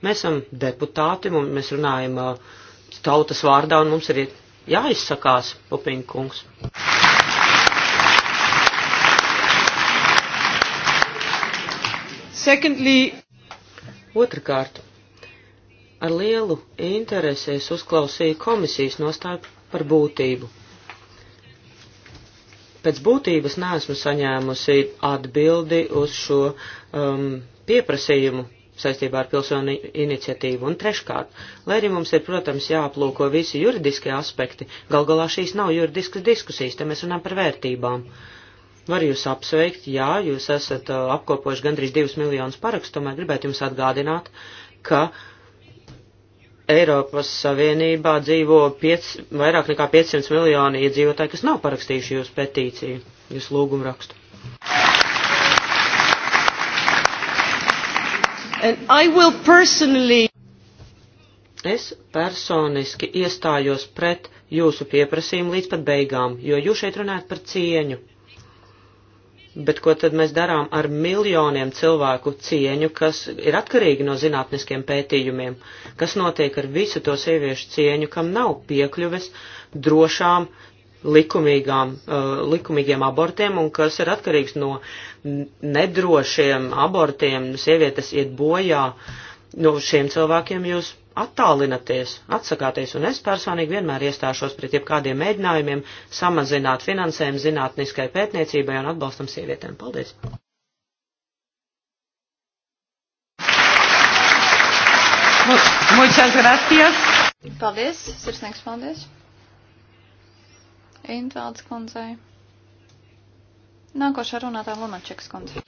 Mēs esam deputāti, mēs runājam uh, tautas vārdā un mums ir jāizsakās Pupinka kungs. Secondly, Otrakārt, ar lielu interesi es uzklausīju komisijas nostāju par būtību. Pēc būtības neesmu saņēmusi atbildi uz šo um, pieprasījumu saistībā ar pilsoni iniciatīvu. Un treškārt, lai arī mums ir, protams, jāaplūko visi juridiskie aspekti, gal galā šīs nav juridiskas diskusijas, te mēs runājam par vērtībām. Uh, Var jūs apsveikt, jā, jūs esat uh, apkopojuši gandrīz 2 miljonus parakstu, tomēr gribētu jums atgādināt, ka Eiropas Savienībā dzīvo 5, vairāk nekā 500 miljoni iedzīvotāji, kas nav parakstījuši jūsu petīciju, jūsu lūgumu rakstu. Personally... Es personiski iestājos pret jūsu pieprasījumu līdz pat beigām, jo jūs šeit runājat par cieņu. Bet ko tad mēs darām ar miljoniem cilvēku cieņu, kas ir atkarīgi no zinātniskiem pētījumiem? Kas notiek ar visu to sieviešu cieņu, kam nav piekļuves drošām, likumīgām, uh, likumīgiem abortiem un kas ir atkarīgs no nedrošiem abortiem? Sievietes iet bojā. No nu, šiem cilvēkiem jūs attālināties, atsakāties, un es personīgi vienmēr iestāšos pret jebkādiem mēģinājumiem samazināt finansējumu zinātniskai pētniecībai un atbalstam sievietēm. Paldies! Muchas gracias. Paldies, sirsnīgs paldies. Invalds kundzei. Nākošā runātā Lunačeks kundze.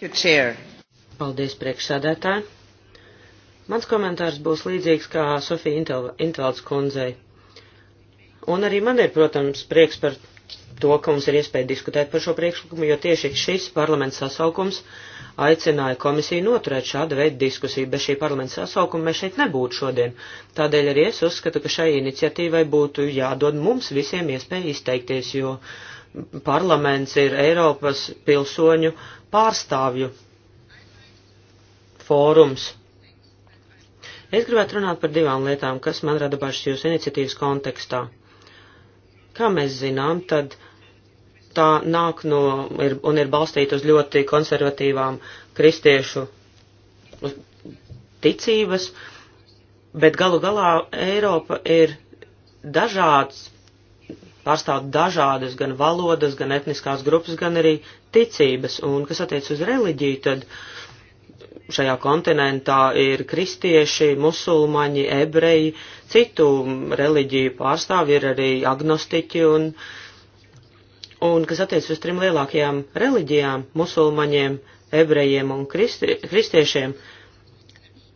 Paldies, priekšsēdētāji. Mans komentārs būs līdzīgs kā Sofija Intvalds kundzei. Un arī man ir, protams, prieks par to, ka mums ir iespēja diskutēt par šo priekšlikumu, jo tieši šis parlaments sasaukums aicināja komisiju noturēt šādu veidu diskusiju. Bez šī parlamenta sasaukuma mēs šeit nebūtu šodien. Tādēļ arī es uzskatu, ka šai iniciatīvai būtu jādod mums visiem iespēja izteikties, jo parlaments ir Eiropas pilsoņu pārstāvju fórums Es gribētu runāt par divām lietām, kas man rada bažas jūsu iniciatīvas kontekstā. Kā mēs zinām, tad tā nāk no ir, un ir balstīta uz ļoti konservatīvām kristiešu ticības, bet galu galā Eiropa ir dažāds, pārstāv dažādas gan valodas, gan etniskās grupas, gan arī ticības, un kas attiec uz reliģiju, tad uh, šajā kontinentā ir kristieši, musulmaņi, ebreji, citu reliģiju pārstāvi, ir arī agnostiķi un, un kas attiec uz trim lielākajām reliģijām - musulmaņiem, ebrejiem un kristi, kristiešiem.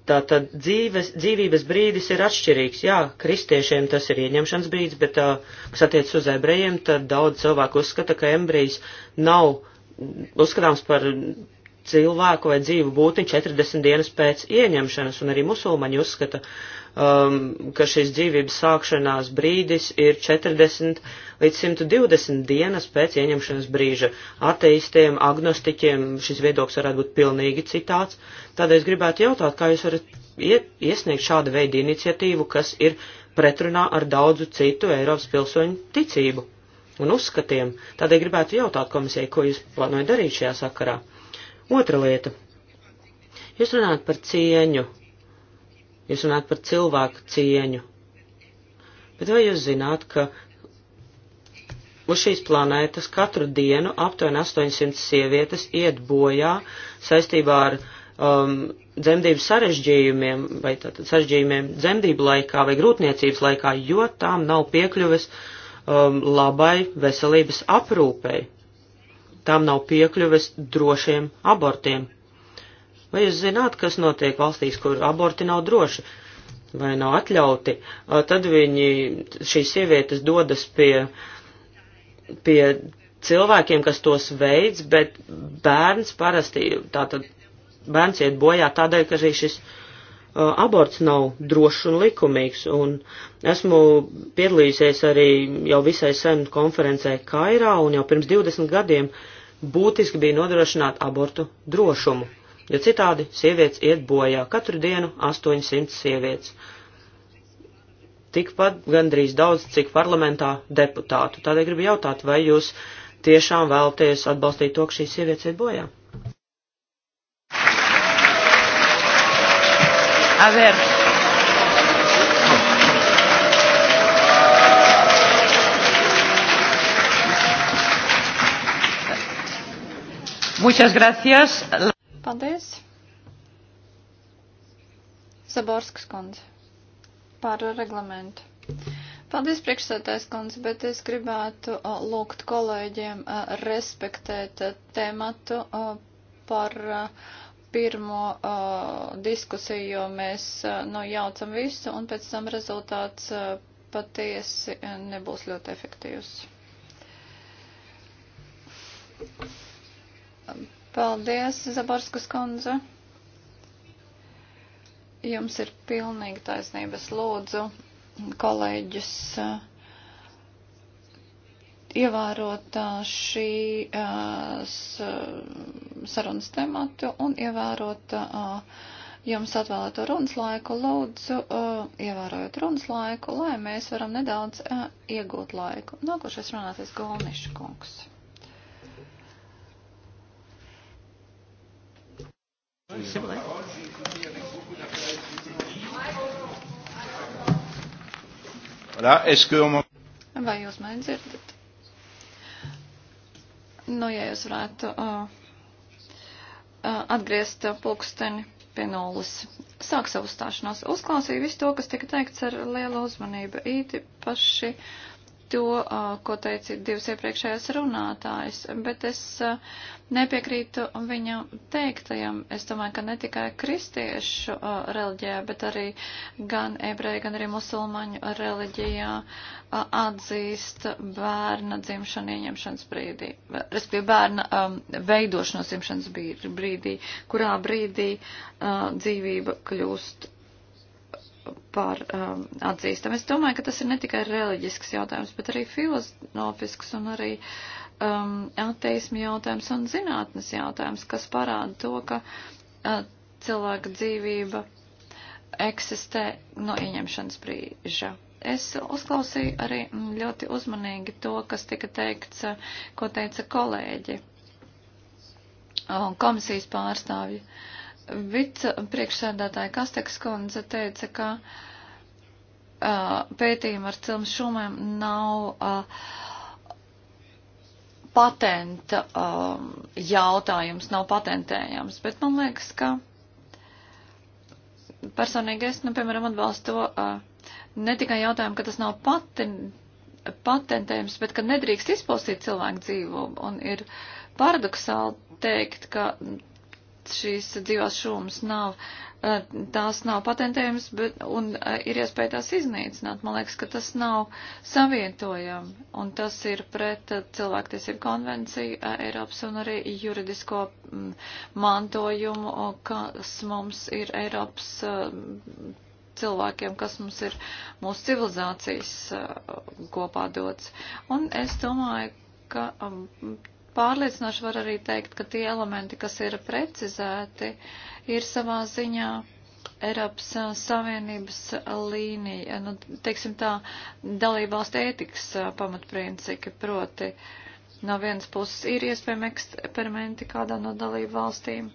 Tātad dzīves, dzīvības brīdis ir atšķirīgs. Jā, kristiešiem tas ir ieņemšanas brīdis, bet, tā, kas attiec uz ebrejiem, tad daudz cilvēku uzskata, ka embrijs nav uzskatāms par cilvēku vai dzīvu būtni 40 dienas pēc ieņemšanas, un arī musulmaņi uzskata, um, ka šis dzīvības sākšanās brīdis ir 40 līdz 120 dienas pēc ieņemšanas brīža. Ateistiem, agnostiķiem šis viedoklis varētu būt pilnīgi citāds, tādēļ es gribētu jautāt, kā jūs varat iesniegt šādu veidu iniciatīvu, kas ir pretrunā ar daudzu citu Eiropas pilsoņu ticību un uzskatiem. Tādēļ gribētu jautāt komisijai, ko jūs plānojat darīt šajā sakarā. Otra lieta. Jūs runājat par cieņu. Jūs runājat par cilvēku cieņu. Bet vai jūs zināt, ka uz šīs planētas katru dienu aptuveni 800 sievietes iet bojā saistībā ar um, dzemdību sarežģījumiem vai tātad sarežģījumiem dzemdību laikā vai grūtniecības laikā, jo tām nav piekļuves um, labai veselības aprūpei tām nav piekļuves drošiem abortiem. Vai jūs zināt, kas notiek valstīs, kur aborti nav droši vai nav atļauti? Tad viņi, šīs sievietes dodas pie, pie cilvēkiem, kas tos veids, bet bērns parasti, tātad bērns iet bojā tādēļ, ka arī šis aborts nav drošs un likumīgs. Un esmu piedalījusies arī jau visai sen konferencē Kairā un jau pirms 20 gadiem uh, būtiski bija nodrošināt abortu drošumu, jo citādi sievietes iet bojā katru dienu 800 sievietes. Tikpat gandrīz daudz, cik parlamentā deputātu. Tādēļ gribu jautāt, vai jūs tiešām vēlties atbalstīt to, ka šīs sievietes iet bojā? A ver, Muchas gracias. Paldies. Zaborskas kundze par reglamentu. Paldies, priekšsētājs kundze, bet es gribētu uh, lūgt kolēģiem uh, respektēt uh, tematu uh, par uh, pirmo uh, diskusiju, jo mēs uh, nu, jaucam visu un pēc tam rezultāts uh, patiesi e, nebūs ļoti efektīvs. Thank you. Paldies, Zaborskas kundze. Jums ir pilnīgi taisnības lūdzu kolēģis eh, ievērot eh, šī eh, sarunas tematu un ievērot jums atvēlēto runas laiku. Lūdzu, ievērojot runas laiku, lai mēs varam nedaudz iegūt laiku. Nākošais runātais Golniša kungs. C'est vrai. Voilà, est-ce que on... Vai jūs mani dzirdat? Nu, ja jūs varētu uh, atgriezt pulksteni pie nulles. Sāk savu stāšanos. Uzklausīju visu to, kas tika teikts ar lielu uzmanību. Īti paši to, ko teica divas iepriekšējās runātājas, bet es nepiekrītu viņa teiktajam. Es domāju, ka ne tikai kristiešu reliģijā, bet arī gan ebreju, gan arī musulmaņu reliģijā atzīst bērna dzimšanu ieņemšanas brīdī, respektīvi bērna um, veidošanos dzimšanas brīdī, kurā brīdī uh, dzīvība kļūst par um, atzīstam. Es domāju, ka tas ir ne tikai reliģisks jautājums, bet arī filozofisks un arī um, ateismu jautājums un zinātnes jautājums, kas parāda to, ka uh, cilvēka dzīvība eksistē no ieņemšanas brīža. Es uzklausīju arī mm, ļoti uzmanīgi to, kas tika teikts, uh, ko teica kolēģi un komisijas pārstāvji. Uh, vicepriekšsēdētāja Kasteks kundze teica, ka uh, pētījumi ar cilmes šūmēm nav uh, patenta um, jautājums, nav patentējams, bet man liekas, ka personīgi es, nu, piemēram, atbalstu to uh, ne tikai jautājumu, ka tas nav paten, patentējums, bet ka nedrīkst izpostīt cilvēku dzīvību. Un ir paradoxāli teikt, ka šīs dzīvās šūmas nav, eh, tās nav patentējamas, bet un eh, ir iespēja tās iznīcināt. Man liekas, ka tas nav savietojami, un tas ir pret eh, cilvēktiesību konvenciju Eiropas un arī juridisko mm, mantojumu, kas mums ir Eiropas cilvēkiem, kas mums ir mūsu civilizācijas kopā dots. Un es domāju, ka mm, pārliecinoši var arī teikt, ka tie elementi, kas ir precizēti, ir savā ziņā Eiropas Savienības līnija, nu, teiksim tā, dalībvalstu ētikas pamatprincipi, proti, no vienas puses ir iespējami eksperimenti kādā no dalību valstīm,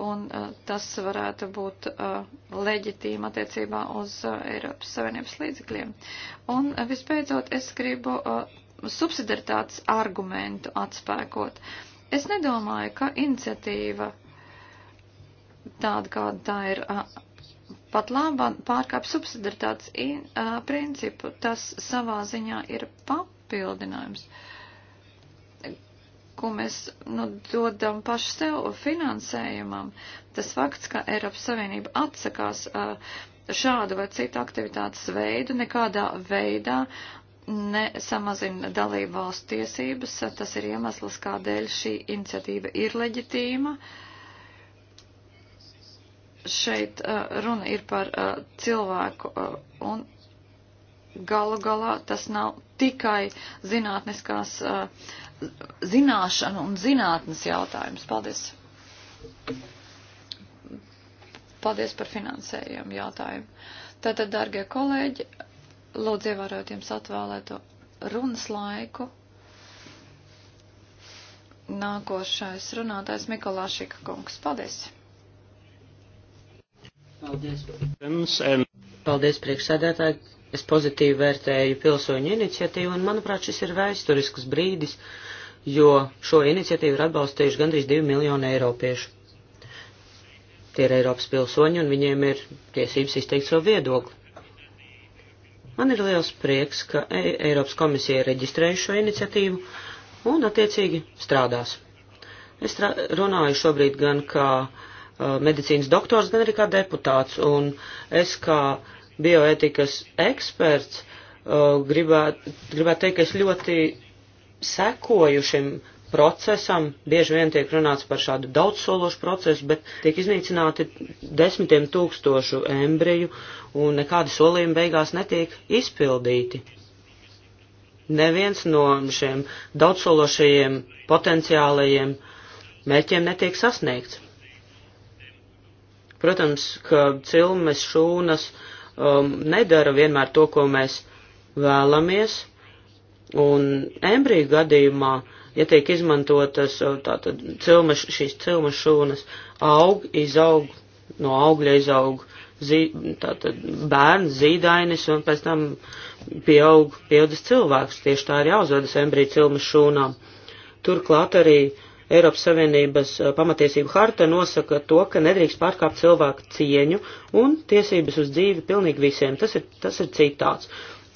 un uh, tas varētu būt uh, leģitīma attiecībā uz uh, Eiropas Savienības līdzekļiem. Un uh, visbeidzot, es gribu uh, subsidaritātes argumentu atspēkot. Es nedomāju, ka iniciatīva tāda, kāda tā ir, pat labā pārkāp subsidaritātes principu. Tas savā ziņā ir papildinājums, ko mēs nu, dodam pašu sev finansējumam. Tas fakts, ka Eiropas Savienība atsakās šādu vai citu aktivitātes veidu nekādā veidā nesamazina dalību valsts tiesības. Tas ir iemesls, kādēļ šī iniciatīva ir leģitīma. Šeit uh, runa ir par uh, cilvēku uh, un galu galā tas nav tikai zinātniskās zināšanu un zinātnes jautājums. Paldies! Paldies par finansējumu jautājumu. Tātad, dārgie kolēģi, Lūdzu, ievērojot jums atvēlēto runas laiku. Nākošais runātājs Mikolāšika kungs. Paldies! Paldies! Paldies, priekšsēdētāji! Es pozitīvi vērtēju pilsoņu iniciatīvu, un, manuprāt, šis ir vēsturisks brīdis, jo šo iniciatīvu ir atbalstījuši gandrīz 2 miljoni eiropiešu. Tie ir Eiropas pilsoņi, un viņiem ir tiesības izteikt savu viedokli Man ir liels prieks, ka Ei Eiropas komisija ir reģistrējusi šo iniciatīvu un attiecīgi strādās. Es runāju šobrīd gan kā uh, medicīnas doktors, gan arī kā deputāts, un es kā bioētikas eksperts uh, gribētu gribēt teikt, ka es ļoti sekoju šim procesam. Bieži vien tiek runāts par šādu daudzsološu procesu, bet tiek iznīcināti desmitiem tūkstošu embriju un nekādi solījumi beigās netiek izpildīti. Neviens no šiem daudzsološajiem potenciālajiem mērķiem netiek sasniegts. Protams, ka cilmes šūnas um, nedara vienmēr to, ko mēs vēlamies, un embriju gadījumā uh, ja tiek izmantotas tātad cilmes, šīs cilmes šūnas aug, izaug, no augļa izaug zī, tātad bērns, zīdainis un pēc tam pieaug, pieaudzis cilvēks. Tieši tā ir jāuzvedas embrija cilmes šūnām. Turklāt arī Eiropas Savienības pamatiesību harta nosaka to, ka nedrīkst pārkāpt cilvēku cieņu un tiesības uz dzīvi pilnīgi visiem. Tas ir, tas ir citāts.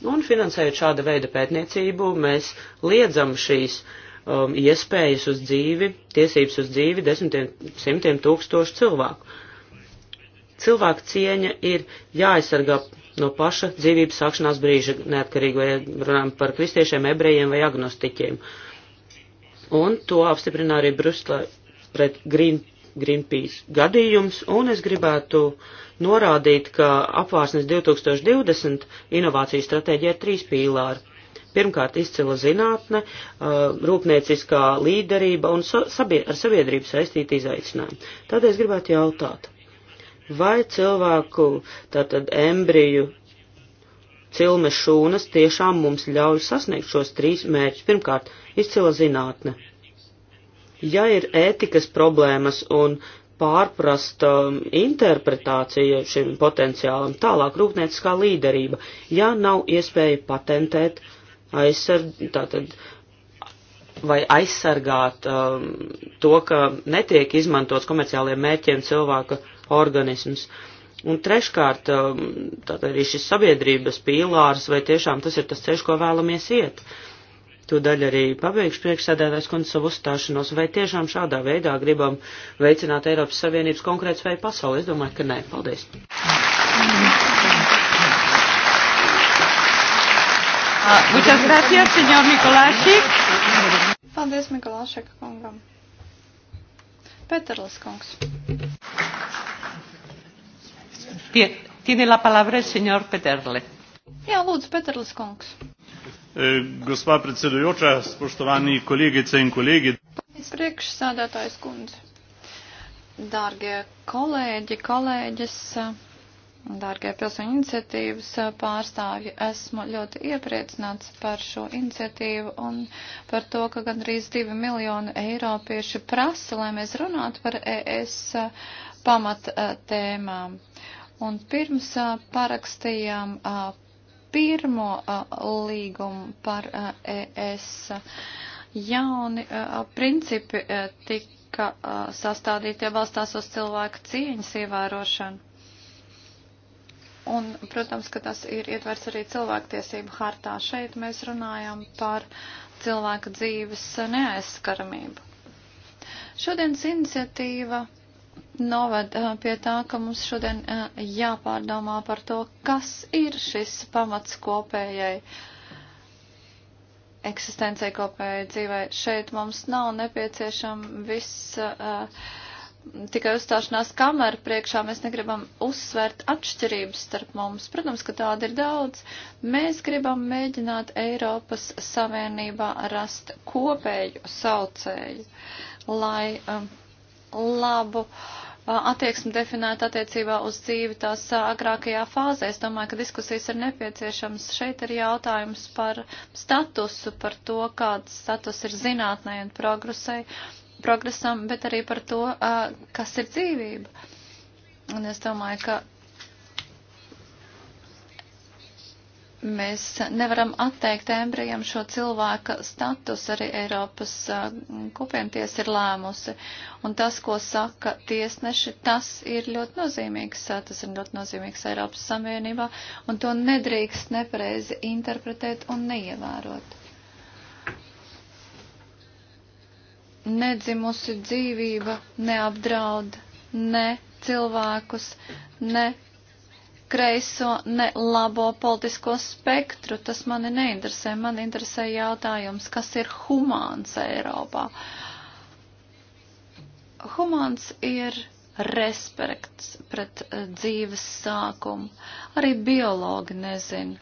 Un finansējot šāda veida pētniecību, mēs liedzam šīs uh, um, iespējas uz dzīvi, tiesības uz dzīvi desmitiem, simtiem tūkstošu cilvēku. Cilvēka cieņa ir jāaizsargā no paša dzīvības sākšanās brīža, neatkarīgi vai runājam par kristiešiem, ebrejiem vai agnostiķiem. Un to apstiprina arī Brusla pret Green, Greenpeace gadījums, un es gribētu norādīt, ka apvārsnes 2020 inovācijas stratēģija ir trīs pīlāri Pirmkārt, izcila zinātne, uh, rūpnieciskā līderība un sabied ar sabiedrību saistīti izaicinājumi. Tādēļ es gribētu jautāt, vai cilvēku, tātad embriju cilmes šūnas tiešām mums ļauj sasniegt šos trīs mērķus. Pirmkārt, izcila zinātne. Ja ir ētikas problēmas un pārprasta um, interpretācija šim potenciālam, tālāk rūpnieciskā līderība, ja nav iespēja patentēt uh, aizsardz, tātad, vai aizsargāt um, to, ka netiek izmantots komerciāliem mērķiem cilvēka organisms. Un treškārt, um, tātad arī šis sabiedrības pīlārs, vai tiešām tas ir tas ceļš, ko vēlamies iet. To daļu arī pabeigšu priekšsēdētājs kundze savu uzstāšanos, vai tiešām šādā veidā gribam veicināt Eiropas Savienības konkrētspēju pasauli. Es domāju, ka nē. Paldies! Mm -hmm. Uh, muchas gracias, senor Mikolāšik. Paldies, Mikolāšik kungam. Pēterlis kungs. Tiene la palabra el señor Peterle. Jā, lūdzu, Peterlis kungs. E, gospa predsedujoča, spoštovani kolegice in kolegi. Priekšsādātājs kundze. Dārgie kolēģi, kolēģis. Uh, Dārgie pilsoņu iniciatīvas pārstāvji, esmu ļoti iepriecināts par šo iniciatīvu un par to, ka gandrīz divi miljoni eiropieši prasa, lai mēs runātu par ES pamat tēmām. Un pirms parakstījām pirmo līgumu par ES jauni principi tika sastādītie balstās uz cilvēku cieņas ievērošanu Un, protams, ka tas ir ietverts arī cilvēktiesību hartā. Šeit mēs runājam par cilvēka dzīves neaizskaramību. Šodienas iniciatīva noved eh, pie tā, ka mums šodien eh, jāpārdomā par to, kas ir šis pamats kopējai eksistencei, kopējai dzīvei. Šeit mums nav nepieciešama viss. Uh, eh, tikai uzstāšanās kameru priekšā mēs negribam uzsvērt atšķirības starp mums. Protams, ka tāda ir daudz. Mēs gribam mēģināt Eiropas Savienībā rast kopēju saucēju, lai um, labu uh, attieksmi definēt attiecībā uz dzīvi tās uh, agrākajā fāzē. Es domāju, ka diskusijas ir nepieciešams. Šeit ir jautājums par statusu, par to, kāds status ir zinātnē un progresai progresam, bet arī par to, uh, kas ir dzīvība. Un es domāju, ka mēs nevaram atteikt embrijam šo cilvēka status, arī Eiropas kopienties ir lēmusi. Un tas, ko saka tiesneši, tas ir ļoti nozīmīgs, tas ir ļoti nozīmīgs Eiropas Savienībā, un to nedrīkst nepareizi interpretēt un neievērot. nedzimusi dzīvība neapdraud ne cilvēkus, ne kreiso, ne labo politisko spektru. Tas mani neinteresē. Man interesē jautājums, kas ir humāns Eiropā. Humāns ir respekts pret eh, dzīves sākumu. Arī biologi nezin,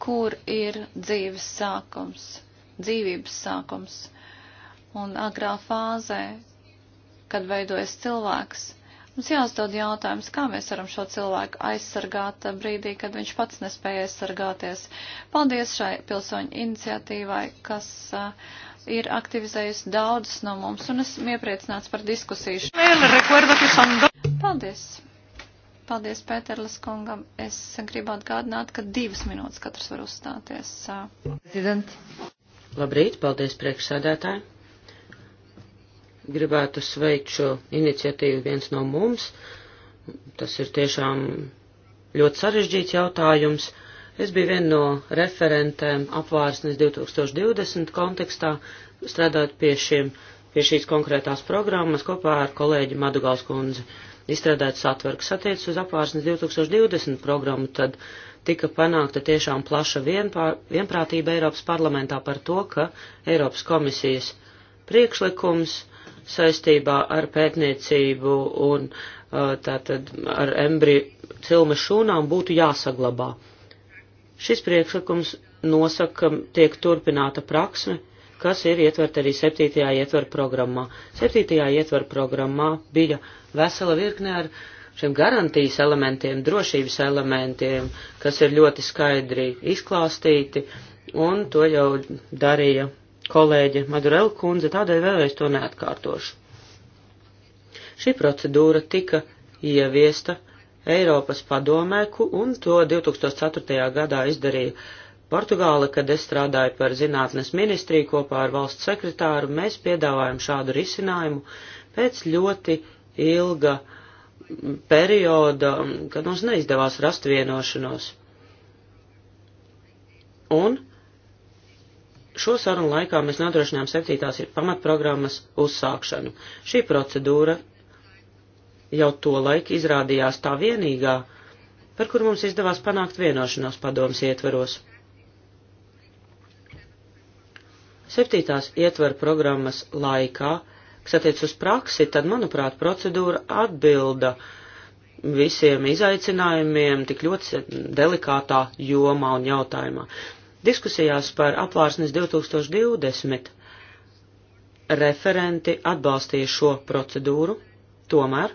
kur ir dzīves sākums, dzīvības sākums un agrā fāzē, kad veidojas cilvēks. Mums jāuzdod jautājums, kā mēs varam šo cilvēku aizsargāt brīdī, kad viņš pats nespēja aizsargāties. Paldies šai pilsoņu iniciatīvai, kas uh, ir aktivizējusi daudzus no mums, un esmu iepriecināts par diskusiju. Paldies! Paldies Pēterlis kungam. Es gribu atgādināt, ka divas minūtes katrs var uzstāties. Uh. Prezident. Labrīt, paldies priekšsēdētāji gribētu sveikt šo iniciatīvu viens no mums. Tas ir tiešām ļoti sarežģīts jautājums. Es biju viena no referentēm apvārsnes 2020 kontekstā, strādājot pie, šiem, pie šīs konkrētās programmas kopā ar kolēģi Madugals kundzi. Izstrādāts satverks attiec uz apvārsnes 2020 programmu, tad tika panākta tiešām plaša vienpār, vienprātība Eiropas parlamentā par to, ka Eiropas komisijas priekšlikums uh, saistībā ar pētniecību un uh, tātad ar embriju cilmes šūnām būtu jāsaglabā. Šis priekšlikums nosaka, ka tiek turpināta praksme, kas ir ietvert arī 7. ietver programmā. 7. ietver programmā bija vesela virkne ar šiem garantijas elementiem, drošības elementiem, kas ir ļoti skaidri izklāstīti, un to jau darīja kolēģe Madurela kundze, tādēļ vēlreiz to neatkārtošu. Šī procedūra tika ieviesta Eiropas padomēku un to 2004. gadā izdarīja Portugāla, kad es strādāju par zinātnes ministriju kopā ar valsts sekretāru, mēs piedāvājam šādu risinājumu pēc ļoti ilga perioda, kad mums neizdevās rast vienošanos. Un Šo sarunu laikā mēs nodrošinājām septītās pamatprogrammas uzsākšanu. Šī procedūra jau to laiku izrādījās tā vienīgā, par kuru mums izdevās panākt vienošanos padomas ietveros. Septītās ietveru programmas laikā, kas attiec uz praksi, tad, manuprāt, procedūra atbilda visiem izaicinājumiem tik ļoti delikātā jomā un jautājumā. Diskusijās par apvārsnes 2020 referenti atbalstīja šo procedūru, tomēr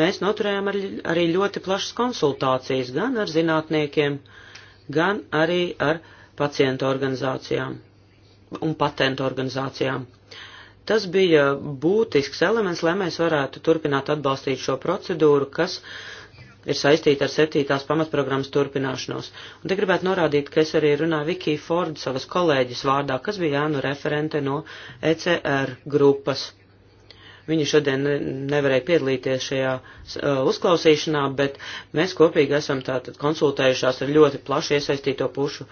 mēs noturējām ar, arī ļoti plašas konsultācijas gan ar zinātniekiem, gan arī ar pacientu organizācijām un patentu organizācijām. Tas bija būtisks elements, lai mēs varētu turpināt atbalstīt šo procedūru, kas uh, ir saistīta ar septītās pamatprogrammas turpināšanos. Un te gribētu norādīt, ka es arī runāju Vikiju Fordu savas kolēģis vārdā, kas bija jānu referente no ECR grupas. Viņa šodien nevarēja piedalīties šajā uh, uzklausīšanā, bet mēs kopīgi esam tātad konsultējušās ar ļoti plaši iesaistīto pušu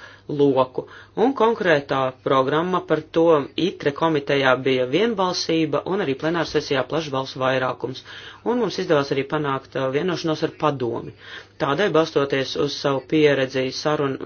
loku. Un konkrētā programma par to ITRE komitejā bija vienbalsība un arī plenārsesijā plašs balsu vairākums. Un mums izdevās arī panākt uh, vienošanos ar padomi. Tādēļ balstoties uz savu pieredzi sarun,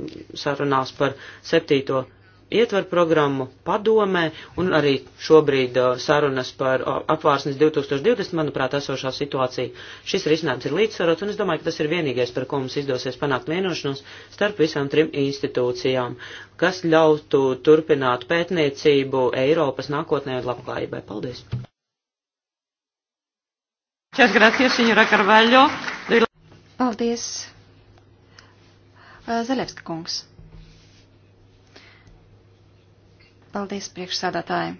sarunās par septīto ietver programmu padomē un arī šobrīd uh, sarunas par uh, apvārsnes 2020, manuprāt, esošā situācija. Šis risinājums ir līdzsvarots un es domāju, ka tas ir vienīgais, par ko mums izdosies panākt vienošanos starp visām trim institūcijām, kas ļautu turpināt pētniecību Eiropas nākotnē un labklājībai. Paldies! Muchas gracias, señora Carvalho. Paldies. Zalevska kungs. Paldies, priekšsādātāji.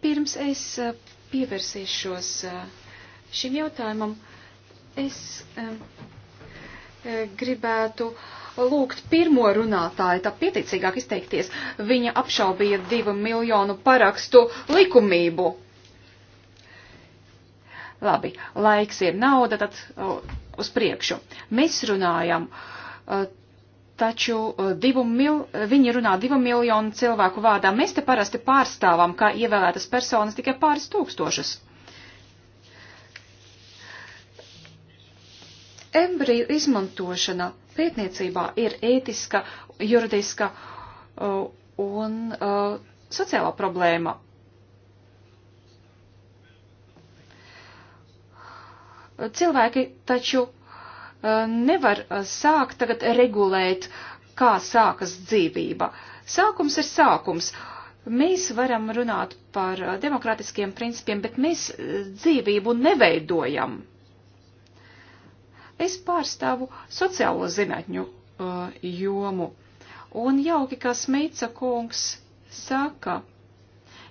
Pirms es eh, pievērsīšos eh, šim jautājumam, es eh, gribētu lūgt pirmo runātāju tā pieticīgāk izteikties. Viņa apšaubīja divu miljonu parakstu likumību. Labi, laiks ir nauda, tad uz priekšu. Mēs runājam taču eh, divu mil, eh, viņi runā divu miljonu cilvēku vārdā. Mēs te parasti pārstāvam, kā ievēlētas personas, tikai pāris tūkstošus. Embriju izmantošana pētniecībā ir ētiska, juridiska eh, un sociālā problēma. Cilvēki taču nevar uh, sākt tagad regulēt, kā sākas dzīvība. Sākums ir sākums. Mēs varam runāt par uh, demokrātiskiem principiem, bet mēs uh, dzīvību neveidojam. Es pārstāvu sociālo zinātņu uh, jomu. Un jauki, kā Smeica kungs saka,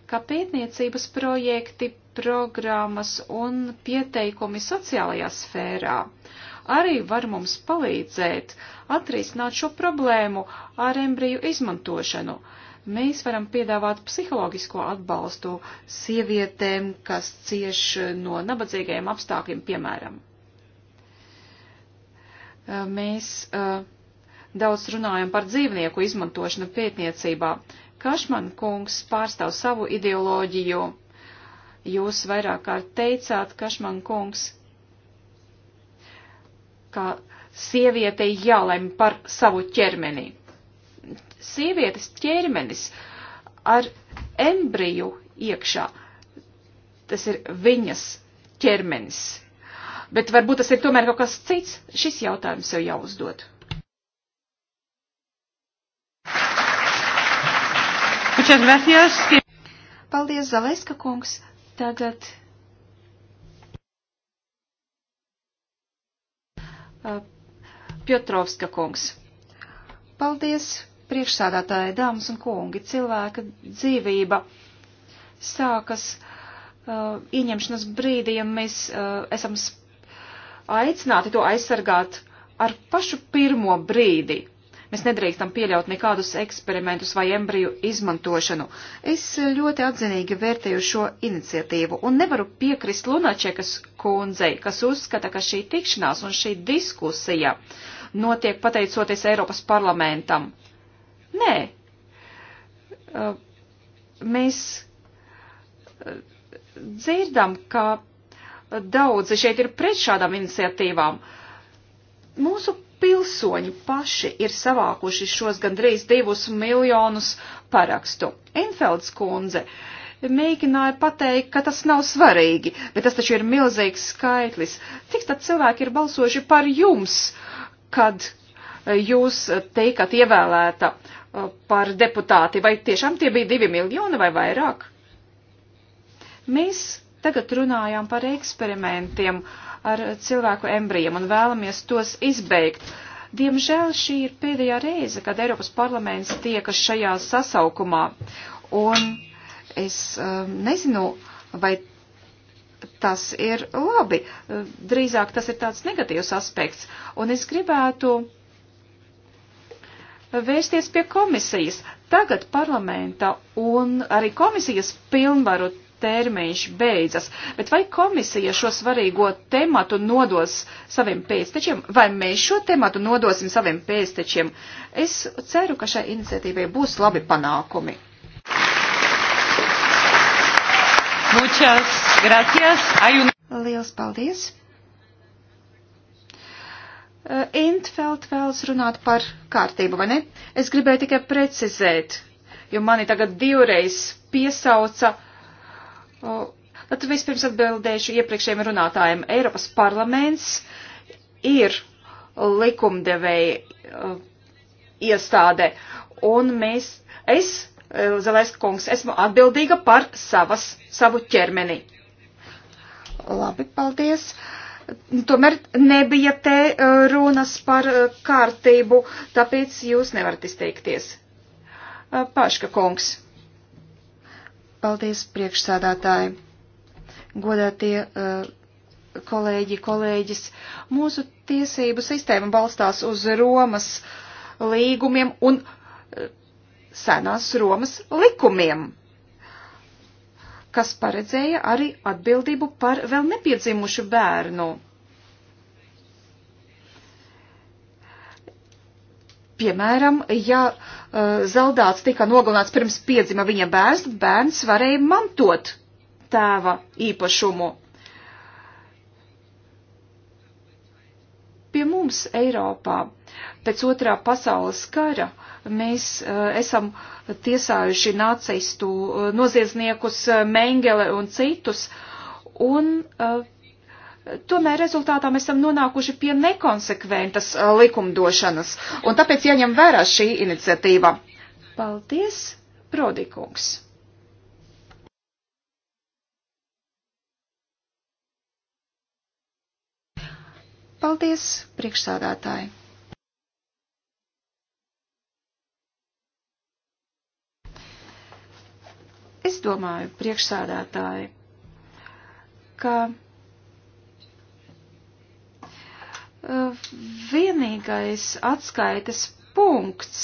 ka pētniecības projekti, programmas un pieteikumi sociālajā sfērā uh, arī var mums palīdzēt atrisināt šo problēmu ar embriju izmantošanu. Mēs varam piedāvāt psiholoģisko atbalstu sievietēm, kas cieš no nabadzīgajiem apstākļiem, piemēram. Mēs daudz runājam par dzīvnieku izmantošanu pētniecībā. Kašman kungs pārstāv savu ideoloģiju. Jūs vairāk kārt teicāt, Kašman kungs, ka sievietei jālem par savu ķermeni. Sievietes ķermenis ar embriju iekšā, tas ir viņas ķermenis. Bet varbūt tas ir tomēr kaut kas cits, šis jautājums sev jau jāuzdod. Paldies, Zaleska kungs. Tagad Uh, Piotrovska kungs. Paldies, priekšsādātāji, dāmas un kungi, cilvēka dzīvība sākas uh, ieņemšanas brīdī, ja mēs uh, esam aicināti to aizsargāt ar pašu pirmo brīdi. Mēs nedrīkstam pieļaut nekādus eksperimentus vai embriju izmantošanu. Es ļoti atzinīgi vērtēju šo iniciatīvu un nevaru piekrist Lunačekas kundzei, kas uzskata, ka šī tikšanās un šī diskusija notiek pateicoties Eiropas parlamentam. Nē. Uh, mēs uh, dzirdam, ka daudzi šeit ir pret šādām iniciatīvām. Mūsu pilsoņi paši ir savākuši šos gandrīz divus miljonus parakstu. Enfelds kundze mēģināja pateikt, ka tas nav svarīgi, bet tas taču ir milzīgs skaitlis. Cik tad cilvēki ir balsojuši par jums, kad eh, jūs teikat ievēlēta eh, par deputāti? Vai tiešām tie bija divi miljoni vai vairāk? Mēs tagad runājām par eksperimentiem. Uh, ar cilvēku embrijiem un vēlamies tos izbeigt. Diemžēl šī ir pēdējā reize, kad Eiropas parlaments tiekas šajā sasaukumā, un es um, nezinu, vai tas ir labi. Uh, drīzāk tas ir tāds negatīvs aspekts, un es gribētu vērsties pie komisijas. Tagad parlamenta un arī komisijas pilnvaru termiņš beidzas, bet vai komisija šo svarīgo tematu nodos saviem pēstečiem, vai mēs šo tematu nodosim saviem pēstečiem? Es ceru, ka šai iniciatīvai būs labi panākumi. Muchas gracias. Un... Liels paldies. Eh, Intfeld vēlas runāt par kārtību, vai ne? Es gribēju tikai precizēt, jo mani tagad divreiz piesauca uh, Tad vispirms atbildēšu iepriekšējiem runātājiem. Eiropas parlaments ir likumdevēja iestāde, un mēs, es, Zelēska kungs, esmu atbildīga par savas, savu ķermeni. Labi, paldies. Tomēr nebija te runas par kārtību, tāpēc jūs nevarat izteikties. Paška kungs. Paldies, priekšsādātāji, godātie uh, kolēģi, kolēģis. Mūsu tiesību sistēma balstās uz Romas līgumiem un uh, senās Romas likumiem, kas paredzēja arī atbildību par vēl nepiedzimušu bērnu Piemēram, ja uh, zaldāts tika nogalināts pirms piedzima viņa bērns, bērns varēja mantot tēva īpašumu. Pie mums Eiropā pēc otrā pasaules kara mēs uh, esam tiesājuši nacistu uh, noziedzniekus uh, Mengele un citus, un uh, tomēr rezultātā mēs esam nonākuši pie nekonsekventas likumdošanas, un tāpēc jāņem vērā šī iniciatīva. Paldies, Prodikungs! Paldies, priekšsādātāji! Es domāju, priekšsādātāji, ka Eh, vienīgais atskaites punkts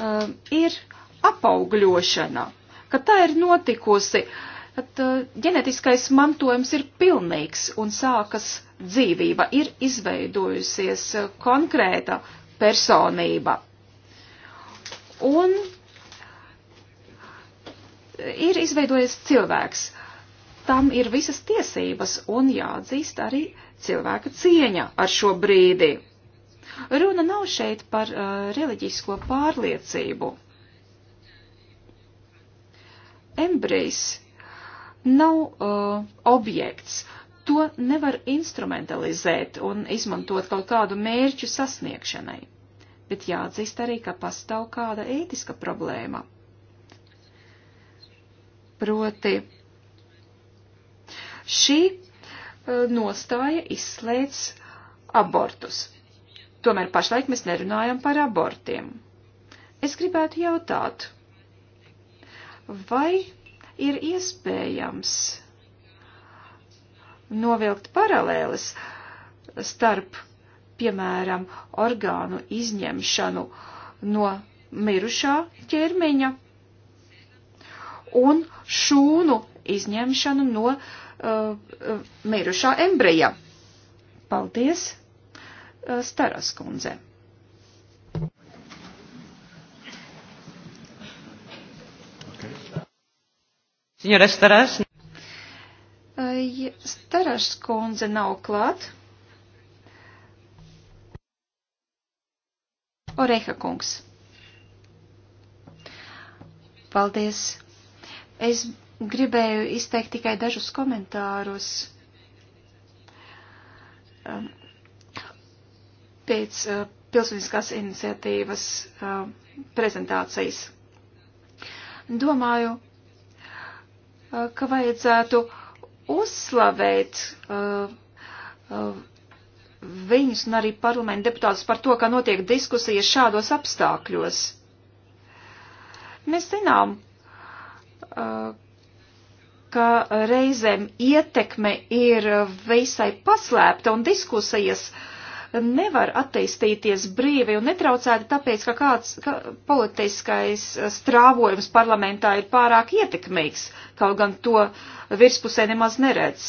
uh, ir apaugļošana, ka tā ir notikusi, kad uh, eh, ģenetiskais mantojums ir pilnīgs un sākas dzīvība, ir izveidojusies uh, konkrēta personība. Un ir izveidojies cilvēks. Tam ir visas tiesības un jāatzīst arī uh, cilvēka cieņa ar šo brīdi. Runa nav šeit par uh, reliģisko pārliecību. Embrejs nav uh, objekts, to nevar instrumentalizēt un izmantot kaut kādu mērķu sasniegšanai. Bet jāatzīst arī, ka pastāv kāda ētiska problēma. Proti, šī Eh, nostāja izslēdz abortus. Tomēr pašlaik mēs nerunājam par abortiem. Es gribētu jautāt, vai ir iespējams novilkt paralēles starp, piemēram, orgānu izņemšanu no mirušā ķermeņa un šūnu izņemšanu no uh, mirušā embreja. Paldies, uh, Staras kundze. Signora Staras. Uh, Staras kundze nav klāt. Oreha kungs. Paldies. Es gribēju izteikt tikai dažus komentārus. Um, pēc uh, pilsoniskās iniciatīvas uh, prezentācijas. Domāju, uh, ka vajadzētu uzslavēt viņus un arī parlamentu deputātus par to, ka notiek diskusijas šādos apstākļos. Mēs zinām, ka reizēm ietekme ir visai paslēpta un diskusijas nevar attīstīties brīvi un netraucēti tāpēc, ka kāds ka politiskais strāvojums parlamentā ir pārāk ietekmīgs, kaut gan to virspusē nemaz neredz.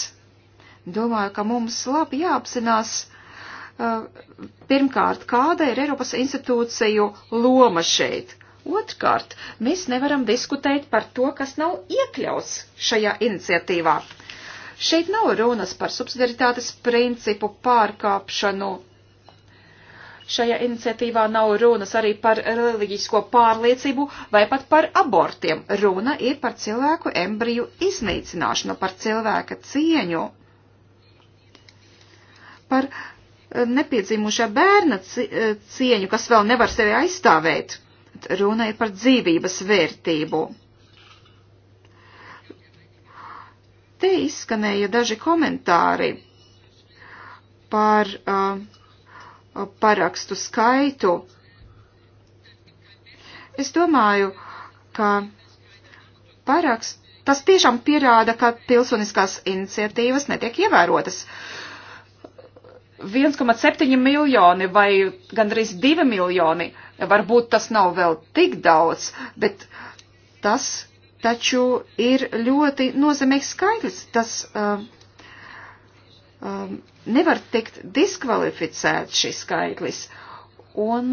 Domāju, ka mums labi jāapzinās, uh, pirmkārt, kāda ir Eiropas institūciju loma šeit Otkārt, mēs nevaram diskutēt par to, kas nav iekļauts šajā iniciatīvā. Šeit nav runas par subsidiaritātes principu pārkāpšanu. Šajā iniciatīvā nav runas arī par reliģisko pārliecību vai pat par abortiem. Runa ir par cilvēku embriju iznīcināšanu, par cilvēka cieņu, par nepiedzimušā bērna cieņu, kas vēl nevar sevi aizstāvēt runa ir par dzīvības vērtību. Te izskanēja daži komentāri par uh, parakstu skaitu. Es domāju, ka parakst, tas tiešām pierāda, ka pilsoniskās iniciatīvas netiek ievērotas. 1,7 miljoni vai gandrīz 2 miljoni uh, Varbūt tas nav vēl tik daudz, bet tas taču ir ļoti nozīmīgs skaidrs. Tas um, um, nevar tikt diskvalificēts šis skaidrs. Un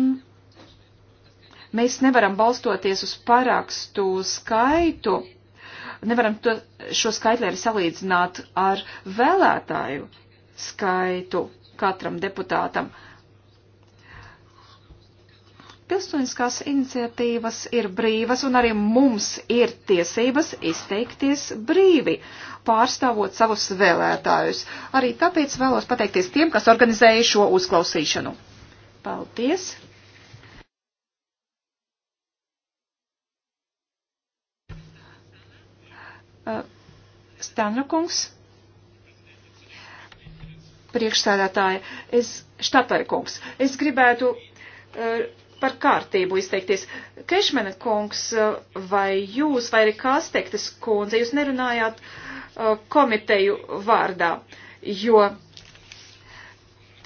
mēs nevaram balstoties uz parakstu skaitu, nevaram to, šo skaitli arī salīdzināt ar vēlētāju skaitu katram deputātam. Uh, Pilsoniskās iniciatīvas ir brīvas un arī mums ir tiesības izteikties brīvi, pārstāvot savus vēlētājus. Arī tāpēc vēlos pateikties tiem, kas organizēja šo uzklausīšanu. Paldies! Uh, Stanrakungs, priekšsēdētāja, es, štatarikungs, es gribētu uh, par kārtību izteikties. Kešmena kungs, vai jūs, vai arī Kastektes kundze, jūs nerunājāt uh, komiteju vārdā, jo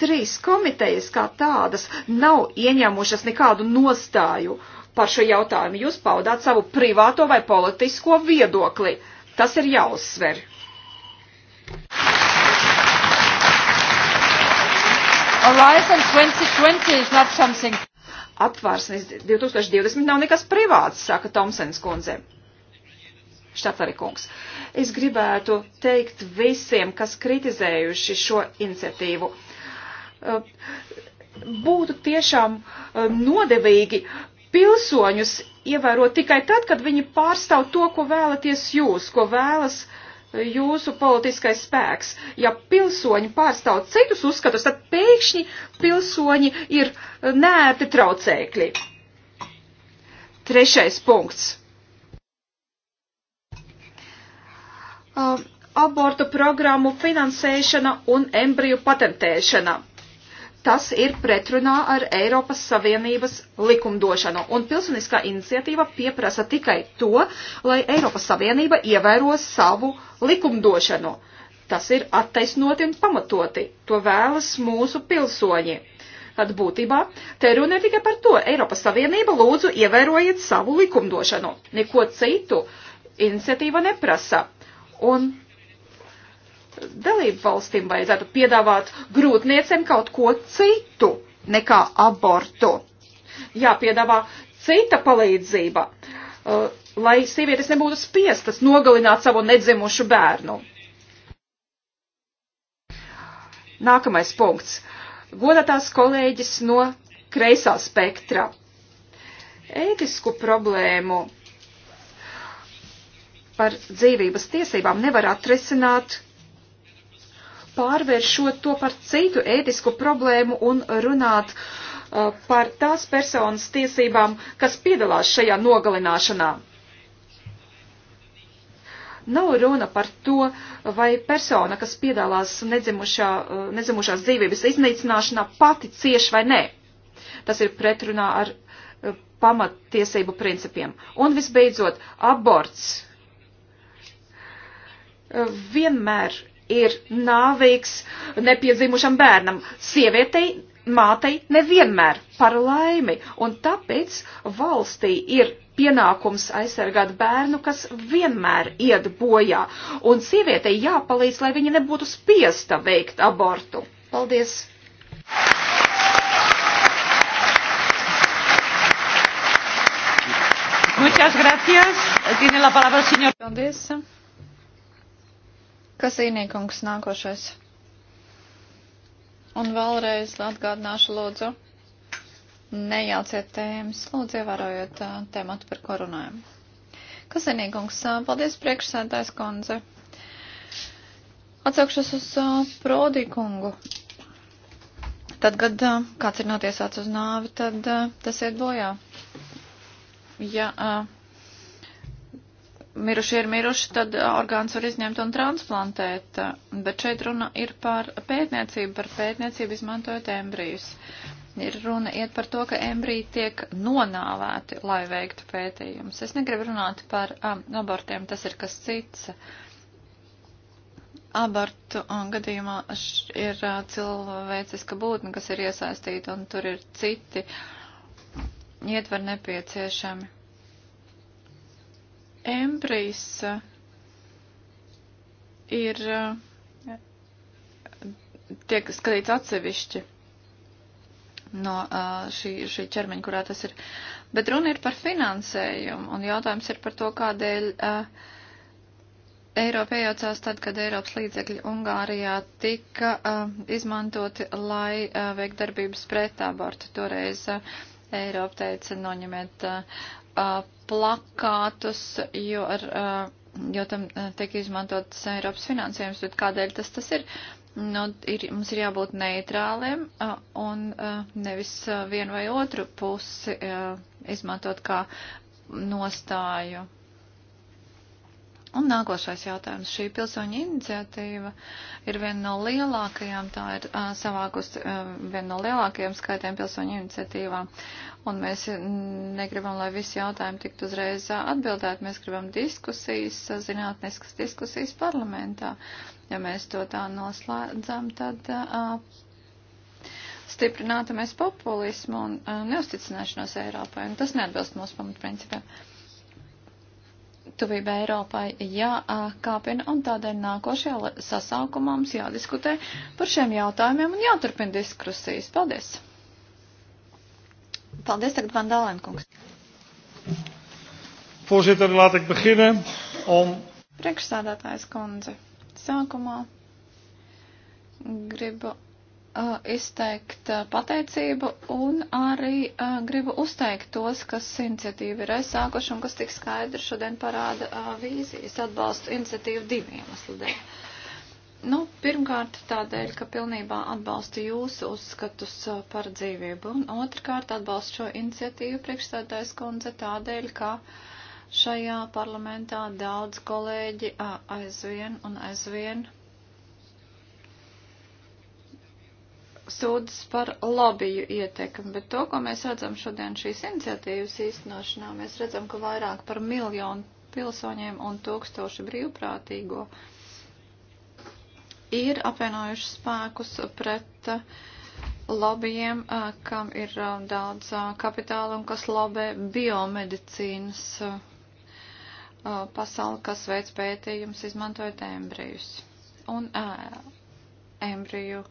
trīs komitejas kā tādas nav ieņēmušas nekādu nostāju par šo jautājumu. Jūs paudāt savu privāto vai politisko viedokli. Tas ir jāuzsver. Horizon 2020 is not something. Apvārsnes 2020 nav nekas privāts, saka Tomsens kundze. Štatari kungs. Es gribētu teikt visiem, kas kritizējuši šo iniciatīvu. Eh, būtu tiešām eh, nodevīgi pilsoņus ievērot tikai tad, kad viņi pārstāv to, ko vēlaties jūs, ko vēlas uh, jūsu politiskais spēks. Ja pilsoņi pārstāv citus uzskatus, tad pēkšņi pilsoņi ir eh, nērti traucēkļi. Trešais punkts. Um, abortu programmu finansēšana un embriju patentēšana tas ir pretrunā ar Eiropas Savienības likumdošanu, un pilsoniskā iniciatīva pieprasa tikai to, lai Eiropas Savienība ievēro savu likumdošanu. Tas ir attaisnoti un pamatoti, to vēlas mūsu pilsoņi. Tad būtībā te runa ir tikai par to, Eiropas Savienība lūdzu ievērojiet savu likumdošanu, neko citu iniciatīva neprasa. Un dalību valstīm vajadzētu piedāvāt grūtniecēm kaut ko citu nekā abortu. Jāpiedāvā cita palīdzība, uh, lai sievietes nebūtu spiestas nogalināt savu nedzimušu bērnu. Nākamais punkts. Godātās kolēģis no kreisā spektra. Ētisku problēmu par dzīvības tiesībām nevar atrisināt pārvēršot to par citu ētisku problēmu un runāt uh, par tās personas tiesībām, kas piedalās šajā nogalināšanā. Nav runa par to, vai persona, kas piedalās nedzimušā, uh, nedzimušās dzīvības iznīcināšanā, pati cieš vai nē. Tas ir pretrunā ar uh, pamattiesību principiem. Un visbeidzot, aborts uh, vienmēr ir nāvīgs nepiedzimušam bērnam. Sievietei, mātei nevienmēr par laimi, un tāpēc valstī ir pienākums aizsargāt bērnu, kas vienmēr iet bojā, un sievietei jāpalīdz, lai viņa nebūtu spiesta veikt abortu. Paldies! Muchas gracias. Tiene la palabra el señor. Paldies. Kas īnīkums nākošais? Un vēlreiz atgādināšu lūdzu, nejauciet tēmas, lūdzu ievērojiet tēmatu, par ko runājam. Kas īnīkums? Paldies priekšsēdājs kundze. Atsaukšos uz Prodikungu. Tad, kad kāds ir notiesāts uz nāvi, tad tas iet bojā. Ja, uh, mirušie ir miruši, tad uh, orgāns var izņemt un transplantēt. Uh, bet šeit runa ir par pētniecību, par pētniecību izmantojot embrijus. Ir runa iet par to, ka embriji tiek nonāvēti, lai veiktu pētījumus. Es negribu runāt par um, abortiem, tas ir kas cits. Abortu um, gadījumā ir uh, cilvēciska būtne, kas ir iesaistīta, un tur ir citi ietver nepieciešami Embrijas eh, ir eh, tiek skatīts atsevišķi no eh, šī, šī ķermeņa, kurā tas ir. Bet runa ir par finansējumu, un jautājums ir par to, kādēļ Eiropa iejaucās tad, kad Eiropas līdzekļi Ungārijā tika izmantoti, lai veikt darbības pret abortu. Toreiz Eiropa teica, noņemiet uh, plakātus, jo, ar, uh, jo tam tiek izmantotas Eiropas finansējums, bet kādēļ tas tas ir? Nu, ir mums ir jābūt neitrāliem uh, un uh, nevis uh, vienu vai otru pusi uh, izmantot kā nostāju Un nākošais jautājums. Šī pilsoņa iniciatīva ir viena no lielākajām, tā ir uh, savākus uh, viena no lielākajiem skaitiem pilsoņa iniciatīvām. Un mēs negribam, lai visi jautājumi tiktu uzreiz atbildēt. Mēs gribam diskusijas, zinātniskas diskusijas parlamentā. Ja mēs to tā noslēdzam, tad. Uh, stiprinātu mēs populismu un uh, neusticināšanos Eiropai, un tas neatbilst mūsu pamatprincipiem. Uh, tuvība Eiropai jākāpina, un tādēļ nākošajā sasaukumā mums jādiskutē par šiem jautājumiem un jāturpina diskusijas. Paldies! Paldies, tagad man Dalēnkungs. Voorzitter, laat ik beginnen om. Priekšstādātājs kundze, sākumā gribu izteikt pateicību un arī gribu uzteikt tos, kas iniciatīvu ir aizsākuši un kas tik skaidri šodien parāda vīzijas atbalstu iniciatīvu diviem asludēm. Nu, pirmkārt tādēļ, ka pilnībā atbalstu jūsu uzskatus par dzīvību, un otrkārt atbalstu šo iniciatīvu priekšstādājas kundze tādēļ, ka šajā parlamentā daudz kolēģi aizvien un aizvien sūdzas par lobiju ietekmi, bet to, ko mēs redzam šodien šīs iniciatīvas īstenošanā, mēs redzam, ka vairāk par miljonu pilsoņiem un tūkstoši brīvprātīgo ir apvienojuši spēkus pret uh, lobbyiem, uh, kam ir uh, daudz kapitāla un kas lobē biomedicīnas pasauli, kas veids pētījums izmantojot embrijus un embriju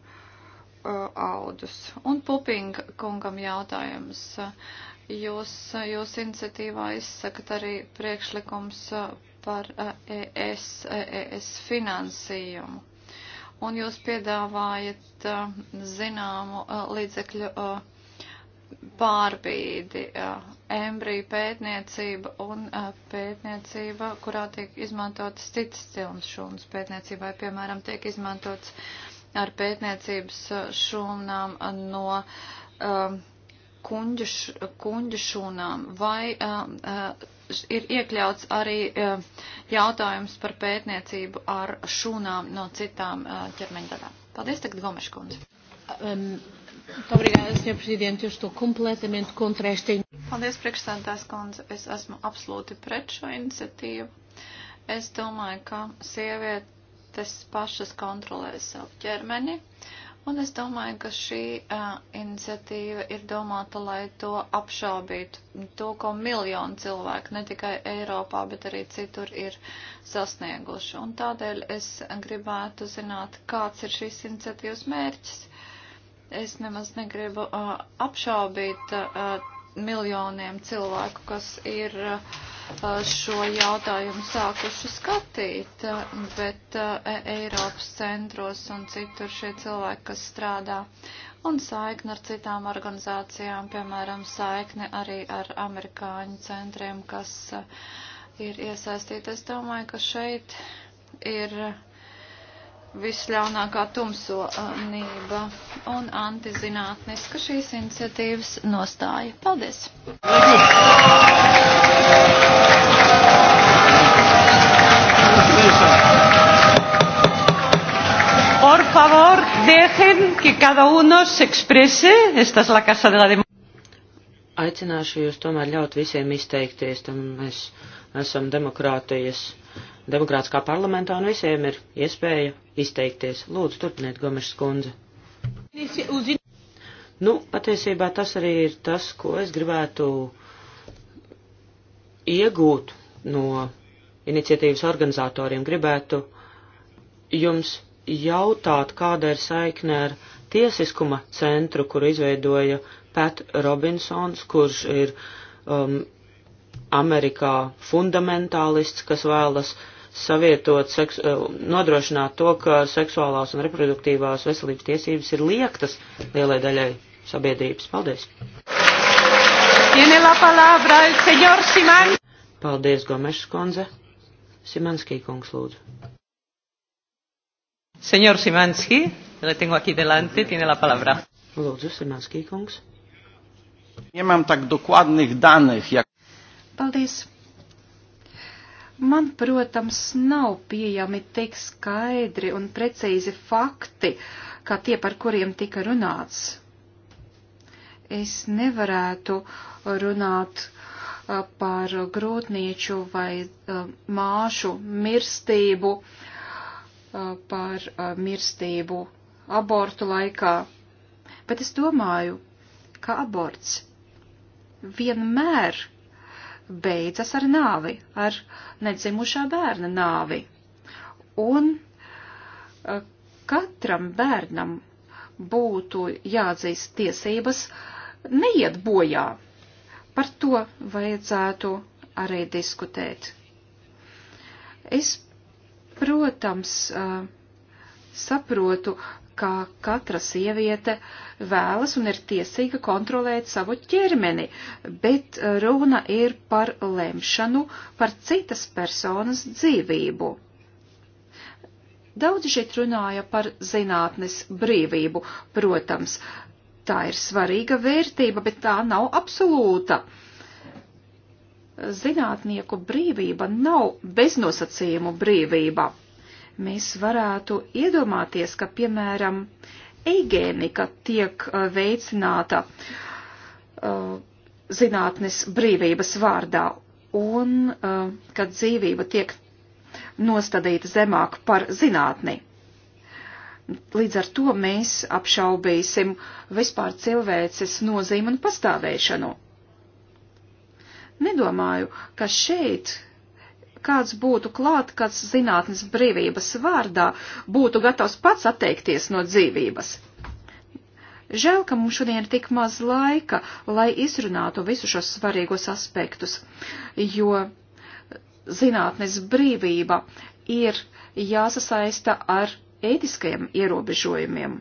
uh, audus. Un Pupinga kungam jautājums. Jūs, jūs iniciatīvā izsakat arī priekšlikums uh, par uh, ES, ES finansējumu. Un jūs piedāvājat uh, zināmu līdzekļu pārbīdi, embriju pētniecība un pētniecība, kurā tiek izmantotas citas cilvēks šūnas pētniecībai, piemēram, tiek izmantotas ar pētniecības uh, šūnām uh, no um, kuņģu, kuņģu šūnām, vai um, uh, ir iekļauts arī uh, jautājums par pētniecību ar šūnām no citām uh, ķermeņdaļām. Paldies, tagad Gomeškundze. Um, Obrigada, Sr. Presidente. Eu estou completamente contra esta Paldies, priekšsēdētājs kundze. Es esmu absolūti pret šo iniciatīvu. Es domāju, ka sieviete valstis pašas kontrolē savu ķermeni. Un es domāju, ka šī uh, iniciatīva ir domāta, lai to apšaubītu, to, ko miljonu cilvēku ne tikai Eiropā, bet arī citur ir sasnieguši. Un tādēļ es gribētu zināt, kāds ir šīs iniciatīvas mērķis. Es nemaz negribu uh, apšaubīt uh, miljoniem cilvēku, kas ir. Uh, šo jautājumu sākuši skatīt, bet e, Eiropas centros un citur šie cilvēki, kas strādā, un saikne ar citām organizācijām, piemēram, saikne arī ar amerikāņu centriem, kas ir iesaistīti. Es domāju, ka šeit ir visļaunākā tumsonība un antizinātniska šīs iniciatīvas nostāja. Paldies! Aplausos. Por favor, dejen que cada uno se exprese. Esta es la casa de la democracia. Aicināšu jūs tomēr ļaut visiem izteikties, tam mēs esam demokrātijas, demokrātiskā parlamentā un visiem ir iespēja izteikties. Lūdzu, turpiniet, Gomešs kundze. Nu, patiesībā tas arī ir tas, ko es gribētu iegūt no iniciatīvas organizatoriem, gribētu jums jautāt, kāda ir saikne ar tiesiskuma centru, kuru izveidoja Pat Robinsons, kurš ir um, Amerikā fundamentālists, kas vēlas savietot, seks, uh, nodrošināt to, ka seksuālās un reproduktīvās veselības tiesības ir liektas lielai daļai sabiedrības. Paldies! Tiene la palabra el señor Simán. Paldies, Gomešs kundze. Simanskī kungs lūdzu. Senjor Simanskī, le tengo aquí delante, tiene la palabra. Lūdzu, Simanskī kungs. Nie mam tak dokładnych danych, jak... Paldies. Man, protams, nav pieejami tik skaidri un precīzi fakti, kā tie, par kuriem tika runāts. Es nevarētu runāt par grūtnieču vai māšu mirstību, par mirstību abortu laikā. Bet es domāju, ka aborts vienmēr beidzas ar nāvi, ar nedzimušā bērna nāvi. Un katram bērnam būtu jāatzīst tiesības neiet bojā Par to vajadzētu arī diskutēt. Es, protams, eh, saprotu, ka katra sieviete vēlas un ir tiesīga kontrolēt savu ķermeni, bet eh, runa ir par lemšanu par citas personas dzīvību. Daudz šeit runāja par zinātnes brīvību. Protams, Tā ir svarīga vērtība, bet tā nav absolūta. Zinātnieku brīvība nav beznosacījumu brīvība. Mēs varētu iedomāties, ka, piemēram, eigēnika tiek uh, veicināta uh, zinātnes brīvības vārdā, un uh, kad dzīvība tiek nostādīta zemāk par zinātni. Līdz ar to mēs apšaubīsim vispār cilvēces nozīmi un pastāvēšanu. Nedomāju, ka šeit kāds būtu klāt, kāds zinātnes brīvības vārdā būtu gatavs pats atteikties no dzīvības. Žēl, ka mums šodien ir tik maz laika, lai izrunātu visu šos svarīgos aspektus, jo zinātnes brīvība ir jāsasaista ar ētiskajiem ierobežojumiem.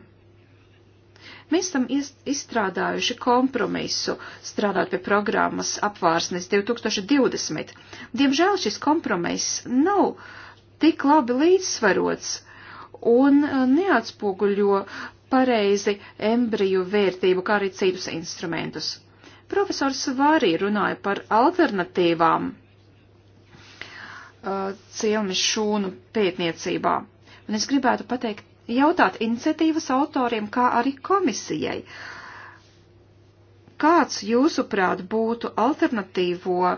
Mēs tam izstrādājuši kompromisu strādāt pie programmas apvārsnes 2020. Diemžēl šis kompromiss nav tik labi līdzsvarots un e, neatspoguļo pareizi embriju vērtību, kā arī citus instrumentus. Profesors Vārī runāja par alternatīvām uh, e, cielmes šūnu pētniecībā. Un es gribētu pateikt, jautāt iniciatīvas autoriem, kā arī komisijai. Kāds jūsuprāt būtu alternatīvo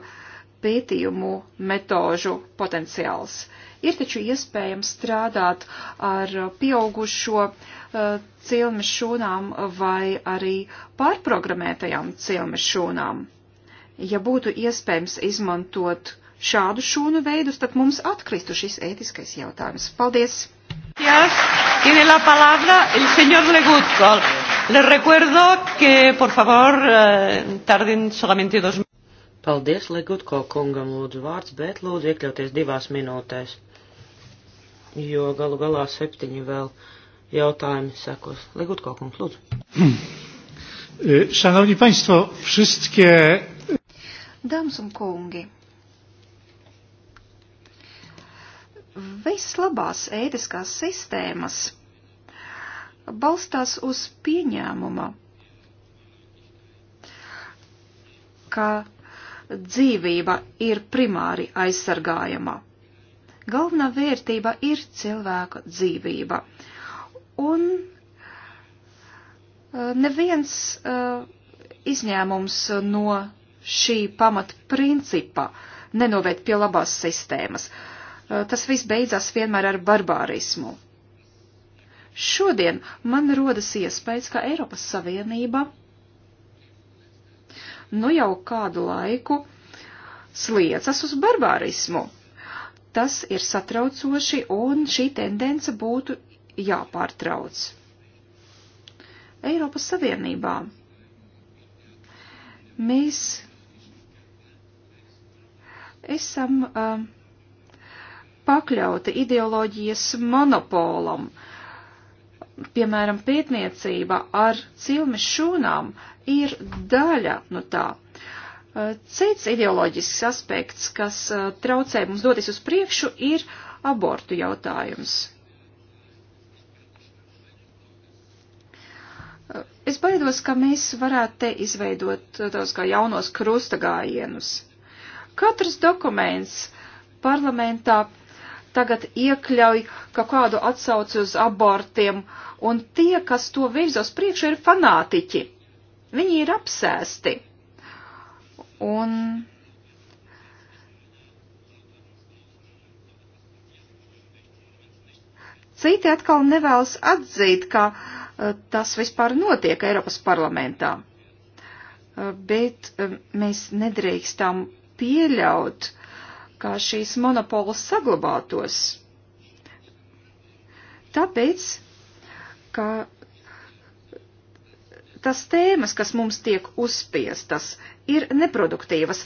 pētījumu metožu potenciāls? Ir taču iespējams strādāt ar pieaugušo eh, cilmes šūnām vai arī pārprogrammētajām cilmes šūnām. Ja būtu iespējams izmantot šādu šūnu veidus, tad mums atkristu šis ētiskais jautājums. Paldies! Gracias. Tiene la palabra el señor Legutko. Le recuerdo que, por favor, eh, tarden solamente dos minutos. Paldies, Legutko kungam lūdzu vārds, bet lūdzu iekļauties divās minūtēs, jo galu galā septiņi vēl jautājumi sekos. Legutko kungs, lūdzu. E, Szanowni Państwo, wszystkie... Damsum kungi. Visas labās ētiskās sistēmas balstās uz pieņēmuma, ka dzīvība ir primāri aizsargājama. Galvenā vērtība ir cilvēka dzīvība. Un e, neviens e, izņēmums no šī pamatprincipa nenovērt pie labās sistēmas. Uh, Eh, tas viss beidzās vienmēr ar barbārismu. Šodien man rodas iespējas, ka Eiropas Savienība nu jau kādu laiku sliecas uz barbārismu. Tas ir satraucoši un šī tendence būtu jāpārtrauc. Eiropas Savienībā mēs esam uh, pakļauti ideoloģijas monopolam. Piemēram, pētniecība ar cilmes šūnām ir daļa no tā. Cits ideoloģisks aspekts, kas traucē mums doties uz priekšu, ir abortu jautājums. Es baidos, ka mēs varētu te izveidot tos kā jaunos krustagājienus. Katrs dokuments parlamentā tagad iekļauj kaut kādu atsauci uz abortiem, un tie, kas to virza uz priekšu, ir fanātiķi. Viņi ir apsēsti. Un citi atkal nevēlas atzīt, ka uh, tas vispār notiek Eiropas parlamentā. Uh, bet uh, mēs nedrīkstam pieļaut, kā šīs monopolas saglabātos. Tāpēc, ka tas tēmas, kas mums tiek uzspiestas, ir neproduktīvas.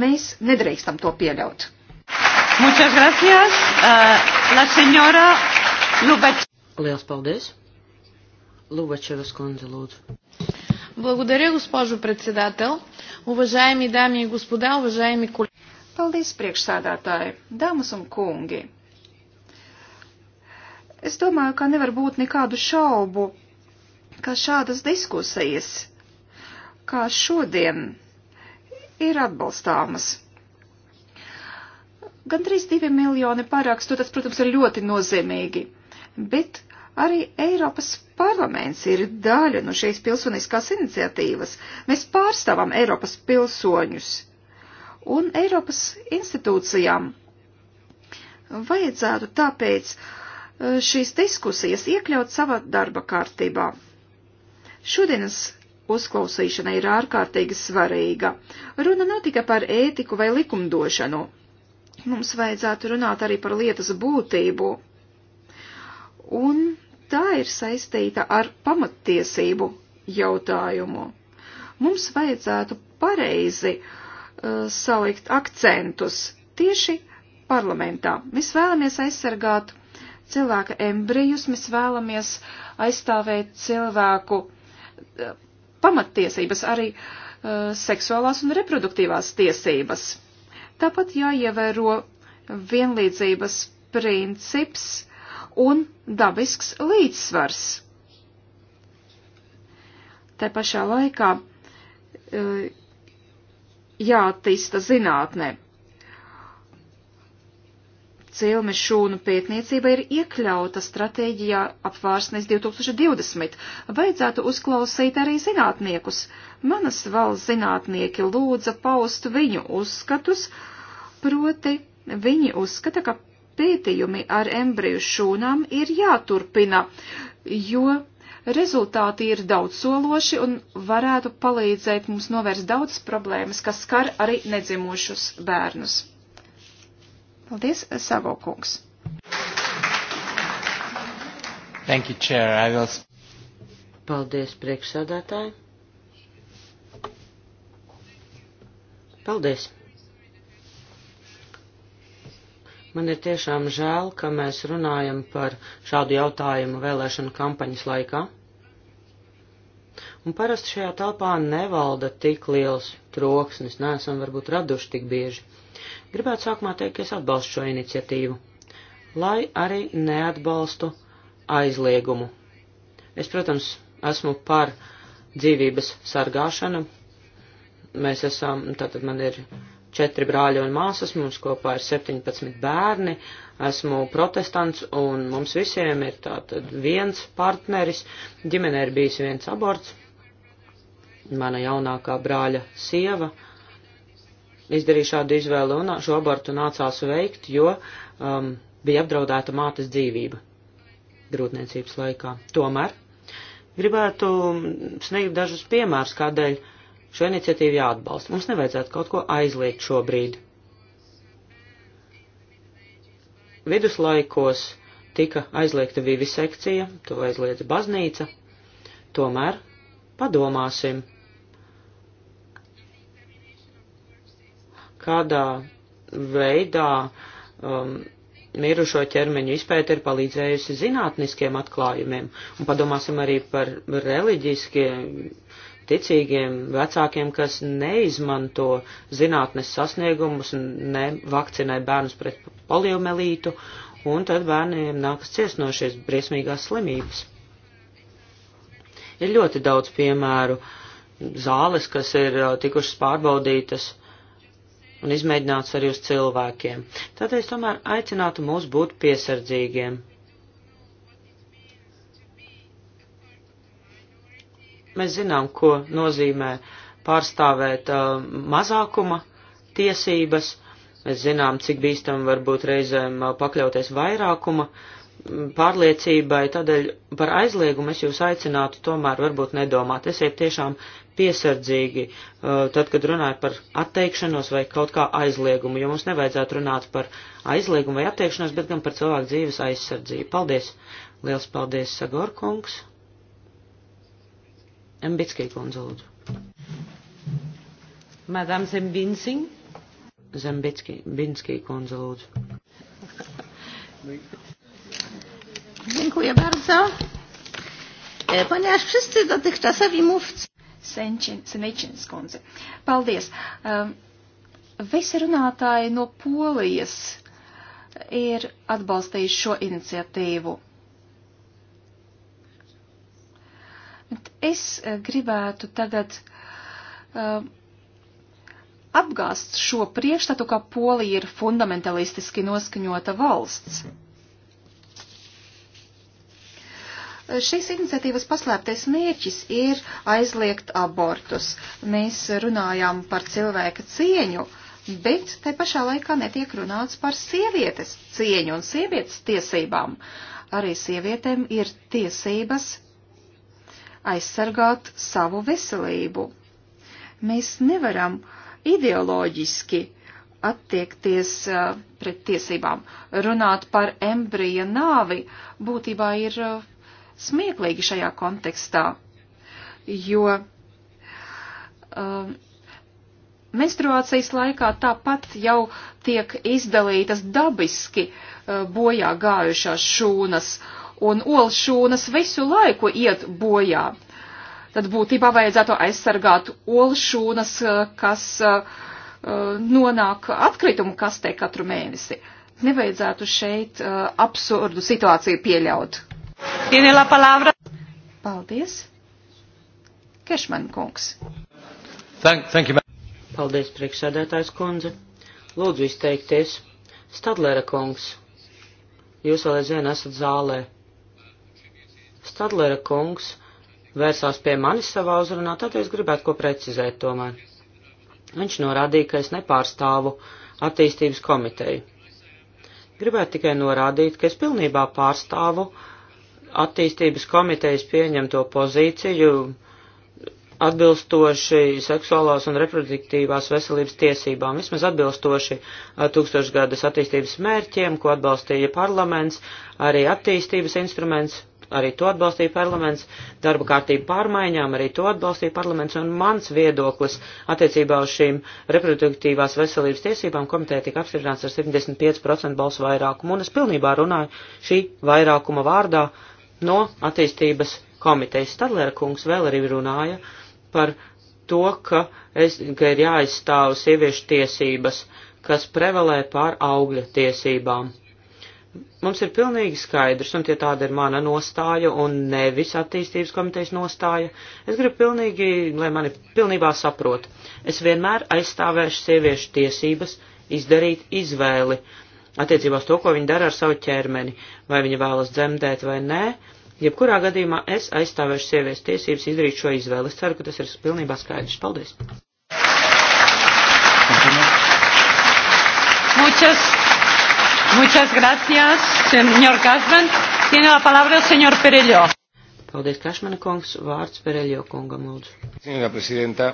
Mēs nedrīkstam to pieļaut. Muchas gracias, uh, la señora Lubač. Liels paldies. Лубачева сконзе, лудзу. Благодаря, госпожо председател. Уважаеми дами и господа, уважаеми колеги. Paldies, priekšsēdētāji, dāmas un kungi! Es domāju, ka nevar būt nekādu šaubu, ka šādas diskusijas, kā šodien, ir atbalstāmas. Gan 3,2 miljoni parakstu, tas, protams, ir ļoti nozīmīgi, bet arī Eiropas parlaments ir daļa no šīs pilsoniskās iniciatīvas. Mēs pārstāvam Eiropas pilsoņus un Eiropas institūcijām. Vajadzētu tāpēc e, šīs diskusijas iekļaut savā darba kārtībā. Šodienas uzklausīšana ir ārkārtīgi svarīga. Runa nav tikai par ētiku vai likumdošanu. Mums vajadzētu runāt arī par lietas būtību. Un tā ir saistīta ar pamattiesību jautājumu. Mums vajadzētu pareizi uh, Uh, salikt akcentus tieši parlamentā. Mēs vēlamies aizsargāt cilvēka embrijus, mēs vēlamies aizstāvēt cilvēku uh, pamattiesības, arī uh, seksuālās un reproduktīvās tiesības. Tāpat jāievēro vienlīdzības princips un dabisks līdzsvars. Te pašā laikā uh, jātīsta zinātnē. Cilmes šūnu pētniecība ir iekļauta stratēģijā apvārsnes 2020. Vajadzētu uzklausīt arī zinātniekus. Manas valsts zinātnieki lūdza paust viņu uzskatus, proti viņi uzskata, ka pētījumi ar embriju šūnām ir jāturpina, jo Rezultāti ir daudzsološi un varētu palīdzēt mums novērst daudzas problēmas, kas skar arī nedzimušus bērnus. Paldies, Savo kungs! Thank you, Chair. I will... Paldies, priekšsādātāji! Paldies! Man ir tiešām žēl, ka mēs runājam par šādu jautājumu vēlēšanu kampaņas laikā. Un parasti šajā telpā nevalda tik liels troksnis, neesam varbūt raduši tik bieži. Gribētu sākumā teikt, ka es atbalstu šo iniciatīvu, lai arī neatbalstu aizliegumu. Es, protams, esmu par dzīvības sargāšanu. Mēs esam, tātad man ir četri brāļi un māsas, mums kopā ir 17 bērni, esmu protestants un mums visiem ir tātad viens partneris, ģimenē ir bijis viens aborts, mana jaunākā brāļa sieva izdarīja šādu izvēli un šo abortu nācās veikt, jo um, bija apdraudēta mātes dzīvība grūtniecības laikā. Tomēr gribētu sniegt dažus piemērus, kādēļ Šo iniciatīvu jāatbalsta. Mums nevajadzētu kaut ko aizliegt šobrīd. Viduslaikos tika aizliegta vivisekcija, to aizliedz baznīca. Tomēr padomāsim, kādā veidā um, mirušo ķermeņu izpēta ir palīdzējusi zinātniskiem atklājumiem, un padomāsim arī par reliģiskiem ticīgiem vecākiem, kas neizmanto zinātnes sasniegumus un nevakcinē bērnus pret poliomelītu, un tad bērniem nākas ciest no šīs briesmīgās slimības. Ir ļoti daudz piemēru zāles, kas ir uh, tikušas pārbaudītas un izmēģināts arī uz cilvēkiem. Tātad es tomēr aicinātu mūs būt piesardzīgiem Mēs zinām, ko nozīmē pārstāvēt uh, mazākuma tiesības. Mēs zinām, cik bīstam var būt reizēm uh, pakļauties vairākuma mm, pārliecībai. Tādēļ par aizliegumu es jūs aicinātu tomēr varbūt nedomāt. Esiet tiešām piesardzīgi, uh, tad, kad runājat par atteikšanos vai kaut kā aizliegumu, jo mums nevajadzētu runāt par aizliegumu vai atteikšanos, bet gan par cilvēku dzīves aizsardzību. Paldies! Liels paldies, Sagorkungs! Embitskī kundze lūdzu. Madam Zembinsing. Zembitskī, Binskī kundze lūdzu. Dziękuję bardzo. E, ponieważ wszyscy dotychczasowi mówcy. Senečins kundze. Paldies. E, visi runātāji no Polijas ir atbalstījuši šo iniciatīvu. Es eh, gribētu tagad uh, apgāst šo priekšstatu, ka Polija ir fundamentalistiski noskaņota valsts. Šīs iniciatīvas paslēptais mērķis ir aizliegt abortus. Mēs runājām par cilvēka cieņu, bet te pašā laikā netiek runāts par sievietes cieņu un sievietes tiesībām. Arī sievietēm ir tiesības aizsargāt savu veselību. Mēs nevaram ideoloģiski attiekties uh, pret tiesībām. Runāt par embrija nāvi būtībā ir uh, smieklīgi šajā kontekstā, jo uh, menstruācijas laikā tāpat jau tiek izdalītas dabiski bojā gājušās šūnas, un olšūnas visu laiku iet bojā. Tad būtībā vajadzētu aizsargāt olšūnas, kas eh, nonāk atkritumu kastē katru mēnesi. Nevajadzētu šeit eh, absurdu situāciju pieļaut. Paldies. Kešman kungs. Thank, thank you, Paldies, priekšsēdētājs kundze. Lūdzu izteikties. Stadlera kungs, jūs vēl aizvien esat zālē. Stadlera kungs vērsās pie manis savā uzrunā, tad es gribētu ko precizēt tomēr. Viņš norādīja, ka es nepārstāvu attīstības komiteju. Gribētu tikai norādīt, ka es pilnībā pārstāvu attīstības komitejas pieņemto pozīciju atbilstoši seksuālās un reproduktīvās veselības tiesībām, vismaz atbilstoši tūkstošgadas attīstības mērķiem, ko atbalstīja parlaments, arī attīstības instruments arī to atbalstīja parlaments, darba kārtība pārmaiņām, arī to atbalstīja parlaments, un mans viedoklis attiecībā uz šīm reproduktīvās veselības tiesībām komiteja tika apstiprināts ar 75% balsu vairākumu, un es pilnībā runāju šī vairākuma vārdā no attīstības komitejas. Stadlera kungs vēl arī runāja par to, ka, es, ka ir jāizstāv sieviešu tiesības, kas prevalē pār augļa tiesībām mums ir pilnīgi skaidrs, un tie tāda ir mana nostāja un nevis attīstības komitejas nostāja. Es gribu pilnīgi, lai mani pilnībā saprot. Es vienmēr aizstāvēšu sieviešu tiesības izdarīt izvēli attiecībā uz to, ko viņi dara ar savu ķermeni, vai viņi vēlas dzemdēt vai nē. Jebkurā gadījumā es aizstāvēšu sieviešu tiesības izdarīt šo izvēli. Es ceru, ka tas ir pilnībā skaidrs. Paldies! Muchas Muchas gracias, señor Kasman. Tiene la palabra el señor Perello. Paldies, Kašmana kungs. Vārds Pereljo kungam lūdzu. Senora prezidenta.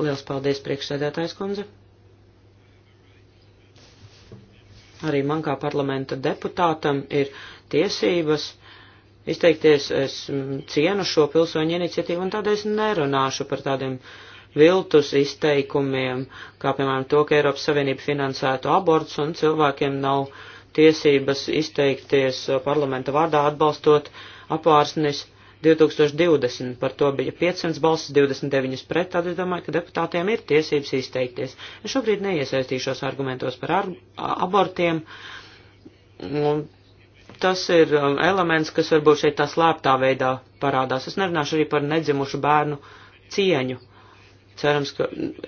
Liels paldies, priekšsēdētājs kundze. Arī man kā parlamenta deputātam ir tiesības izteikties, es mm, cienu šo pilsoņu iniciatīvu un tādēļ es nerunāšu par tādiem uh, viltus izteikumiem, kā piemēram to, ka Eiropas Savienība finansētu abortus un cilvēkiem nav tiesības izteikties uh, parlamenta vārdā atbalstot apvārsnis 2020. Par to bija 500 balsis, 29 pret, tad es domāju, ka deputātiem ir tiesības izteikties. Es šobrīd neiesaistīšos argumentos par ar abortiem. Un tas ir um, elements, kas varbūt šeit tā slēptā veidā parādās. Es nerunāšu arī par nedzimušu bērnu cieņu cerams, ka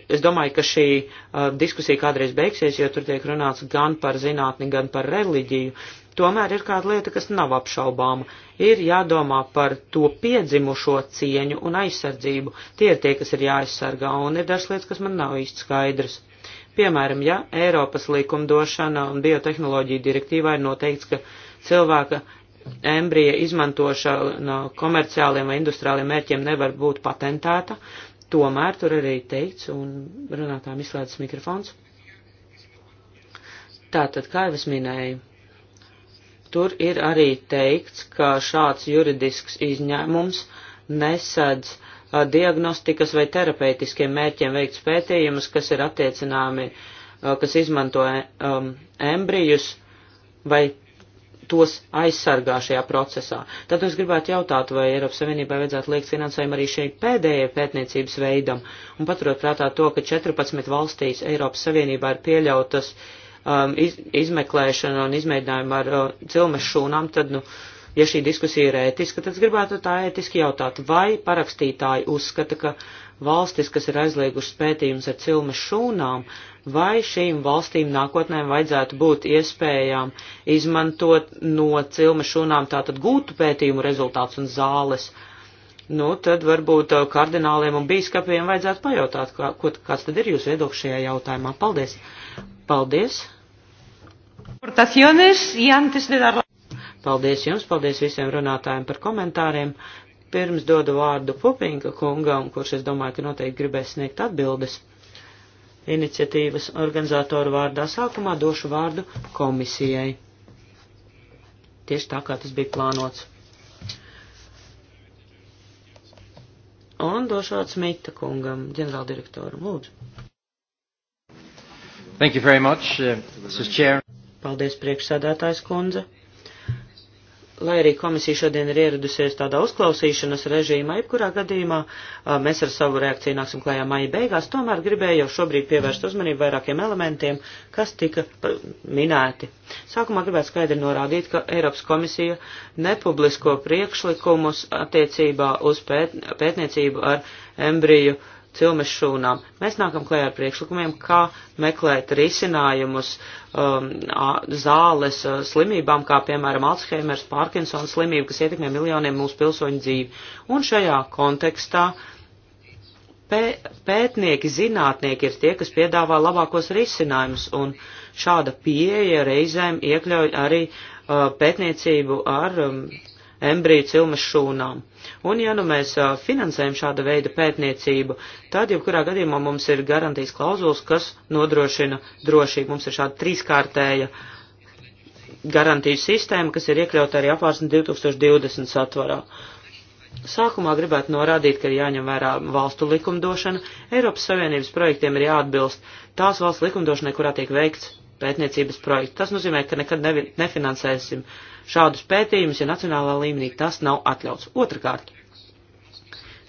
es domāju, ka šī uh, diskusija kādreiz beigsies, jo tur tiek runāts gan par zinātni, gan par reliģiju. Tomēr ir kāda lieta, kas nav apšaubāma. Ir jādomā par to piedzimušo cieņu un aizsardzību. Tie ir tie, kas ir jāaizsargā, un ir dažas lietas, kas man nav īsti skaidrs. Piemēram, ja Eiropas likumdošana un biotehnoloģija direktīvā ir noteikts, ka cilvēka embrija izmantošana komerciāliem vai industriāliem mērķiem nevar būt patentēta, Tomēr tur arī teikts, un runātājiem izslēdzas mikrofons. Tātad, kā jau es minēju, tur ir arī teikts, ka šāds juridisks izņēmums nesadz a, diagnostikas vai terapeitiskiem mērķiem veikts pētījumus, kas ir attiecināmi, a, kas izmanto um, embrijus vai tos aizsargā šajā procesā. Tad es gribētu jautāt, vai Eiropas Savienībai vajadzētu liekt finansējumu arī šai pēdējai pētniecības veidam, un paturot prātā to, ka 14 valstīs Eiropas Savienībā ir pieļautas um, iz, izmeklēšana un izmēģinājuma ar uh, cilmes šūnām, tad, nu, ja šī diskusija ir ētiska, tad es gribētu tā ētiski jautāt, vai parakstītāji uzskata, ka valstis, kas ir aizliegušas pētījumus ar cilmes šūnām, vai šīm valstīm nākotnē vajadzētu būt iespējām izmantot no cilmes šūnām tātad gūtu pētījumu rezultātus un zāles. Nu, tad varbūt uh, kardināliem un bīskapiem vajadzētu pajautāt, kā, ko, kāds tad ir jūsu viedoklis šajā jautājumā. Paldies! Paldies! Paldies jums, paldies visiem runātājiem par komentāriem. Pirms dodu vārdu Pupinka kungam, kurš es domāju, ka noteikti gribēs sniegt atbildes iniciatīvas organizatoru vārdā. Sākumā došu vārdu komisijai. Tieši tā, kā tas bija plānots. Un došu vārdu Smita kungam, ģenerāldirektoram. Lūdzu. Thank you very much, uh, Mrs. Chair. Paldies, priekšsēdētājs kundze lai arī komisija šodien ir ieradusies tādā uzklausīšanas režīmā, jebkurā gadījumā mēs ar savu reakciju nāksim klājā maija beigās, tomēr gribēju jau šobrīd pievērst uzmanību vairākiem elementiem, kas tika minēti. Sākumā gribētu skaidri norādīt, ka Eiropas komisija nepublisko priekšlikumus attiecībā uz pēt, pētniecību ar embriju uh, cilmes šūnām. Mēs nākam klajā ar priekšlikumiem, kā meklēt risinājumus um, zāles uh, slimībām, kā piemēram Alzheimers, Parkinsona slimība, kas ietekmē miljoniem mūsu pilsoņu dzīvi. Un šajā kontekstā pē, pētnieki, zinātnieki ir tie, kas piedāvā labākos risinājumus, un šāda pieeja reizēm iekļauj arī uh, pētniecību ar um, embriju cilmes šūnām. Un ja nu mēs finansējam šāda veida pētniecību, tad jebkurā gadījumā mums ir garantijas klauzulas, kas nodrošina drošību. Mums ir šāda trīskārtēja garantiju sistēma, kas ir iekļauta arī apvārsni 2020 satvarā. Sākumā gribētu norādīt, ka ir jāņem vērā valstu likumdošana. Eiropas Savienības projektiem ir jāatbilst tās valsts likumdošanai, kurā tiek veikts pētniecības projektu. Tas nozīmē, ka nekad nevi, nefinansēsim šādus pētījumus, ja nacionālā līmenī tas nav atļauts. Otrakārt,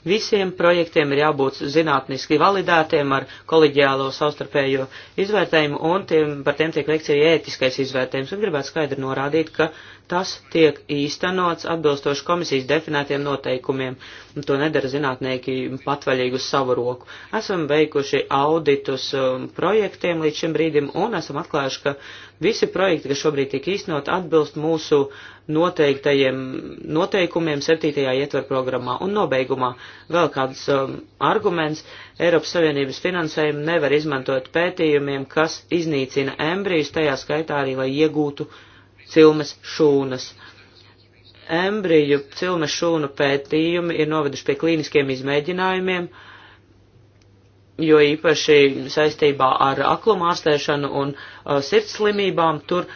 visiem projektiem ir jābūt zinātniski validētiem ar koleģiālo savstarpējo izvērtējumu, un tiem, par tiem tiek veikts arī ētiskais izvērtējums. Un gribētu skaidri norādīt, ka Tas tiek īstenots atbilstoši komisijas definētiem noteikumiem, un to nedara zinātnieki patvaļīgi uz savu roku. Esam veikuši auditus um, projektiem līdz šim brīdim, un esam atklājuši, ka visi projekti, kas šobrīd tiek īstenot, atbilst mūsu noteiktajiem noteikumiem 7. ietver programmā. Un nobeigumā vēl kāds um, arguments. Eiropas Savienības finansējumu nevar izmantot pētījumiem, kas iznīcina embrijus, tajā skaitā arī, lai iegūtu cilmes šūnas. Embriju cilmes šūnu pētījumi ir noveduši pie klīniskiem izmēģinājumiem, jo īpaši saistībā ar aklumārstēšanu un uh, sirds slimībām tur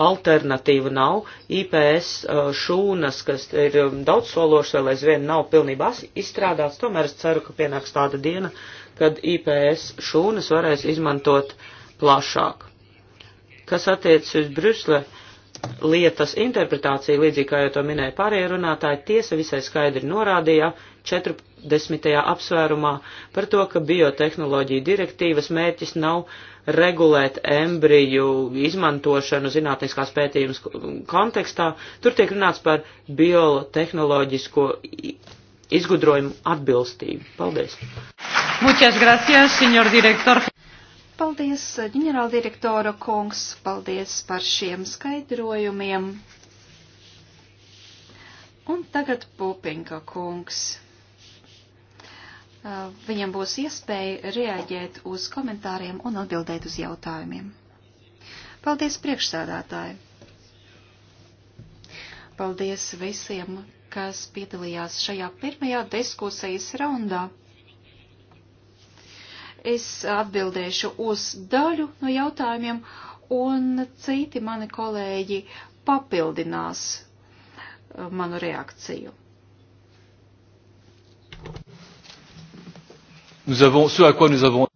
alternatīvu nav. IPS uh, šūnas, kas ir um, daudz sološas, vēl aizvien nav pilnībā izstrādāts, tomēr es ceru, ka pienāks tāda diena, kad IPS šūnas varēs izmantot plašāk. Kas attiecas uz Brusle, uh, lietas interpretācija, līdzīgi kā jau to minēja pārējie runātāji, tiesa visai skaidri norādīja 40. apsvērumā par to, ka biotehnoloģija direktīvas mērķis nav regulēt embriju izmantošanu zinātniskās pētījumas kontekstā. Tur tiek runāts par biotehnoloģisko izgudrojumu atbilstību. Paldies! Muchas gracias, señor director. Paldies, ģenerāldirektora kungs, paldies par šiem skaidrojumiem. Un tagad Pupinka kungs. Uh, viņam būs iespēja reaģēt uz komentāriem un atbildēt uz jautājumiem. Paldies priekšsēdētāji! Paldies visiem, kas piedalījās šajā pirmajā diskusijas raundā. Es atbildēšu uz daļu no jautājumiem, un citi mani kolēģi papildinās uh, manu reakciju. Nous avons, ce à quoi nous avons...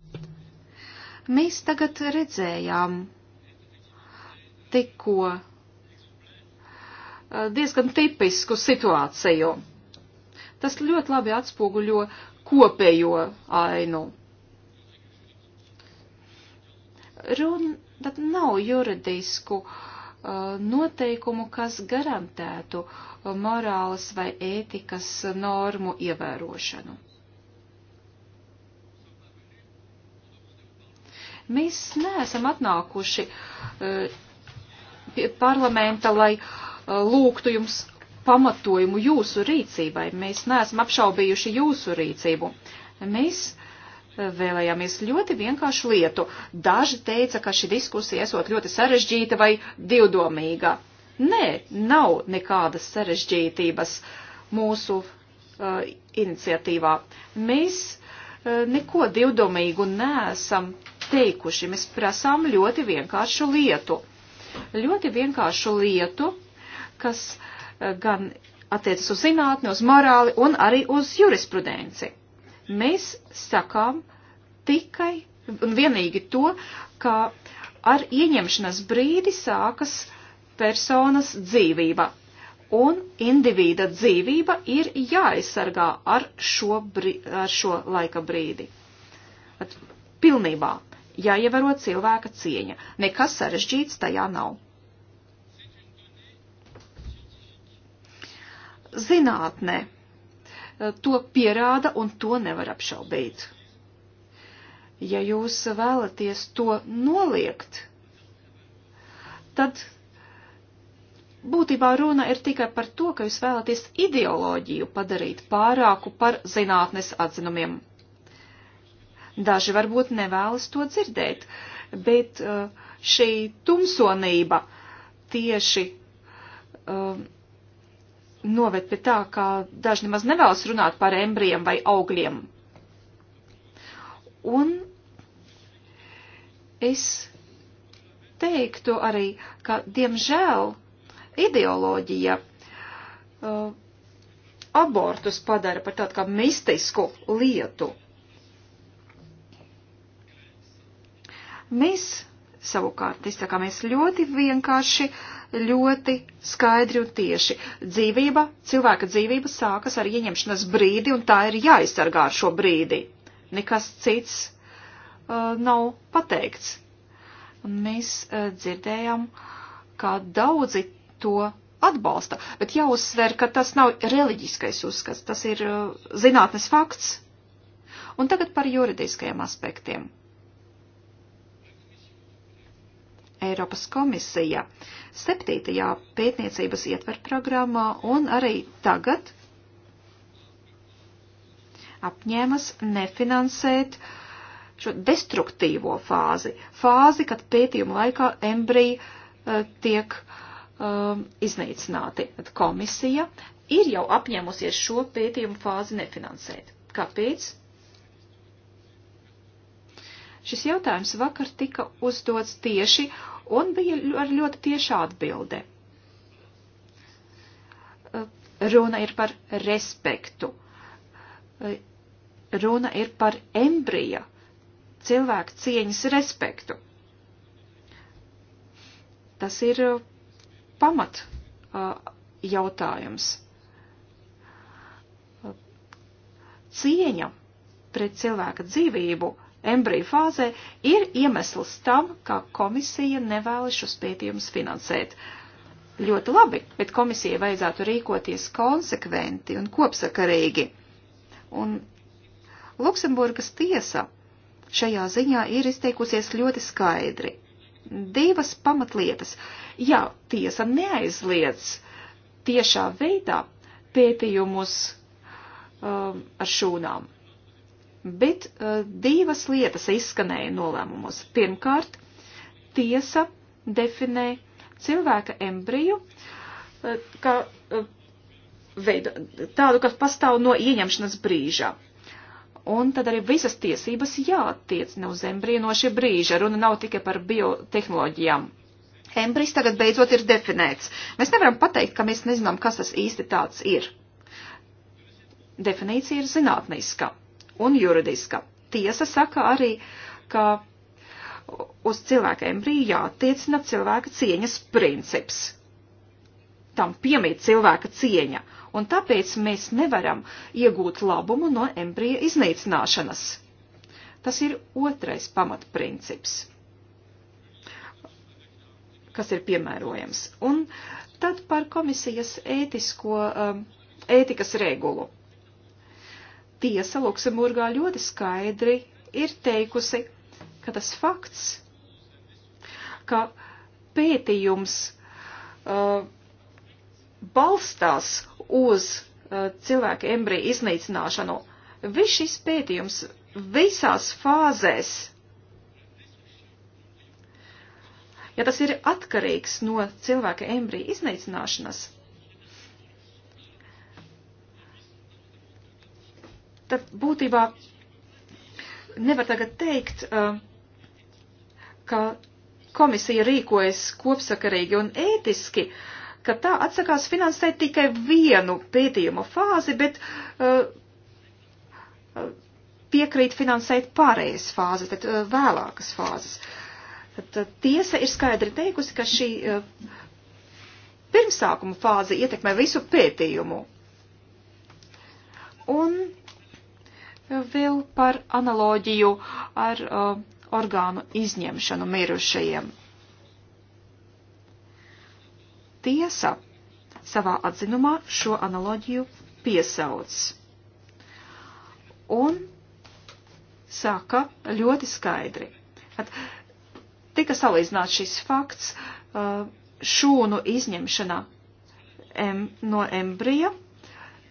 Mēs tagad redzējām tikko uh, diezgan tipisku situāciju. Tas ļoti labi atspoguļo kopējo ainu. Runa, tad nav juridisku uh, noteikumu, kas garantētu uh, morāles vai ētikas normu ievērošanu. Mēs neesam atnākuši uh, pie parlamenta, lai uh, lūgtu jums pamatojumu jūsu rīcībai. Mēs neesam apšaubījuši jūsu rīcību. Mēs vēlējāmies ļoti vienkāršu lietu. Daži teica, ka šī diskusija esot ļoti sarežģīta vai divdomīga. Nē, nav nekādas sarežģītības mūsu uh, iniciatīvā. Mēs uh, neko divdomīgu neesam teikuši. Mēs prasām ļoti vienkāršu lietu. Ļoti vienkāršu lietu, kas uh, gan attiecas uz zinātni, uz morāli un arī uz jurisprudenci. Mēs sakām tikai un vienīgi to, ka ar ieņemšanas brīdi sākas personas dzīvība, un individa dzīvība ir jāaizsargā ar šo, brī, ar šo laika brīdi. At pilnībā jāievēro cilvēka cieņa. Nekas sarežģīts tajā nav. Zinātnē Eh, to pierāda un to nevar apšaubīt. Ja jūs vēlaties to noliegt, tad būtībā runa ir tikai par to, ka jūs vēlaties ideoloģiju padarīt pārāku par zinātnes atzinumiem. Daži varbūt nevēlas to dzirdēt, bet eh, šī tumsonība tieši um, noved pie tā, ka daži nemaz nevēlas runāt par embrijiem vai augļiem. Un es teiktu arī, ka diemžēl ideoloģija uh, abortus padara par tādu kā mistisku lietu. Mēs savukārt izsakāmies ļoti vienkārši, ļoti skaidri un tieši. Dzīvība, cilvēka dzīvība sākas ar ieņemšanas brīdi, un tā ir jāizsargā ar šo brīdi. Nekas cits uh, nav pateikts. Un mēs uh, dzirdējam, kā daudzi to atbalsta, bet jāuzsver, ka tas nav reliģiskais uzskats, tas ir uh, zinātnes fakts. Un tagad par juridiskajiem aspektiem. Eiropas komisija 7. pētniecības ietver programmā un arī tagad apņēmas nefinansēt šo destruktīvo fāzi, fāzi, kad pētījuma laikā embrija uh, eh, tiek um, iznīcināti. Tad komisija ir jau apņēmusies šo pētījumu fāzi nefinansēt. Kāpēc? Šis jautājums vakar tika uzdots tieši un bija ar ļoti tiešu atbildi. Eh, runa ir par respektu. Eh, runa ir par embrija cilvēku cieņas respektu. Tas ir eh, pamat jautājums. Cieņa pret cilvēka dzīvību embriju fāzē, ir iemesls tam, ka komisija nevēlas šos pētījumus finansēt. Ļoti labi, bet komisijai vajadzētu rīkoties konsekventi un kopsakarīgi. Un Luksemburgas tiesa šajā ziņā ir izteikusies ļoti skaidri. Divas pamatlietas. Jā, tiesa neaizliedz tiešā veidā pētījumus um, ar šūnām bet uh, divas lietas izskanēja nolēmumos. Pirmkārt, tiesa definē cilvēka embriju uh, kā uh, veidu, tādu, kas pastāv no ieņemšanas brīža. Un tad arī visas tiesības jāattiecina uz embriju no šī brīža. Runa nav tikai par biotehnoloģijām. Embrijs tagad beidzot ir definēts. Mēs nevaram pateikt, ka mēs nezinām, kas tas īsti tāds ir. Definīcija ir zinātniska un juridiska. Tiesa saka arī, ka uz cilvēkiem bija jātiecina cilvēka cieņas princips. Tam piemīt cilvēka cieņa, un tāpēc mēs nevaram iegūt labumu no embrija iznīcināšanas. Tas ir otrais pamatprincips, kas ir piemērojams. Un tad par komisijas ētisko, ētikas regulu tiesa Luksemburgā ļoti skaidri ir teikusi, ka tas fakts, ka pētījums uh, balstās uz uh, cilvēku embriju iznīcināšanu, viss šis pētījums visās fāzēs, ja tas ir atkarīgs no cilvēka embriju iznīcināšanas, tad būtībā nevar tagad teikt, uh, ka komisija rīkojas kopsakarīgi un ētiski, ka tā atsakās finansēt tikai vienu pētījumu fāzi, bet uh, uh, piekrīt finansēt pārējais fāzes, tad vēlākas fāzes. Tad tiesa ir skaidri teikusi, ka šī pirmsākuma fāze ietekmē visu pētījumu. Un vēl par analoģiju ar uh, orgānu izņemšanu mirušajiem. Tiesa savā atzinumā šo analoģiju piesauc un saka ļoti skaidri. At, tika salīdzināts šis fakts uh, šūnu izņemšana em, no embrija,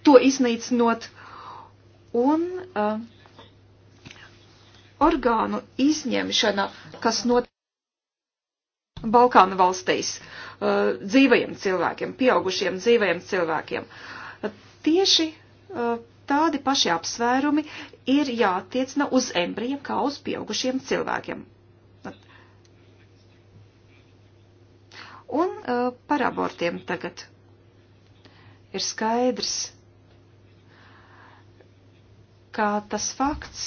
to iznīcinot uh, un uh, orgānu izņemšana, kas notiek Balkānu valstīs uh, dzīvajiem cilvēkiem, pieaugušiem dzīvajiem cilvēkiem. Uh, tieši uh, tādi paši apsvērumi ir jātiecina uz embrijiem kā uz pieaugušiem cilvēkiem. Un uh, par abortiem tagad ir skaidrs, ka tas fakts,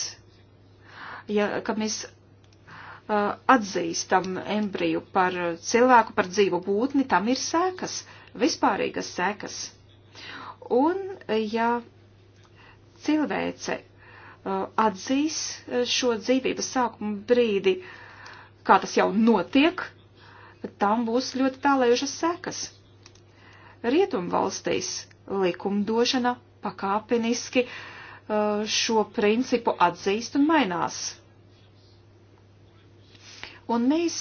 ja, ka mēs uh, atzīstam embriju par cilvēku, par dzīvu būtni, tam ir sēkas, vispārīgas sēkas. Un, ja cilvēce uh, atzīs šo dzīvības sākuma brīdi, kā tas jau notiek, tam būs ļoti tālējušas sekas. Rietumvalstīs likumdošana pakāpeniski uh, Uh, šo principu atzīst un mainās. Un mēs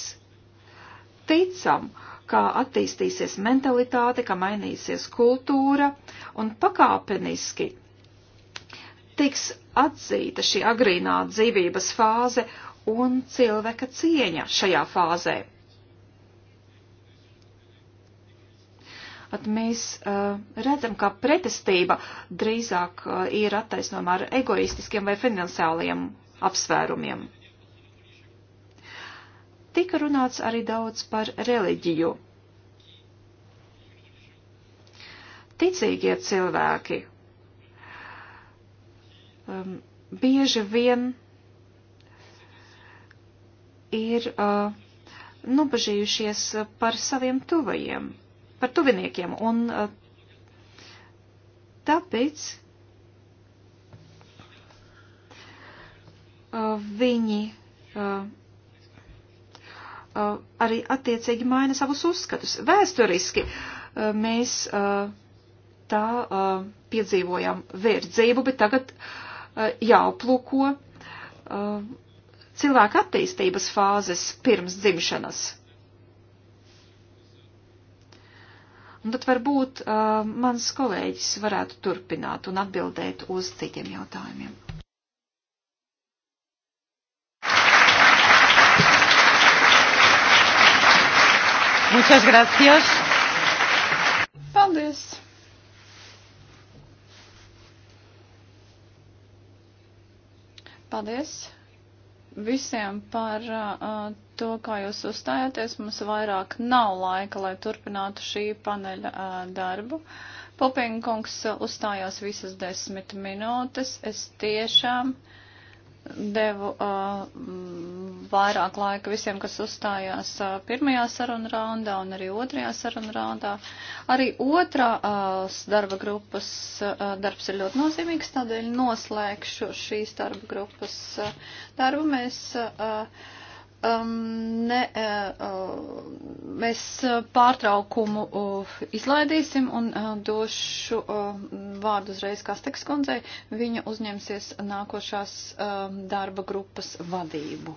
ticam, kā attīstīsies mentalitāte, kā mainīsies kultūra un pakāpeniski tiks atzīta šī agrīnā dzīvības fāze un cilvēka cieņa šajā fāzē. Pat mēs uh, redzam, ka pretestība drīzāk uh, ir attaisnojama ar egoistiskiem vai finansiāliem apsvērumiem. Tika runāts arī daudz par reliģiju. Ticīgie cilvēki um, bieži vien ir uh, nobežījušies par saviem tuvajiem par tuviniekiem. Un eh, tāpēc eh, viņi eh, arī attiecīgi maina savus uzskatus. Vēsturiski mēs tā piedzīvojām verdzību, bet tagad jāaplūko cilvēka attīstības fāzes pirms dzimšanas. Un tad varbūt uh, mans kolēģis varētu turpināt un atbildēt uz citiem jautājumiem. Muchas gracias. Paldies. Paldies visiem par uh, to, kā jūs uzstājāties. Mums vairāk nav laika, lai turpinātu šī paneļa uh, darbu. Popinkungs uzstājās visas desmit minūtes. Es tiešām devu uh, vairāk laika visiem, kas uzstājās uh, pirmajā sarunu raundā un arī otrajā sarunu raundā. Arī otrās uh, darba grupas uh, darbs ir ļoti nozīmīgs, tādēļ noslēgšu šīs darba grupas uh, darbu. Mēs, uh, um, ne, uh, uh, mēs pārtraukumu uh, izlaidīsim un uh, došu uh, vārdu uzreiz Kasteks kundzei. Viņa uzņemsies nākošās uh, darba grupas vadību.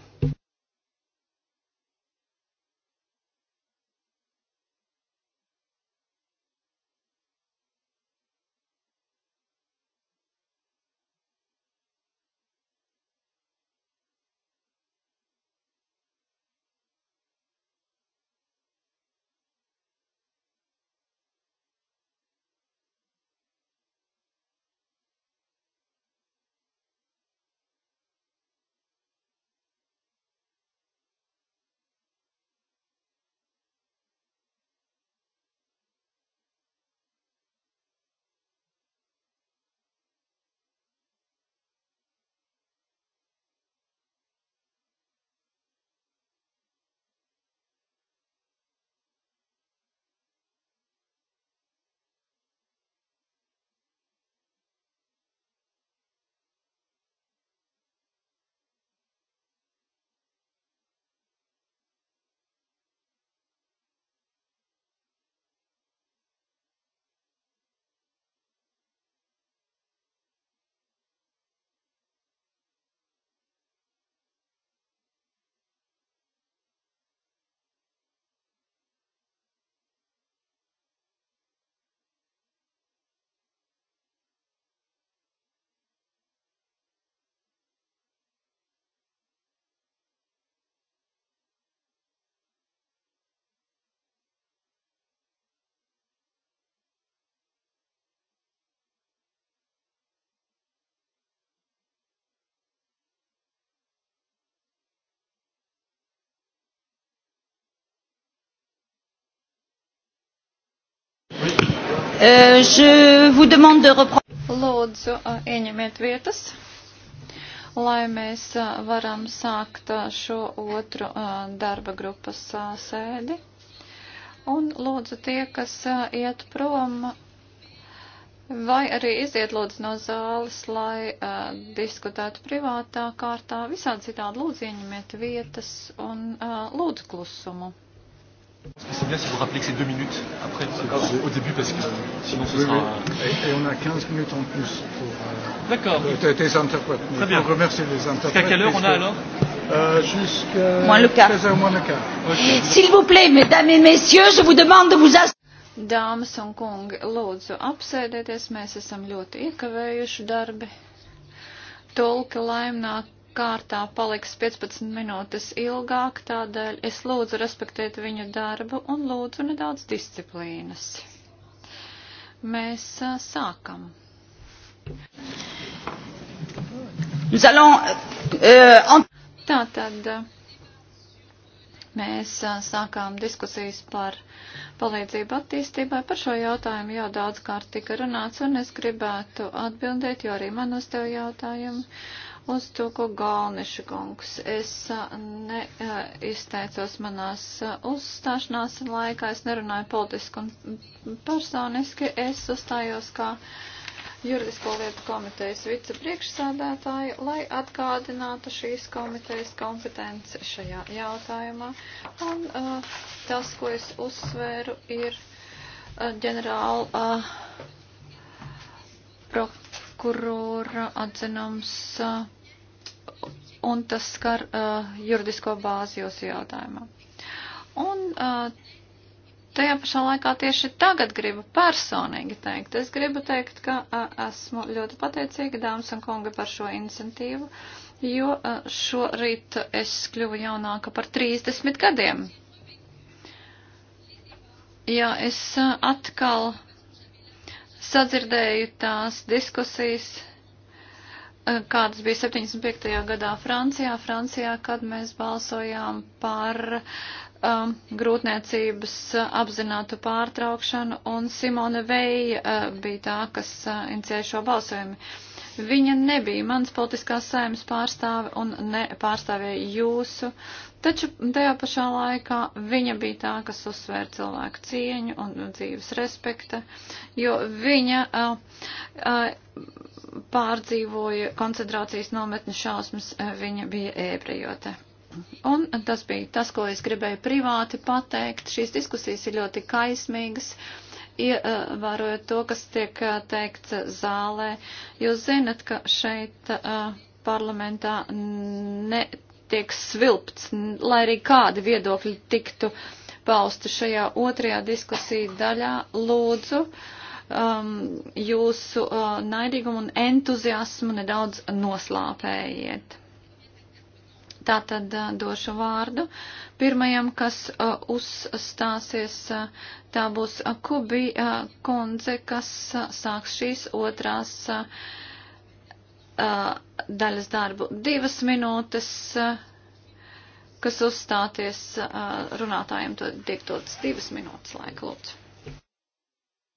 Euh, je vous demande de reprendre. Lūdzu, ieņemiet vietas, lai mēs varam sākt šo otru darba grupas sēdi. Un lūdzu tie, kas iet prom, vai arī iziet lūdzu no zāles, lai diskutētu privātā kārtā. Visādi citādi lūdzu ieņemiet vietas un lūdzu klusumu. C'est bien si vous rappelez que c'est deux minutes après, au début, parce que sinon ce oui, sera. Oui. Et, et on a 15 minutes en plus pour. Euh, D'accord. Euh, des interprètes. Très bien. Pour remercier les interprètes. Jusqu'à quelle heure on a alors euh, Jusqu'à. Moins le quart. 13h moins le quart. Okay. S'il vous plaît, mesdames et messieurs, je vous demande de vous asseoir. Dāmas un kungi, lūdzu apsēdieties, mēs esam ļoti iekavējuši darbi. Tulka laimnāk kārtā paliks 15 minūtes ilgāk, tādēļ es lūdzu respektēt viņu darbu un lūdzu nedaudz disciplīnas. Mēs sākam. Tātad mēs sākām diskusijas par palīdzību attīstībai. Par šo jautājumu jau daudzkārt tika runāts, un es gribētu atbildēt, jo arī man uz tevi jautājumu. Uh, Uz to, ko Galniša kungs, es neizteicos manās uzstāšanās laikā, es nerunāju politiski un personiski, es uzstājos kā juridisko lietu komitejas vicepriekšsādātāji, lai atgādinātu šīs komitejas kompetenci šajā jautājumā. Un uh, tas, ko es uzsvēru, ir uh, ģenerāla uh, prokurora atzinums. Uh, un tas skar uh, juridisko bāzi jūsu jautājumā. Un uh, tajā pašā laikā tieši tagad gribu personīgi teikt. Es gribu teikt, ka uh, esmu ļoti pateicīga dāmas un kungi par šo iniciatīvu, jo uh, šorīt es kļuvu jaunāka par 30 gadiem. Jā, es uh, atkal sadzirdēju tās diskusijas kādas bija 75. gadā Francijā, Francijā, kad mēs balsojām par um, grūtniecības apzinātu pārtraukšanu, un Simone Veija uh, bija tā, kas uh, iniciēja šo balsojumu. Viņa nebija mans politiskās saimas pārstāve un ne pārstāvēja jūsu, taču tajā pašā laikā viņa bija tā, kas uzsvēra cilvēku cieņu un dzīves respekta, jo viņa uh, uh, pārdzīvoja koncentrācijas nometni šausmas, e, viņa bija ebrejote. Un tas bija tas, ko es gribēju privāti pateikt. Šīs diskusijas ir ļoti kaismīgas. Ievērojot to, kas tiek e, teikts zālē, jūs zinat, ka šeit e, parlamentā netiek svilpts, lai arī kādi viedokļi tiktu pausti šajā otrajā diskusiju daļā. Lūdzu, uh, um, jūsu uh, naidīgumu un entuziasmu nedaudz noslāpējiet. Tātad uh, došu vārdu pirmajam, kas uh, uzstāsies, uh, tā būs uh, Kubi uh, kundze, kas uh, sāks šīs otrās uh, uh, daļas darbu. Divas minūtes. Uh, kas uzstāties uh, runātājiem, tad tiek dotas divas minūtes laika lūdzu.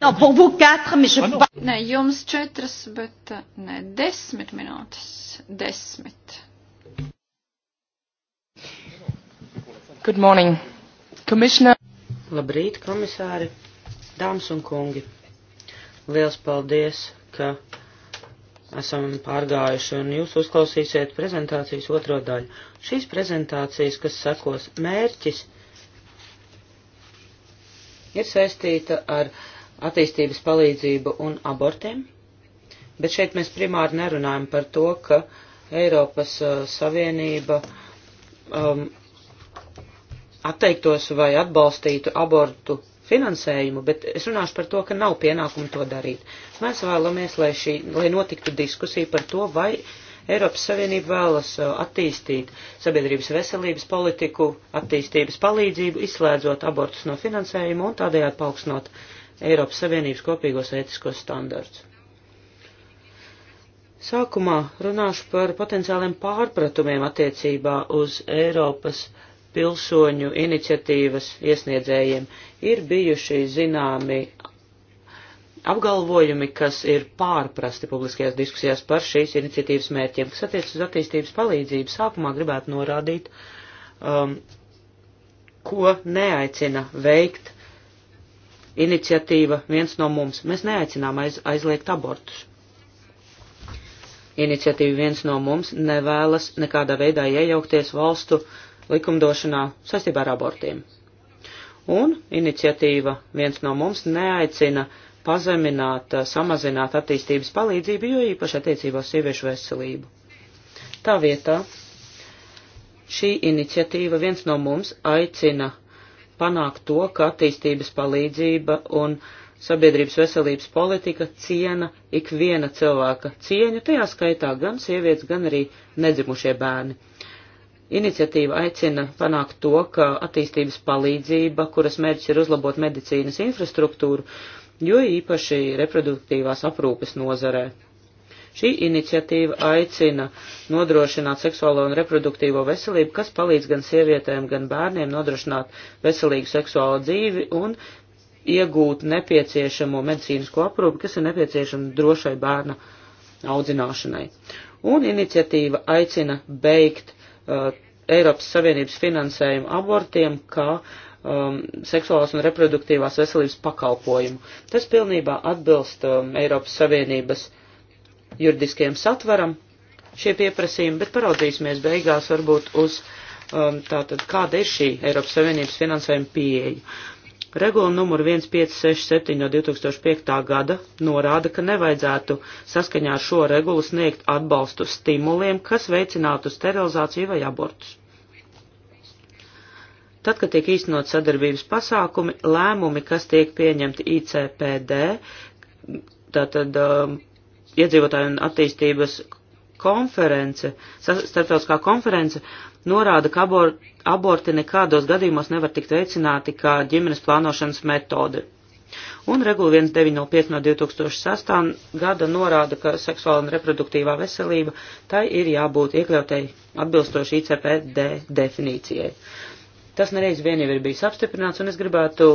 No, pour vous quatre, mais je... Nē, jums četras, bet eh, ne, desmit minūtes. Desmit. Good morning, Commissioner. Labrīt, komisāri, dāmas un kungi. Liels paldies, ka esam pārgājuši un jūs uzklausīsiet prezentācijas otro daļu. Šīs prezentācijas, kas sekos mērķis, ir saistīta ar attīstības palīdzību un abortiem, bet šeit mēs primāri nerunājam par to, ka Eiropas uh, Savienība um, atteiktos vai atbalstītu abortu finansējumu, bet es runāšu par to, ka nav pienākumu to darīt. Mēs vēlamies, lai, šī, lai notiktu diskusija par to, vai Eiropas Savienība vēlas uh, attīstīt sabiedrības veselības politiku, attīstības palīdzību, izslēdzot abortus no finansējuma un tādējādi paaugstinot uh, Eiropas Savienības kopīgos ētiskos standarts. Sākumā runāšu par potenciāliem pārpratumiem attiecībā uz Eiropas pilsoņu iniciatīvas iesniedzējiem. Ir bijuši zināmi apgalvojumi, kas ir pārprasti publiskajās diskusijās par šīs iniciatīvas mērķiem, kas attiec uz attīstības palīdzību. Sākumā gribētu norādīt, um, ko neaicina veikt iniciatīva viens no mums. Mēs neaicinām aiz, aizliegt abortus. Iniciatīva viens no mums nevēlas nekādā veidā iejaukties valstu likumdošanā saistībā ar abortiem. Un iniciatīva viens no mums neaicina pazemināt, samazināt attīstības palīdzību, jo īpaši attiecībā uz sieviešu veselību. Tā vietā šī iniciatīva viens no mums aicina panākt to, ka attīstības palīdzība un sabiedrības veselības politika ciena ikviena cilvēka cieņu, tajā skaitā gan sievietes, gan arī nedzimušie bērni. Iniciatīva aicina panākt to, ka attīstības palīdzība, kuras mērķis ir uzlabot medicīnas infrastruktūru, jo īpaši reproduktīvās aprūpes nozarē. Šī iniciatīva aicina nodrošināt seksuālo un reproduktīvo veselību, kas palīdz gan sievietēm, gan bērniem nodrošināt veselīgu seksuālo dzīvi un iegūt nepieciešamo medicīnisko aprūpi, kas ir nepieciešama drošai bērna audzināšanai. Un iniciatīva aicina beigt uh, Eiropas Savienības finansējumu abortiem kā um, seksuālās un reproduktīvās veselības pakalpojumu. Tas pilnībā atbilst um, Eiropas Savienības uh, juridiskajam satvaram šie pieprasījumi, bet paraudzīsimies beigās varbūt uz um, tātad, kāda ir šī Eiropas Savienības finansējuma pieeja. Regula numur 1567 no 2005. gada norāda, ka nevajadzētu saskaņā ar šo regulu sniegt atbalstu stimuliem, kas veicinātu sterilizāciju vai abortus. Tad, kad tiek īstenot sadarbības pasākumi, lēmumi, kas tiek pieņemti ICPD, tātad um, iedzīvotāju un attīstības konference, starptautiskā konference norāda, ka abor, aborti nekādos gadījumos nevar tikt veicināti kā ģimenes plānošanas metode. Un regula 1905 no 2006. gada norāda, ka seksuāla un reproduktīvā veselība tai ir jābūt iekļautai atbilstoši ICPD definīcijai. Tas nereiz vien jau ir bijis apstiprināts, un es gribētu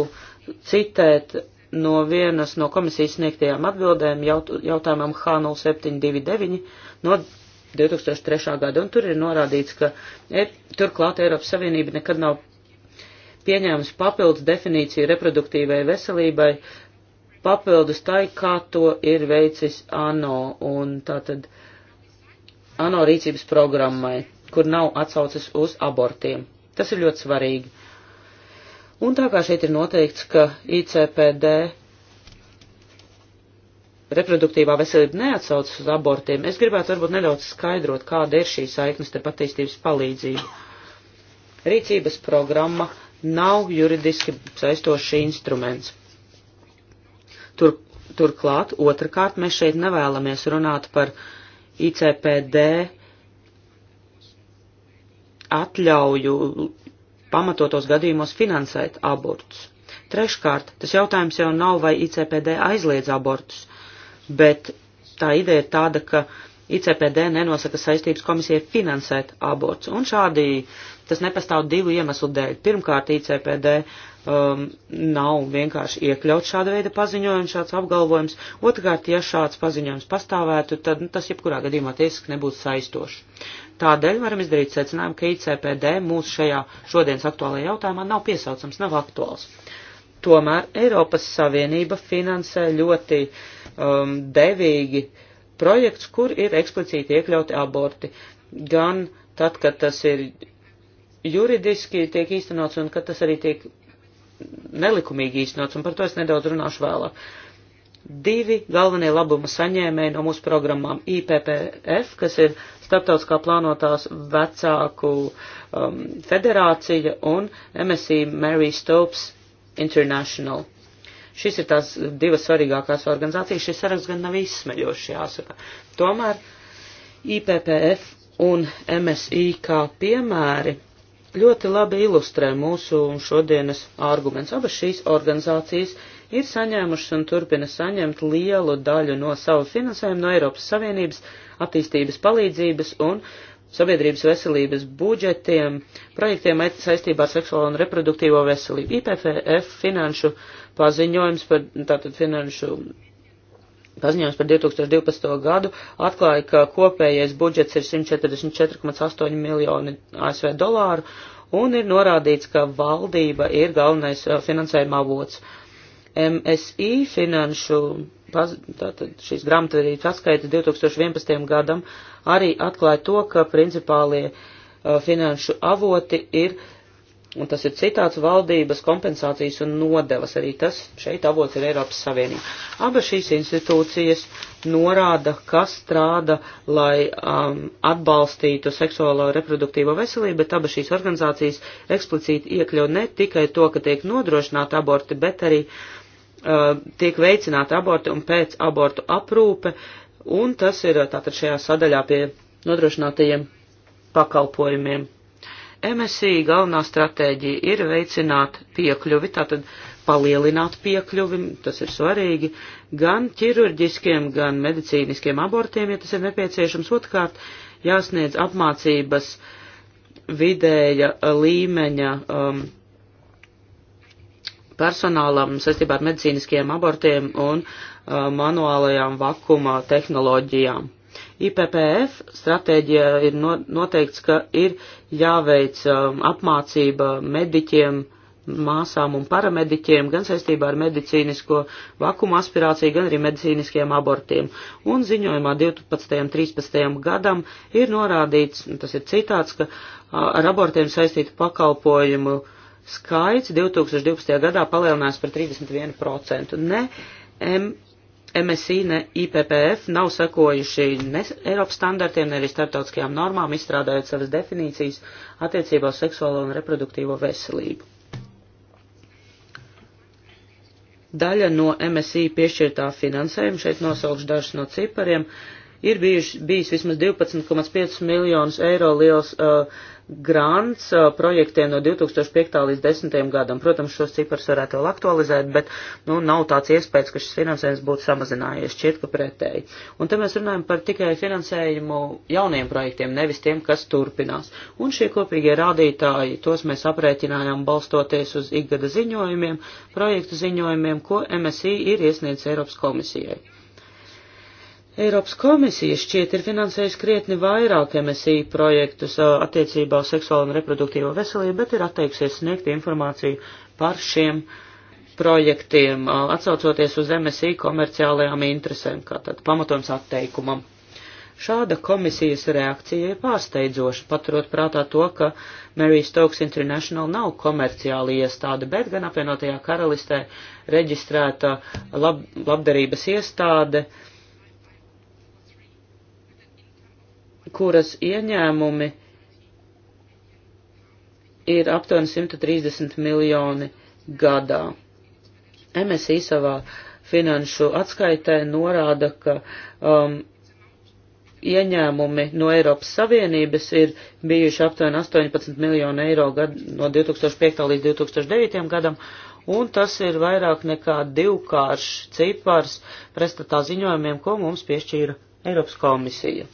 citēt no vienas no komisijas sniegtajām atbildēm jaut, jautājumam H0729 no 2003. gada, un tur ir norādīts, ka e, turklāt Eiropas Savienība nekad nav pieņēmusi papildus definīciju reproduktīvai veselībai, papildus tai, kā to ir veicis ANO, un tātad ANO rīcības programmai, kur nav atsaucis uz abortiem. Tas ir ļoti svarīgi Un tā kā šeit ir noteikts, ka ICPD reproduktīvā veselība neatsaucas uz abortiem, es gribētu varbūt nedaudz skaidrot, kāda ir šī saiknes te attīstības palīdzība. Rīcības programma nav juridiski saistošs instruments. Tur, turklāt, otrkārt, mēs šeit nevēlamies runāt par ICPD atļauju pamatotos gadījumos finansēt abortus. Treškārt, tas jautājums jau nav, vai ICPD aizliedz abortus, bet tā ideja ir tāda, ka ICPD nenosaka saistības komisijai finansēt abortus. Un šādi tas nepastāv divu iemeslu dēļ. Pirmkārt, ICPD um, nav vienkārši iekļaut šāda veida paziņojums, šāds apgalvojums. Otrkārt, ja šāds paziņojums pastāvētu, tad nu, tas jebkurā gadījumā tiesiski nebūtu saistošs. Tādēļ varam izdarīt secinājumu, ka ICPD mūsu šajā šodienas aktuālajā jautājumā nav piesaucams, nav aktuāls. Tomēr Eiropas Savienība finansē ļoti um, devīgi projekts, kur ir eksplicīti iekļauti aborti. Gan tad, kad tas ir juridiski tiek īstenots un kad tas arī tiek nelikumīgi īstenots, un par to es nedaudz runāšu vēlāk. Divi galvenie labuma saņēmēji no mūsu programmām IPPF, kas ir Startautiskā plānotās vecāku um, federācija un MSI Mary Stopes International. Šis ir tās divas svarīgākās organizācijas. Šis saraksts gan nav izsmeļošs, jāsaka. Tomēr IPPF un MSI kā piemēri ļoti labi ilustrē mūsu šodienas arguments. Abas šīs organizācijas ir saņēmušas un turpina saņemt lielu daļu no savu finansējumu no Eiropas Savienības attīstības palīdzības un sabiedrības veselības budžetiem, projektiem saistībā ar seksuālo un reproduktīvo veselību. IPFF finanšu paziņojums par, tātad finanšu paziņojums par 2012. gadu atklāja, ka kopējais budžets ir 144,8 miljoni ASV dolāru un ir norādīts, ka valdība ir galvenais finansējuma avots. MSI finanšu tātad šīs grāmatvedības atskaita 2011. gadam arī atklāja to, ka principālie uh, finanšu avoti ir, un tas ir citāts, valdības kompensācijas un nodevas. Arī tas šeit avots ir Eiropas Savienība. Abas šīs institūcijas norāda, kas strāda, lai um, atbalstītu seksuālo reproduktīvo veselību, bet abas šīs organizācijas eksplicīti iekļauj ne tikai to, ka tiek nodrošināta aborti, bet arī uh, Uh, tiek veicināta aborta un pēc abortu aprūpe, un tas ir uh, tātad šajā sadaļā pie nodrošinātajiem pakalpojumiem. MSI galvenā stratēģija ir veicināt piekļuvi, tātad palielināt piekļuvi, tas ir svarīgi, gan ķirurģiskiem, gan medicīniskiem abortiem, ja tas ir nepieciešams. Otkārt, jāsniedz apmācības vidēja uh, līmeņa um, personālam saistībā ar medicīniskiem abortiem un uh, manuālajām vakuma tehnoloģijām. IPPF stratēģija ir no, noteikts, ka ir jāveic um, apmācība mediķiem, māsām un paramediķiem gan saistībā ar medicīnisko vakumu aspirāciju, gan arī medicīniskiem abortiem. Un ziņojumā 12. un 13. gadam ir norādīts, tas ir citāts, ka uh, ar abortiem saistītu pakalpojumu uh, skaits 2012. gadā palielinās par 31%. Ne M MSI, ne IPPF nav sekojuši ne Eiropas standartiem, ne arī starptautiskajām normām, izstrādājot savas definīcijas attiecībā uz seksuālo un reproduktīvo veselību. Daļa no MSI piešķirtā finansējuma, šeit nosaukšu dažus no cipariem, uh, ir bijuši, bijis vismaz 12,5 miljonus eiro liels uh, grants uh, projektiem no 2005. līdz 2010. gadam. Protams, šos ciprus varētu vēl aktualizēt, bet nu, nav tāds iespējas, ka šis finansējums būtu samazinājies, šķiet, ka pretēji. Un te mēs runājam par tikai finansējumu jauniem projektiem, nevis tiem, kas turpinās. Un šie kopīgie rādītāji, tos mēs aprēķinājām balstoties uz ikgada ziņojumiem, projektu ziņojumiem, ko MSI ir iesniedzis Eiropas komisijai. Eiropas komisija šķiet ir finansējusi krietni vairāk MSI projektus attiecībā uz seksuālo un reproduktīvo veselību, bet ir atteiksies sniegt informāciju par šiem projektiem, atsaucoties uz MSI komerciālajām interesēm, kā tad pamatojums atteikumam. Šāda komisijas reakcija ir pārsteidzoša, paturot prātā to, ka Mary Stokes International nav komerciāla iestāde, bet gan apvienotajā karalistē reģistrēta lab labdarības iestāde, uh, kuras ieņēmumi ir aptuveni 130 miljoni gadā. MSI savā finanšu atskaitē norāda, ka um, ieņēmumi no Eiropas Savienības ir bijuši aptuveni 18 miljoni eiro gad, no 2005. līdz 2009. gadam, un tas ir vairāk nekā divkāršs cipars prestatā ziņojumiem, ko mums piešķīra Eiropas komisija.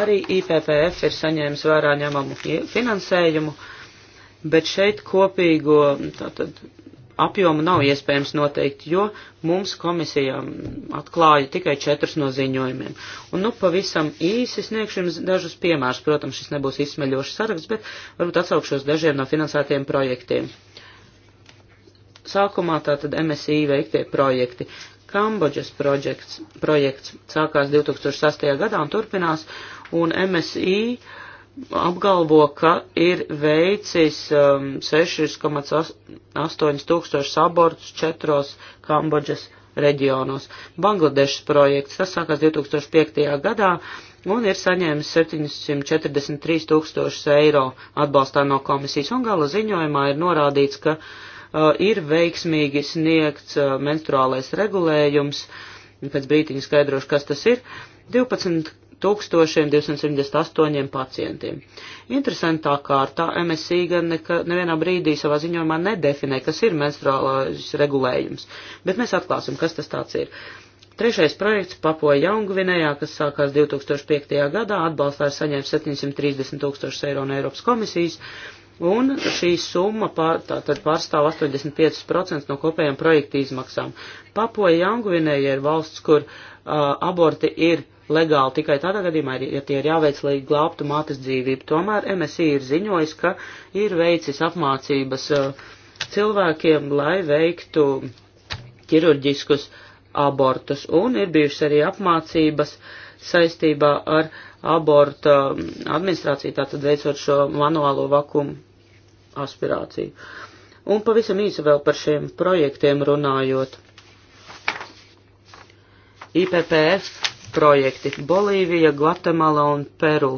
Arī IPPF ir saņēmis vērā ņemamu finansējumu, bet šeit kopīgo tātad, apjomu nav iespējams noteikt, jo mums komisijā atklāja tikai četrus no ziņojumiem. Un nu pavisam īsi sniegšu jums dažus piemērus. Protams, šis nebūs izsmeļošs saraksts, bet varbūt atsaukšos dažiem no finansētiem projektiem. Sākumā tātad MSI veiktie projekti. Kambodžas projekts, projekts sākās 2008. gadā un turpinās un MSI apgalvo, ka ir veicis um, 6,8 tūkstošus abortus četros Kambodžas reģionos. Bangladešas projekts, tas sākās 2005. gadā un ir saņēmis 743 tūkstošus eiro atbalstā no komisijas, un gala ziņojumā ir norādīts, ka uh, ir veiksmīgi sniegts uh, menstruālais regulējums, pēc brītiņa skaidrošu, kas tas ir, 12 1278 pacientiem. Interesantā kārtā MSI gan neka, nevienā brīdī savā ziņojumā nedefinē, kas ir menstruālais regulējums, bet mēs atklāsim, kas tas tāds ir. Trešais projekts Papoja Jaungvinējā, kas sākās 2005. gadā, atbalstā ir saņēmis 730 tūkstošus eiro no Eiropas komisijas, un šī summa pār, tātad pārstāv 85% no kopējiem projekta izmaksām. Papoja Jaungvinēja ir valsts, kur uh, aborti ir legāli tikai tādā gadījumā, ja tie ir jāveic, lai glābtu mātes dzīvību. Tomēr MSI ir ziņojis, ka ir veicis apmācības eh, cilvēkiem, lai veiktu ķirurģiskus abortus, un ir bijušas arī apmācības saistībā ar aborta mm, administrāciju, tātad veicot šo manuālo vakumu aspirāciju. Un pavisam īsi vēl par šiem projektiem runājot. IPPF projekti - Bolīvija, Gvatemala un Peru.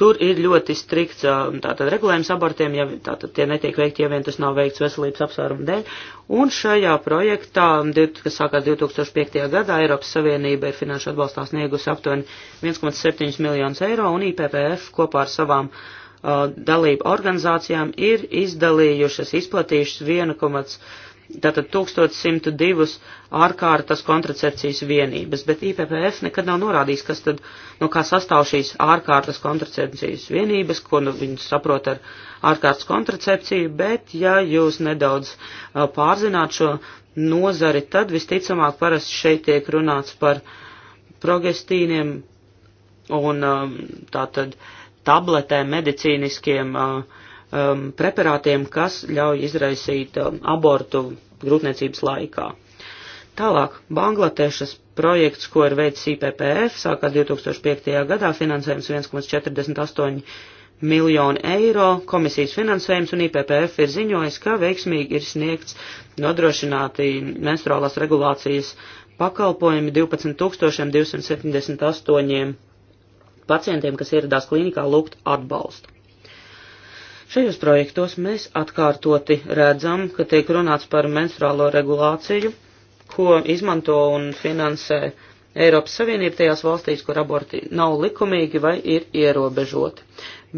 Tur ir ļoti strikts tātad, regulējums abortiem, ja tātad, tie netiek veikti, ja vien tas nav veikts veselības apsvērumu dēļ. Un šajā projektā, kas sākās 2005. gadā, Eiropas Savienība ir finanšu atbalstā sniegusi aptuveni 1,7 miljonus eiro, un IPPF kopā ar savām uh, dalību organizācijām ir izdalījušas, izplatījušas 1,7 tātad 1102 ārkārtas kontracepcijas vienības, bet IPPF nekad nav norādījis, kas tad, no kā sastāv šīs ārkārtas kontracepcijas vienības, ko nu viņi saprot ar ārkārtas kontracepciju, bet ja jūs nedaudz uh, pārzināt šo nozari, tad visticamāk parasti šeit tiek runāts par progestīniem un um, tātad tabletēm medicīniskiem uh, um, preparātiem, kas ļauj izraisīt um, abortu grūtniecības laikā. Tālāk, Bangladešas projekts, ko ir veicis IPPF, sākās 2005. gadā, finansējums 1,48 miljonu eiro, komisijas finansējums un IPPF ir ziņojis, ka veiksmīgi ir sniegts nodrošināti menstruālās regulācijas pakalpojumi 12,278 pacientiem, kas ieradās klīnikā lūgt atbalstu. Šajos projektos mēs atkārtoti redzam, ka tiek runāts par menstruālo regulāciju, ko izmanto un finansē Eiropas Savienība tajās valstīs, kur aborti nav likumīgi vai ir ierobežoti.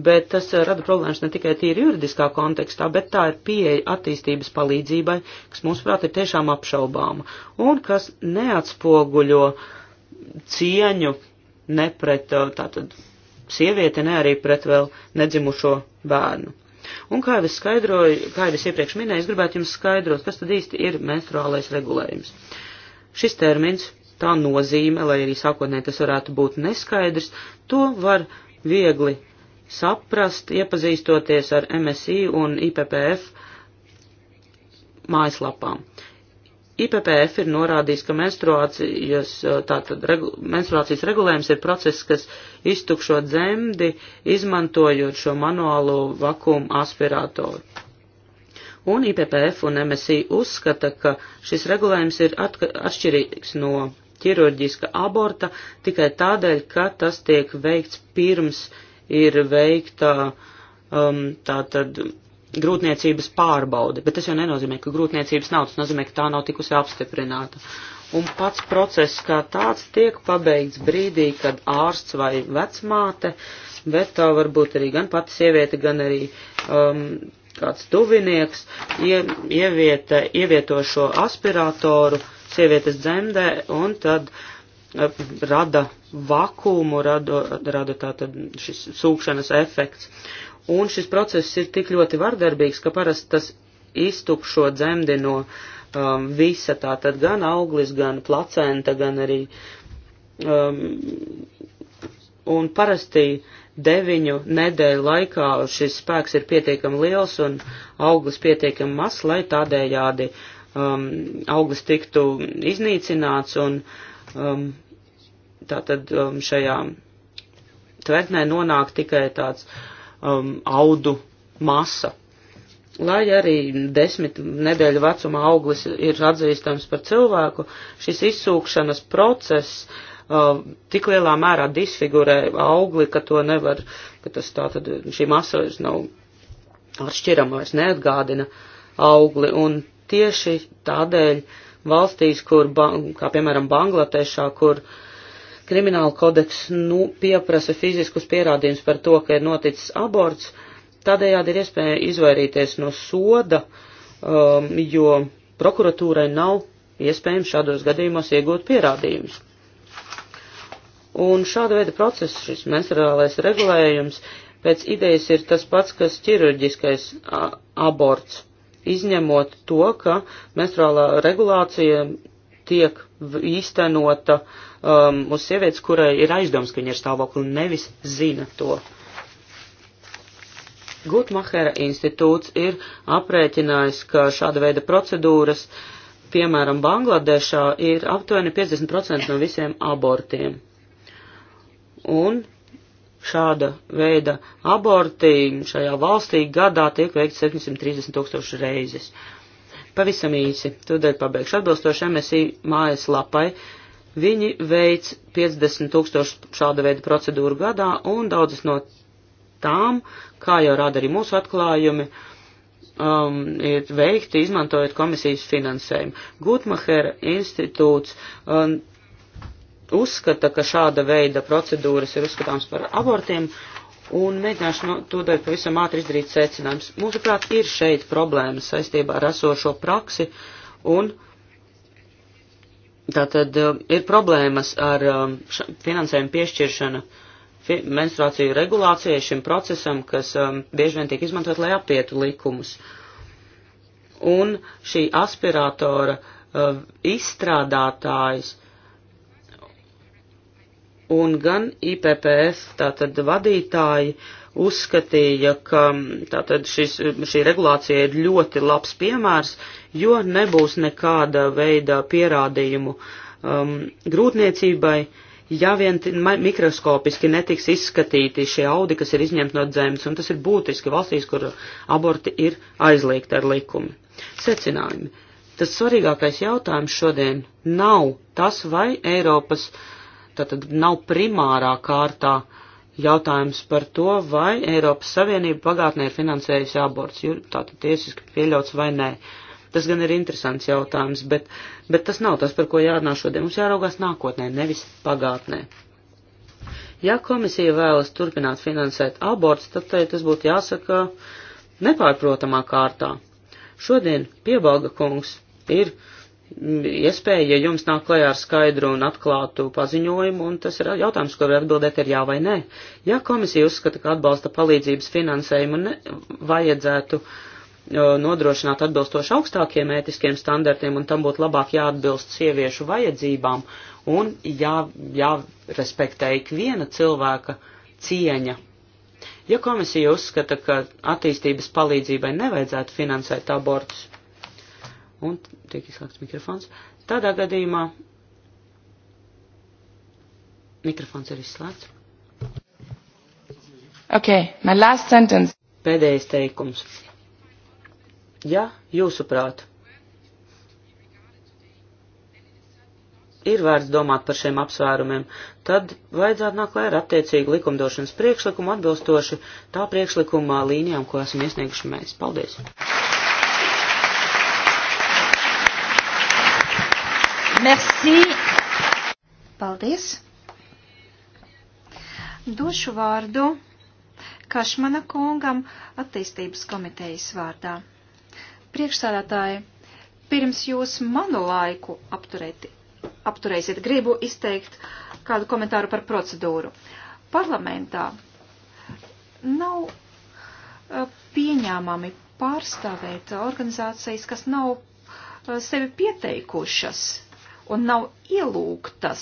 Bet tas eh, rada problēmas ne tikai tīri juridiskā kontekstā, bet tā ir pieeja attīstības palīdzībai, kas mūsuprāt ir tiešām apšaubāma un kas neatspoguļo cieņu ne pret eh, tātad sievieti, ne arī pret vēl nedzimušo bērnu. Un kā jau es skaidroju, kā jau es iepriekš minēju, es gribētu jums skaidrot, kas tad īsti ir menstruālais regulējums. Šis termins, tā nozīme, lai arī sākotnēji tas varētu būt neskaidrs, to var viegli saprast, iepazīstoties ar MSI un IPPF mājaslapām. IPPF ir norādījis, ka menstruācijas, tātad regu, menstruācijas regulējums ir process, kas iztukšo dzemdi, izmantojot šo manuālo vakumu aspiratoru. Un IPPF un MSI uzskata, ka šis regulējums ir atšķirīgs no ķirurģiska aborta tikai tādēļ, ka tas tiek veikts pirms ir veikta um, tātad grūtniecības pārbaudi, bet tas jau nenozīmē, ka grūtniecības nav, tas nozīmē, ka tā nav tikusi apstiprināta. Un pats process kā tāds tiek pabeigts brīdī, kad ārsts vai vecmāte, bet tā varbūt arī gan pati sieviete, gan arī um, kāds tuvinieks ie, ievieta, ievieto šo aspiratoru sievietes dzemdē un tad Eh, rada vakumu, rada, rada tātad šis sūkšanas efekts. Un šis process ir tik ļoti vardarbīgs, ka parasti tas iztukšo dzemdi no um, visa tātad gan auglis, gan placenta, gan arī. Um, un parasti deviņu nedēļu laikā šis spēks ir pietiekami liels un auglis pietiekami mazs, lai tādējādi um, auglis tiktu iznīcināts un um, tātad um, šajā tvertnē nonāk tikai tāds um, audu masa. Lai arī desmit nedēļu vecuma auglis ir atzīstams par cilvēku, šis izsūkšanas process uh, tik lielā mērā disfigurē augli, ka to nevar, ka tas tā tad šī masa vairs nav atšķirama, vairs neatgādina augli. Un tieši tādēļ valstīs, kur, kā piemēram Bangladešā, kur uh, krimināla kodeks nu, pieprasa fiziskus pierādījumus par to, ka ir noticis aborts, tādējādi ir iespēja izvairīties no soda, um, jo prokuratūrai nav iespējams šādos gadījumos iegūt pierādījumus. Un šāda veida process, šis menstruālais regulējums, pēc idejas ir tas pats, kas ķirurģiskais aborts, izņemot to, ka menstruālā regulācija tiek īstenota um, uz sievietes, kurai ir aizdoms, ka viņa ir stāvokli un nevis zina to. Gutmahera institūts ir aprēķinājis, ka šāda veida procedūras, piemēram, Bangladešā, ir aptuveni 50% no visiem abortiem. Un šāda veida aborti šajā valstī gadā tiek veikti 730 tūkstoši reizes. Uh, Pavisam īsi, tūdaļ pabeigšu atbilstoši MSI mājas lapai. Viņi veic 50 tūkstošu šāda veida procedūru gadā, un daudzas no tām, kā jau rāda arī mūsu atklājumi, um, ir veikti izmantojot komisijas finansējumu. Gutmahera institūts um, uzskata, ka šāda veida procedūras ir uzskatāms par abortiem, un mēģināšu no, to darīt pavisam ātri izdarīt secinājums. Mūsuprāt, ir šeit problēmas saistībā ar esošo praksi, un tātad um, ir problēmas ar um, ša, finansējumu piešķiršanu fi, menstruāciju regulācijai šim procesam, kas um, bieži vien tiek izmantot, lai apietu likumus. Un šī aspirātora uh, izstrādātājs un gan IPPS tātad vadītāji uzskatīja, ka tātad šis, šī regulācija ir ļoti labs piemērs, jo nebūs nekāda veida pierādījumu um, grūtniecībai, ja vien mikroskopiski netiks izskatīti šie audi, kas ir izņemti no dzemdas, un tas ir būtiski valstīs, kur aborti ir aizliegti ar likumu. Secinājumi. Tas svarīgākais jautājums šodien nav tas, vai Eiropas uh, Tātad nav primārā kārtā jautājums par to, vai Eiropas Savienība pagātnē ir finansējusi abortus, tātad tiesiski pieļauts vai nē. Tas gan ir interesants jautājums, bet, bet tas nav tas, par ko jārunā šodien. Mums jāraugās nākotnē, nevis pagātnē. Ja komisija vēlas turpināt finansēt abortus, tad tai tas būtu jāsaka nepārprotamā kārtā. Šodien piebalga kungs ir iespēja, ja jums nāk klajā ar skaidru un atklātu paziņojumu, un tas ir jautājums, ko var atbildēt ar jā vai nē. Ja komisija uzskata, ka atbalsta palīdzības finansējumu ne, vajadzētu uh, nodrošināt atbilstoši augstākiem ētiskiem standartiem, un tam būtu labāk jāatbilst sieviešu vajadzībām, un jā, jārespektē ikviena cilvēka cieņa. Ja komisija uzskata, ka attīstības palīdzībai nevajadzētu finansēt abortus, un tiek izslēgts mikrofons. Tādā gadījumā mikrofons ir izslēgts. Ok, my last sentence. Pēdējais teikums. Ja jūsuprāt ir vērts domāt par šiem apsvērumiem, tad vajadzētu nākt klēr attiecīgi likumdošanas priekšlikumu atbilstoši tā priekšlikuma līnijām, ko esam iesnieguši mēs. Paldies! Merci. Paldies. Došu vārdu Kašmana kungam attīstības komitejas vārdā. Priekšsādātāji, pirms jūs manu laiku apturēti, apturēsiet, gribu izteikt kādu komentāru par procedūru. Parlamentā nav pieņēmami pārstāvēt organizācijas, kas nav sevi pieteikušas un nav ielūgtas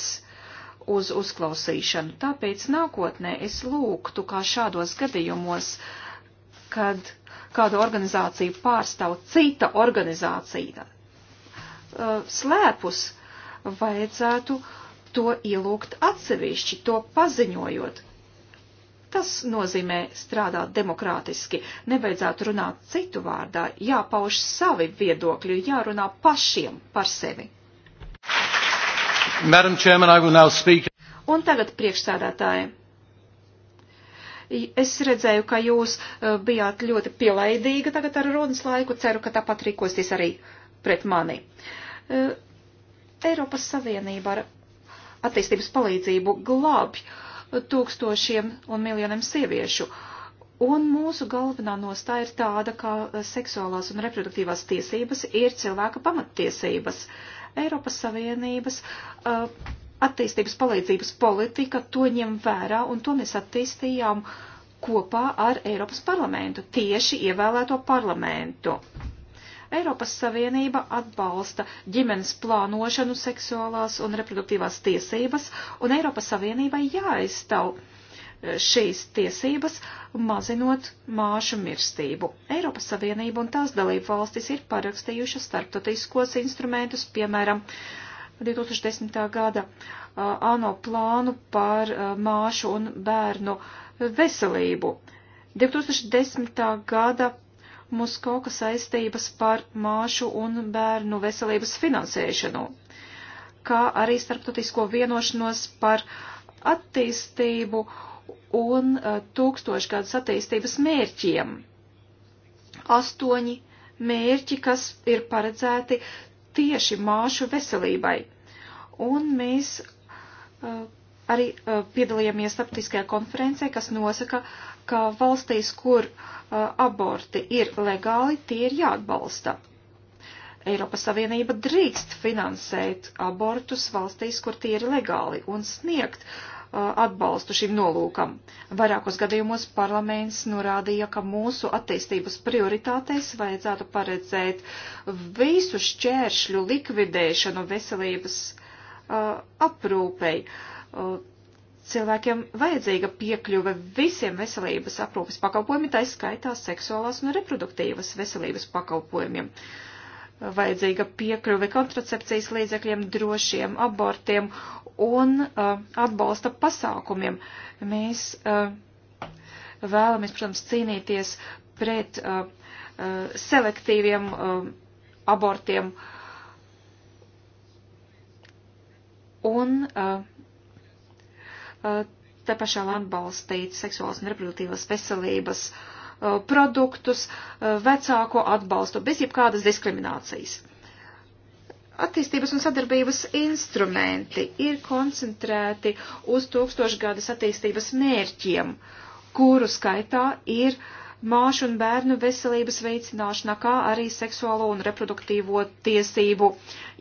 uz uzklausīšanu. Tāpēc nākotnē es lūgtu, kā šādos gadījumos, kad kādu organizāciju pārstāv cita organizācija, uh, slēpus vajadzētu to ielūgt atsevišķi, to paziņojot. Tas nozīmē strādāt demokrātiski, nevajadzētu runāt citu vārdā, jāpauž savi viedokļi, jārunā pašiem par sevi. Madam Chairman, I will now speak. Un tagad priekšsādātāji. Es redzēju, ka jūs e, bijāt ļoti pielaidīga tagad ar runas laiku. Ceru, ka tāpat rīkosties arī pret mani. E, Eiropas Savienība ar attīstības palīdzību glābj tūkstošiem un miljoniem sieviešu. Un mūsu galvenā nostāja ir tāda, ka seksuālās un reproduktīvās tiesības ir cilvēka pamattiesības. Eiropas Savienības uh, attīstības palīdzības politika to ņem vērā, un to mēs attīstījām kopā ar Eiropas parlamentu, tieši ievēlēto parlamentu. Eiropas Savienība atbalsta ģimenes plānošanu, seksuālās un reproduktīvās tiesības, un Eiropas Savienībai jāaizstāv uh, šīs tiesības, mazinot māšu mirstību. Eiropas Savienība un tās dalību valstis ir parakstījušas starptautiskos instrumentus, piemēram, 2010. gada ANO plānu par māšu un bērnu veselību. 2010. gada mūs kaut kas saistības par māšu un bērnu veselības finansēšanu, kā arī starptautisko vienošanos par attīstību un eh, tūkstošgadus attīstības mērķiem. Astoņi mērķi, kas ir paredzēti tieši māšu veselībai. Un mēs uh, arī uh, piedalījāmies starptautiskajā konferencē, kas nosaka, ka valstīs, kur uh, aborti ir legāli, tie ir jāatbalsta. Eiropas Savienība drīkst finansēt abortus valstīs, kur tie ir legāli, un sniegt uh, atbalstu šim nolūkam. Vairākos gadījumos parlaments norādīja, ka mūsu attīstības prioritātēs vajadzētu paredzēt visu šķēršļu likvidēšanu veselības uh, aprūpei. Uh, cilvēkiem vajadzīga piekļuve visiem veselības aprūpes pakalpojumiem, tā skaitā seksuālās un reproduktīvas veselības pakalpojumiem. Uh, vajadzīga piekļuve kontracepcijas līdzekļiem, drošiem abortiem un uh, atbalsta pasākumiem. Mēs uh, vēlamies, protams, cīnīties pret uh, uh, selektīviem uh, abortiem un uh, uh, te pašā atbalstīt seksuālas un reproduktīvas veselības uh, Uh, produktus, uh, vecāko atbalstu bez jebkādas diskriminācijas. Attīstības un sadarbības instrumenti ir koncentrēti uz tūkstošgadas attīstības mērķiem, kuru skaitā ir māšu un bērnu veselības veicināšana, kā arī seksuālo un reproduktīvo tiesību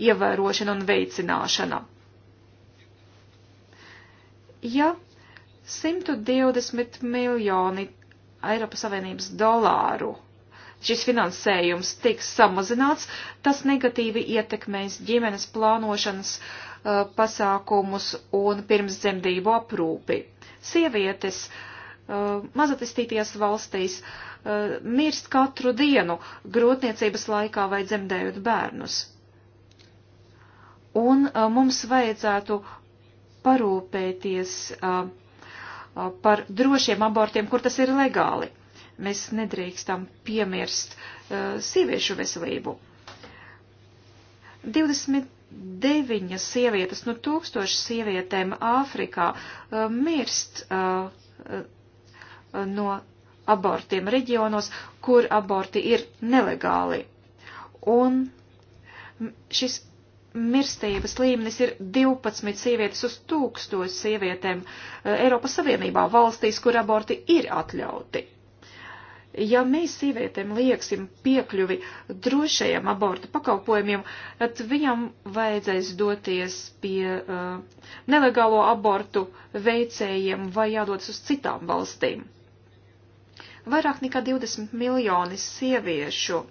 ievērošana un veicināšana. Ja 120 miljoni Eiropas Savienības dolāru šis finansējums tiks samazināts, tas negatīvi ietekmēs ģimenes plānošanas uh, pasākumus un pirmsdzemdību aprūpi. Sievietes uh, mazatistīties valstīs uh, mirst katru dienu grūtniecības laikā vai dzemdējot bērnus. Un uh, mums vajadzētu parūpēties uh, par drošiem abortiem, kur tas ir legāli. Mēs nedrīkstam piemirst uh, sieviešu veselību. 29 sievietes no nu, tūkstošu sievietēm Āfrikā uh, mirst uh, no abortiem reģionos, kur aborti ir nelegāli. Un šis mirstības līmenis ir 12 sievietes uz tūkstošu sievietēm eh, Eiropas Savienībā valstīs, kur aborti ir atļauti. Ja mēs sievietēm lieksim piekļuvi drošajiem abortu pakalpojumiem, tad viņam vajadzēs doties pie uh, nelegālo abortu veicējiem vai jādodas uz citām valstīm. Vairāk nekā 20 miljoni sieviešu uh,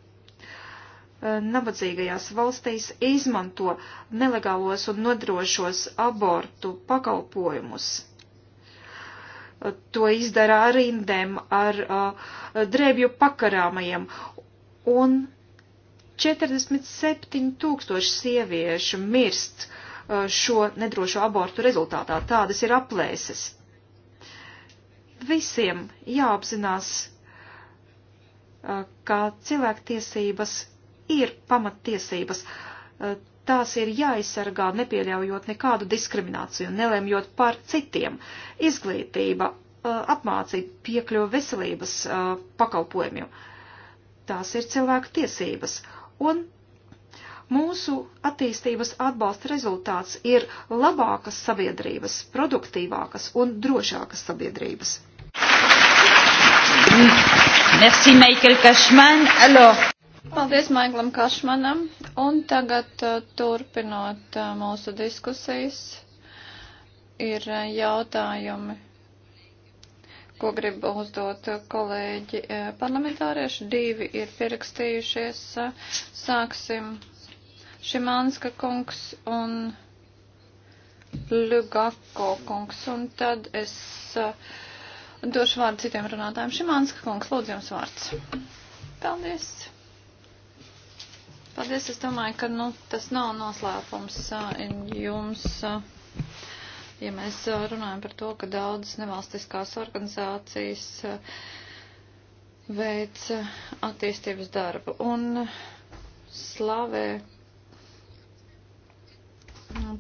Eh, nabadzīgajās valstīs izmanto nelegālos un nodrošos abortu pakalpojumus. Eh, to izdara ar rindēm, eh, ar drēbju pakarāmajiem, un 47 tūkstoši sieviešu mirst šo nedrošo abortu rezultātā. Tādas ir aplēses. Visiem jāapzinās, ka cilvēktiesības ir pamattiesības. Eh, tās ir jāizsargā, nepieļaujot nekādu diskrimināciju, nelēmjot par citiem. Izglītība, eh, apmācība, piekļuva veselības eh, pakalpojumiem. Tās ir cilvēku tiesības. Un mūsu attīstības atbalsta rezultāts ir labākas sabiedrības, produktīvākas un drošākas sabiedrības. Merci Michael Cashman. Alors... Paldies Maiklam Kašmanam. Un tagad uh, turpinot uh, mūsu diskusijas, ir uh, jautājumi, ko grib uzdot kolēģi parlamentārieši. Divi ir pierakstījušies. Sāksim Šimanska kungs un Ļugako kungs. Un tad es došu vārdu citiem runātājiem. Šimanska kungs, lūdzu jums vārds. Paldies! Paldies, es domāju, ka nu, tas nav noslēpums jums, ja mēs runājam par to, ka daudzas nevalstiskās organizācijas veic attīstības darbu un slavē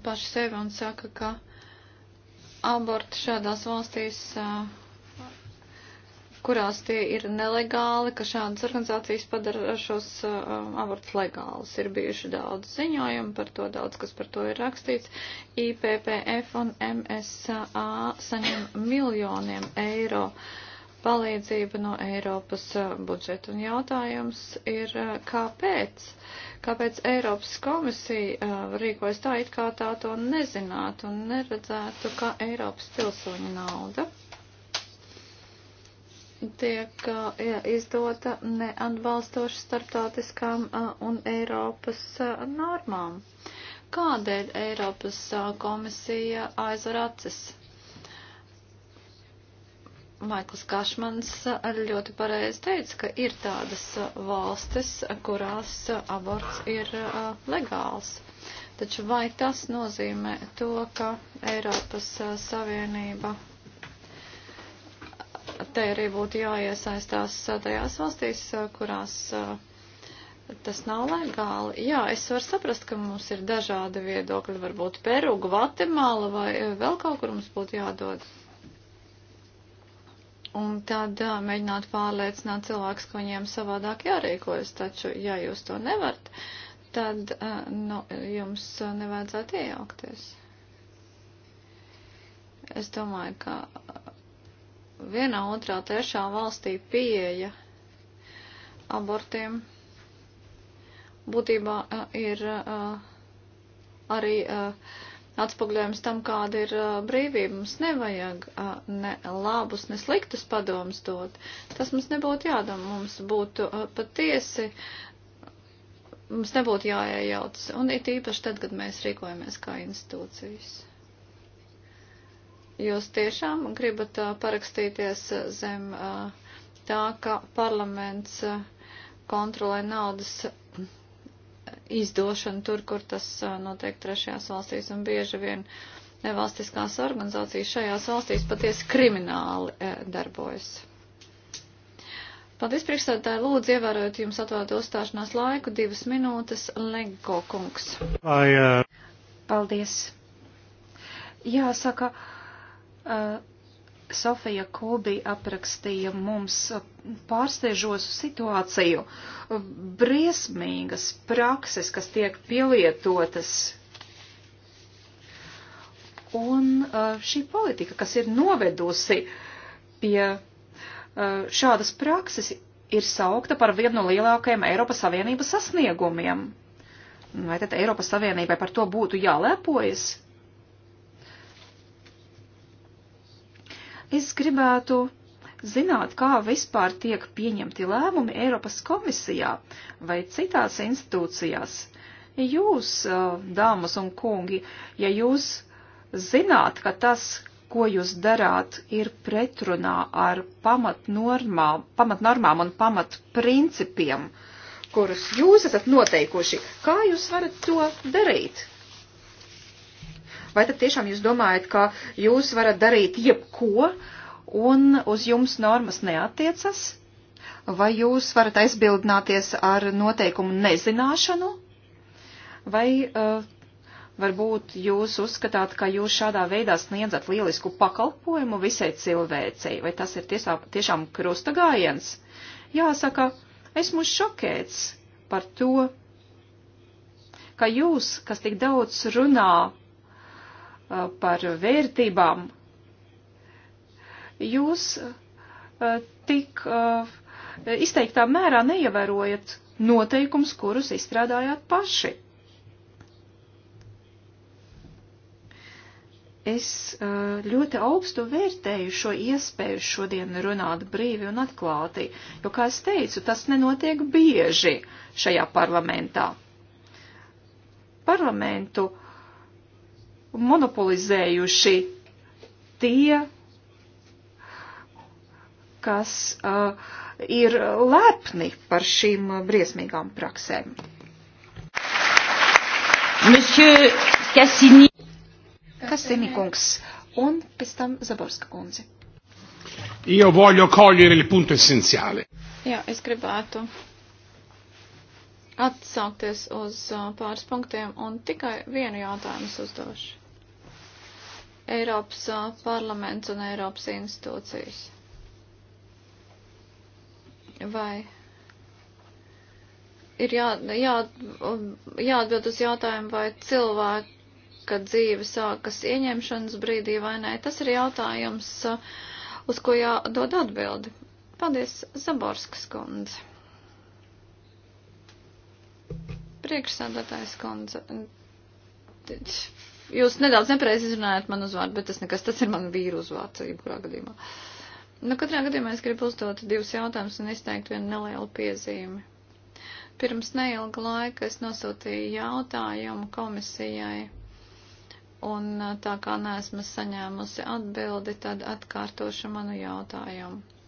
paši sevi un saka, ka aborti šādās valstīs kurās tie ir nelegāli, ka šādas organizācijas padara šos um, abortus legālus. Ir bijuši daudz ziņojumu par to, daudz kas par to ir rakstīts. IPPF un MSA saņem miljoniem eiro palīdzību no Eiropas uh, budžeta. Un jautājums ir, uh, kāpēc? Kāpēc Eiropas komisija rīkojas tā, it kā tā to nezinātu un neredzētu, ka Eiropas pilsoņa nauda? tiek ja, izdota neatbalstoši starptautiskām un Eiropas normām. Kādēļ Eiropas komisija aizver acis? Maikls Kašmans ļoti pareizi teica, ka ir tādas valstis, kurās aborts ir legāls. Taču vai tas nozīmē to, ka Eiropas Savienība te arī būtu jāiesaistās tajās valstīs, kurās tas nav legāli. Jā, es varu saprast, ka mums ir dažādi viedokļi, varbūt Peru, Gvatemala vai vēl kaut kur mums būtu jādod. Un tad mēģināt pārliecināt cilvēkus, ka viņiem savādāk jārīkojas, taču, ja jūs to nevarat, tad nu, jums nevajadzētu iejaukties. Es domāju, ka vienā, otrā, trešā valstī pieeja abortiem būtībā ir arī atspogļojums tam, kāda ir brīvība. Mums nevajag ne labus, ne sliktus padomus dot. Tas mums nebūtu jādomā. Mums būtu patiesi, mums nebūtu jāiejauc. Un it īpaši tad, kad mēs rīkojamies kā institūcijas. Jūs tiešām gribat parakstīties zem tā, ka parlaments kontrolē naudas izdošanu tur, kur tas notiek trešajās valstīs, un bieži vien nevalstiskās organizācijas šajās valstīs patiesi krimināli darbojas. Paldies, priekšstādātāji, lūdzu, ievērojot jums atvēlēto uzstāšanās laiku, divas minūtes, Lego kungs. I, uh... Paldies. Jāsaka, uh, Uh, Sofija Kolbī aprakstīja mums uh, pārsteidzošu situāciju, uh, briesmīgas prakses, kas tiek pielietotas. Un šī politika, kas ir novedusi pie šādas prakses, ir saukta par vienu no lielākajiem Eiropas Savienības sasniegumiem. Vai tad Eiropas Savienībai par to būtu jālepojas? Es gribētu zināt, kā vispār tiek pieņemti lēmumi Eiropas komisijā vai citās institūcijās. Jūs, dāmas un kungi, ja jūs zināt, ka tas, ko jūs darāt, ir pretrunā ar pamatnormām, pamatnormām un pamatprincipiem, kurus jūs esat noteikuši, kā jūs varat to darīt? Vai tad tiešām jūs domājat, ka jūs varat darīt jebko un uz jums normas neatiecas? Vai jūs varat aizbildināties ar noteikumu nezināšanu? Vai uh, varbūt jūs uzskatāt, ka jūs šādā veidā sniedzat lielisku pakalpojumu visai cilvēcei, vai tas ir tiesā, tiešām krusta gājiens? Jāsaka, esmu šokēts par to, ka jūs, kas tik daudz runā Uh, par vērtībām, jūs uh, tik uh, izteiktā mērā neievērojat noteikums, kurus izstrādājāt paši. Es ļoti augstu vērtēju šo iespēju šodien runāt brīvi un atklāti, jo, kā es teicu, tas nenotiek bieži šajā parlamentā. Parlamentu uh, monopolizējuši tie, kas uh, ir lepni par šīm uh, briesmīgām praksēm. Monsieur Cassini. Cassini kungs un pēc tam Zaborska kundze. Io voglio cogliere il punto essenziale. Jā, es gribētu atsaukties uz uh, pāris punktiem un tikai vienu jautājumu uzdošu. Eiropas uh, parlaments un Eiropas institūcijas? Vai ir jā, jā, jāatbild uz jautājumu, vai cilvēka dzīve sākas ieņemšanas brīdī vai nē? Tas ir jautājums, uh, uz ko jādod atbildi. Paldies, Zaborskas kundze. Priekšsādātājs kundze. Jūs nedaudz nepareizi izrunājat man uzvārdu, bet tas nekas, tas ir man vīru uzvārds, jebkurā gadījumā. Nu, katrā gadījumā es gribu uzdot divus jautājumus un izteikt vienu nelielu piezīmi. Pirms neilga laika es nosūtīju jautājumu komisijai, un tā kā neesmu saņēmusi atbildi, tad atkārtošu manu jautājumu.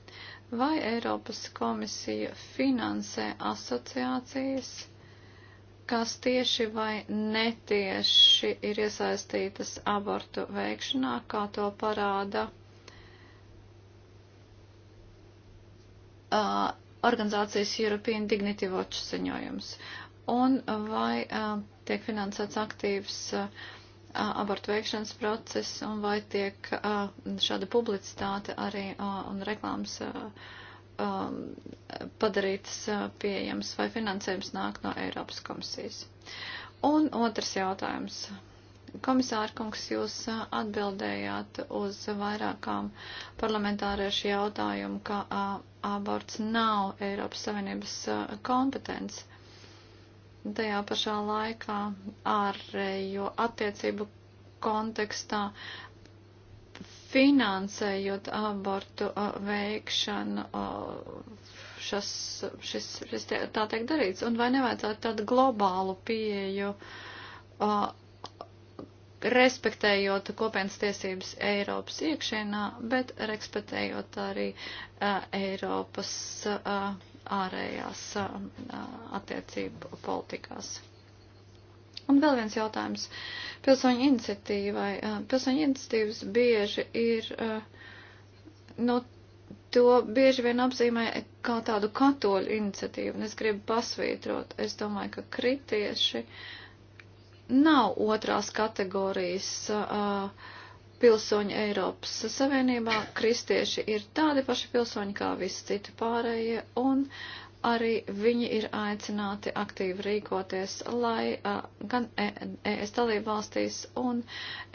Vai Eiropas komisija finansē asociācijas? kas tieši vai netieši ir iesaistītas abortu veikšanā, kā to parāda uh, organizācijas European Dignity Watch ziņojums. Un vai uh, tiek finansēts aktīvs uh, abortu veikšanas process un vai tiek uh, šāda publicitāte arī uh, un reklāmas. Uh, um, padarītas uh, pieejamas vai finansējums nāk no Eiropas komisijas. Un otrs jautājums. Komisārkungs, jūs uh, atbildējāt uz vairākām parlamentāriešu jautājumu, ka uh, aborts nav Eiropas Savienības uh, kompetence. Tajā pašā laikā ārējo attiecību kontekstā finansējot abortu veikšanu, šas, šis, šis tie, tā tiek darīts, un vai nevajadzētu tādu globālu pieju, respektējot kopienas tiesības Eiropas iekšienā, bet respektējot arī Eiropas ārējās attiecību politikās. Un vēl viens jautājums. Pilsoņu iniciatīvai. Pilsoņu iniciatīvas bieži ir, nu, to bieži vien apzīmē kā tādu katoļu iniciatīvu, un es gribu pasvītrot. Es domāju, ka kritieši nav otrās kategorijas. Uh, pilsoņi Eiropas Savienībā, kristieši ir tādi paši pilsoņi kā visi citi pārējie, un arī viņi ir aicināti aktīvi rīkoties, lai uh, gan ES e dalību valstīs un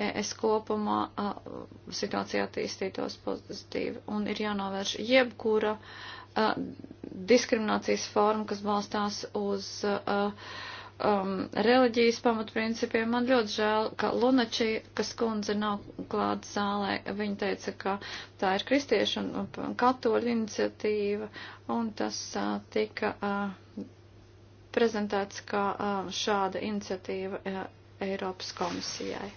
ES kopumā uh, situācija attīstītos pozitīvi. Un ir jānovērš jebkura uh, diskriminācijas forma, kas balstās uz. Uh, um, reliģijas pamatprincipiem. Man ļoti žēl, ka Lunačī, kas kundze nav klāta zālē, viņa teica, ka tā ir kristiešu un katoļu iniciatīva, un tas uh, tika uh, prezentēts kā uh, šāda iniciatīva uh, Eiropas komisijai.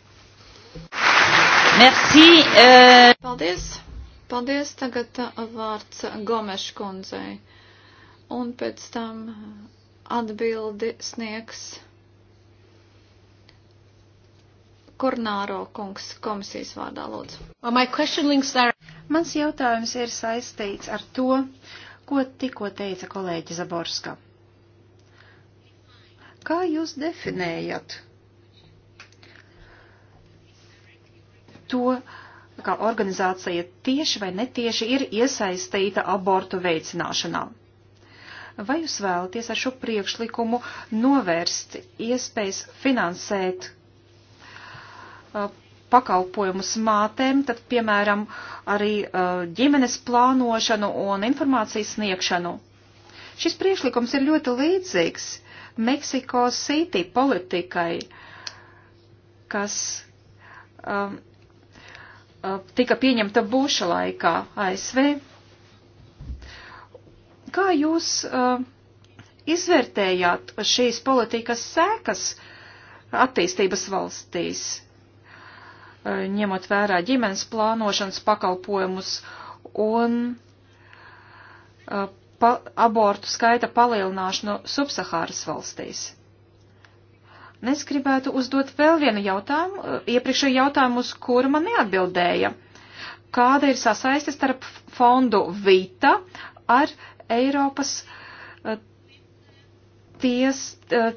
Merci. Uh... Paldies. Paldies. Tagad uh, vārds Gomeša kundzei. Un pēc tam. Uh, atbildi sniegs Kornāro kungs komisijas vārdā lūdzu. Well, Mans jautājums ir saistīts ar to, ko tikko teica kolēģi Zaborska. Kā jūs definējat to, kā organizācija tieši vai netieši ir iesaistīta abortu veicināšanā? Vai jūs vēlaties ar šo priekšlikumu novērst iespējas finansēt uh, pakalpojumus mātēm, tad, piemēram, arī uh, ģimenes plānošanu un informācijas sniegšanu? Šis priekšlikums ir ļoti līdzīgs Meksiko City politikai, kas um, uh, tika pieņemta būša laikā ASV Kā jūs uh, izvērtējāt šīs politikas sēkas attīstības valstīs, uh, ņemot vērā ģimenes plānošanas pakalpojumus un uh, pa, abortu skaita palielināšanu subsahāras valstīs? Es gribētu uzdot vēl vienu jautājumu, uh, iepriekšēju jautājumu, uz kuru man neatbildēja. Kāda ir sasaiste starp fondu Vita ar Eiropas eh, ties, eh,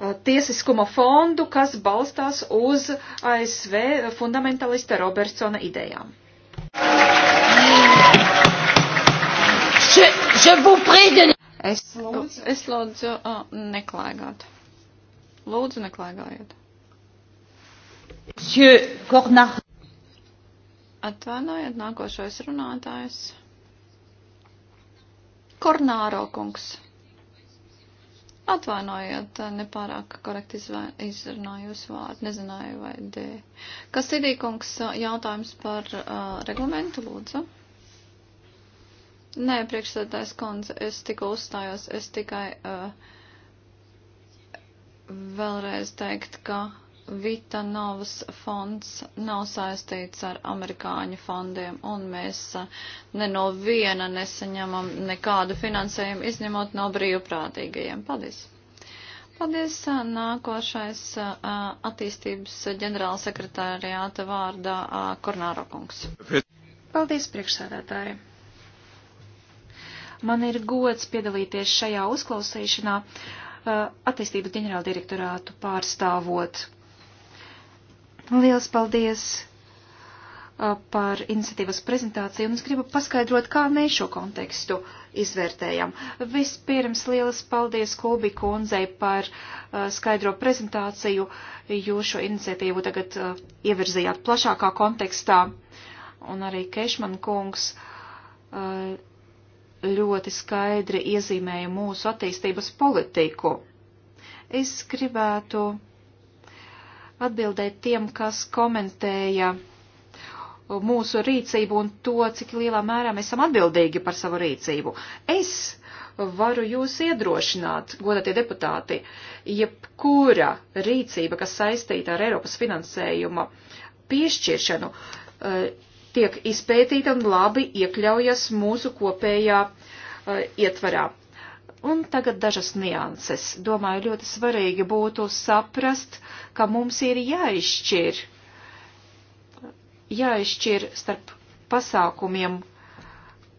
eh, tiesiskuma fondu, kas balstās uz ASV fundamentalista Robertsona idejām. Es, es lūdzu uh, neklaigāt. Lūdzu, neklaigājiet. Atvainojiet, nākošais runātājs. Kornāro kungs. Atvainojiet, nepārāk korekti izrunāju jūsu vārdu, nezināju vai D. Kas ir īkungs jautājums par uh, reglamentu, lūdzu? Nē, priekšsēdētājs kundze, es tikko uzstājos, es tikai uh, vēlreiz teikt, ka Vitanovas fonds nav saistīts ar amerikāņu fondiem, un mēs ne no viena nesaņemam nekādu finansējumu, izņemot no brīvprātīgajiem. Paldies! Paldies! Nākošais attīstības ģenerāla sekretārijāta vārdā Kornāro kungs. Paldies, priekšsēdētāji! Man ir gods piedalīties šajā uzklausīšanā attīstības ģenerāldirektorātu pārstāvot. Liels paldies uh, par iniciatīvas prezentāciju, un es gribu paskaidrot, kā mēs šo kontekstu izvērtējam. Vispirms lielas paldies Kulbi kundzei par uh, skaidro prezentāciju, jūs šo iniciatīvu tagad uh, ievirzījāt plašākā kontekstā, un arī Kešman kungs uh, ļoti skaidri iezīmēja mūsu attīstības politiku. Es gribētu atbildēt tiem, kas komentēja mūsu rīcību un to, cik lielā mērā mēs esam atbildīgi par savu rīcību. Es varu jūs iedrošināt, godātie deputāti, jebkura rīcība, kas saistīta ar Eiropas finansējuma piešķiršanu, eh, tiek izpētīta un labi iekļaujas mūsu kopējā eh, ietvarā. Un tagad dažas nianses. Domāju, ļoti svarīgi būtu saprast, ka mums ir jāizšķir, jāizšķir starp pasākumiem,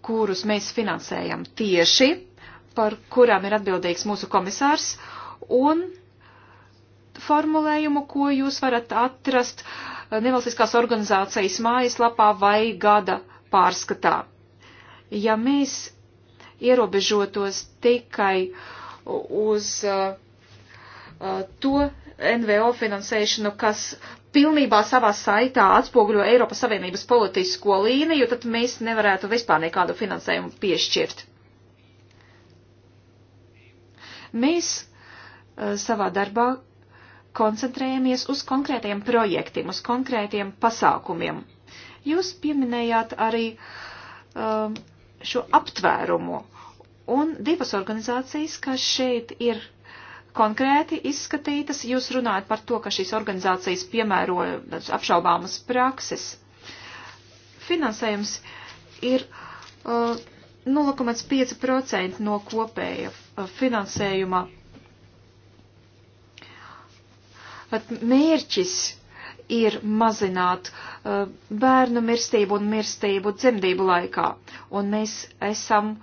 kurus mēs finansējam tieši, par kurām ir atbildīgs mūsu komisārs, un formulējumu, ko jūs varat atrast eh, nevalstiskās organizācijas mājaslapā vai gada pārskatā. Ja mēs ierobežotos tikai uz uh, uh to NVO finansēšanu, kas pilnībā savā saitā atspoguļo Eiropas Savienības politisko līniju, tad mēs nevarētu vispār nekādu finansējumu piešķirt. Mēs uh, savā darbā koncentrējamies uz konkrētiem projektiem, uz konkrētiem pasākumiem. Jūs pieminējāt arī um, uh, šo aptvērumu. Un divas organizācijas, kas šeit ir konkrēti izskatītas, jūs runājat par to, ka šīs organizācijas piemēro apšaubāmas prakses. Finansējums ir uh, 0,5% no kopēja uh, finansējuma. Pat mērķis ir mazināt uh, bērnu mirstību un mirstību dzemdību laikā. Un mēs esam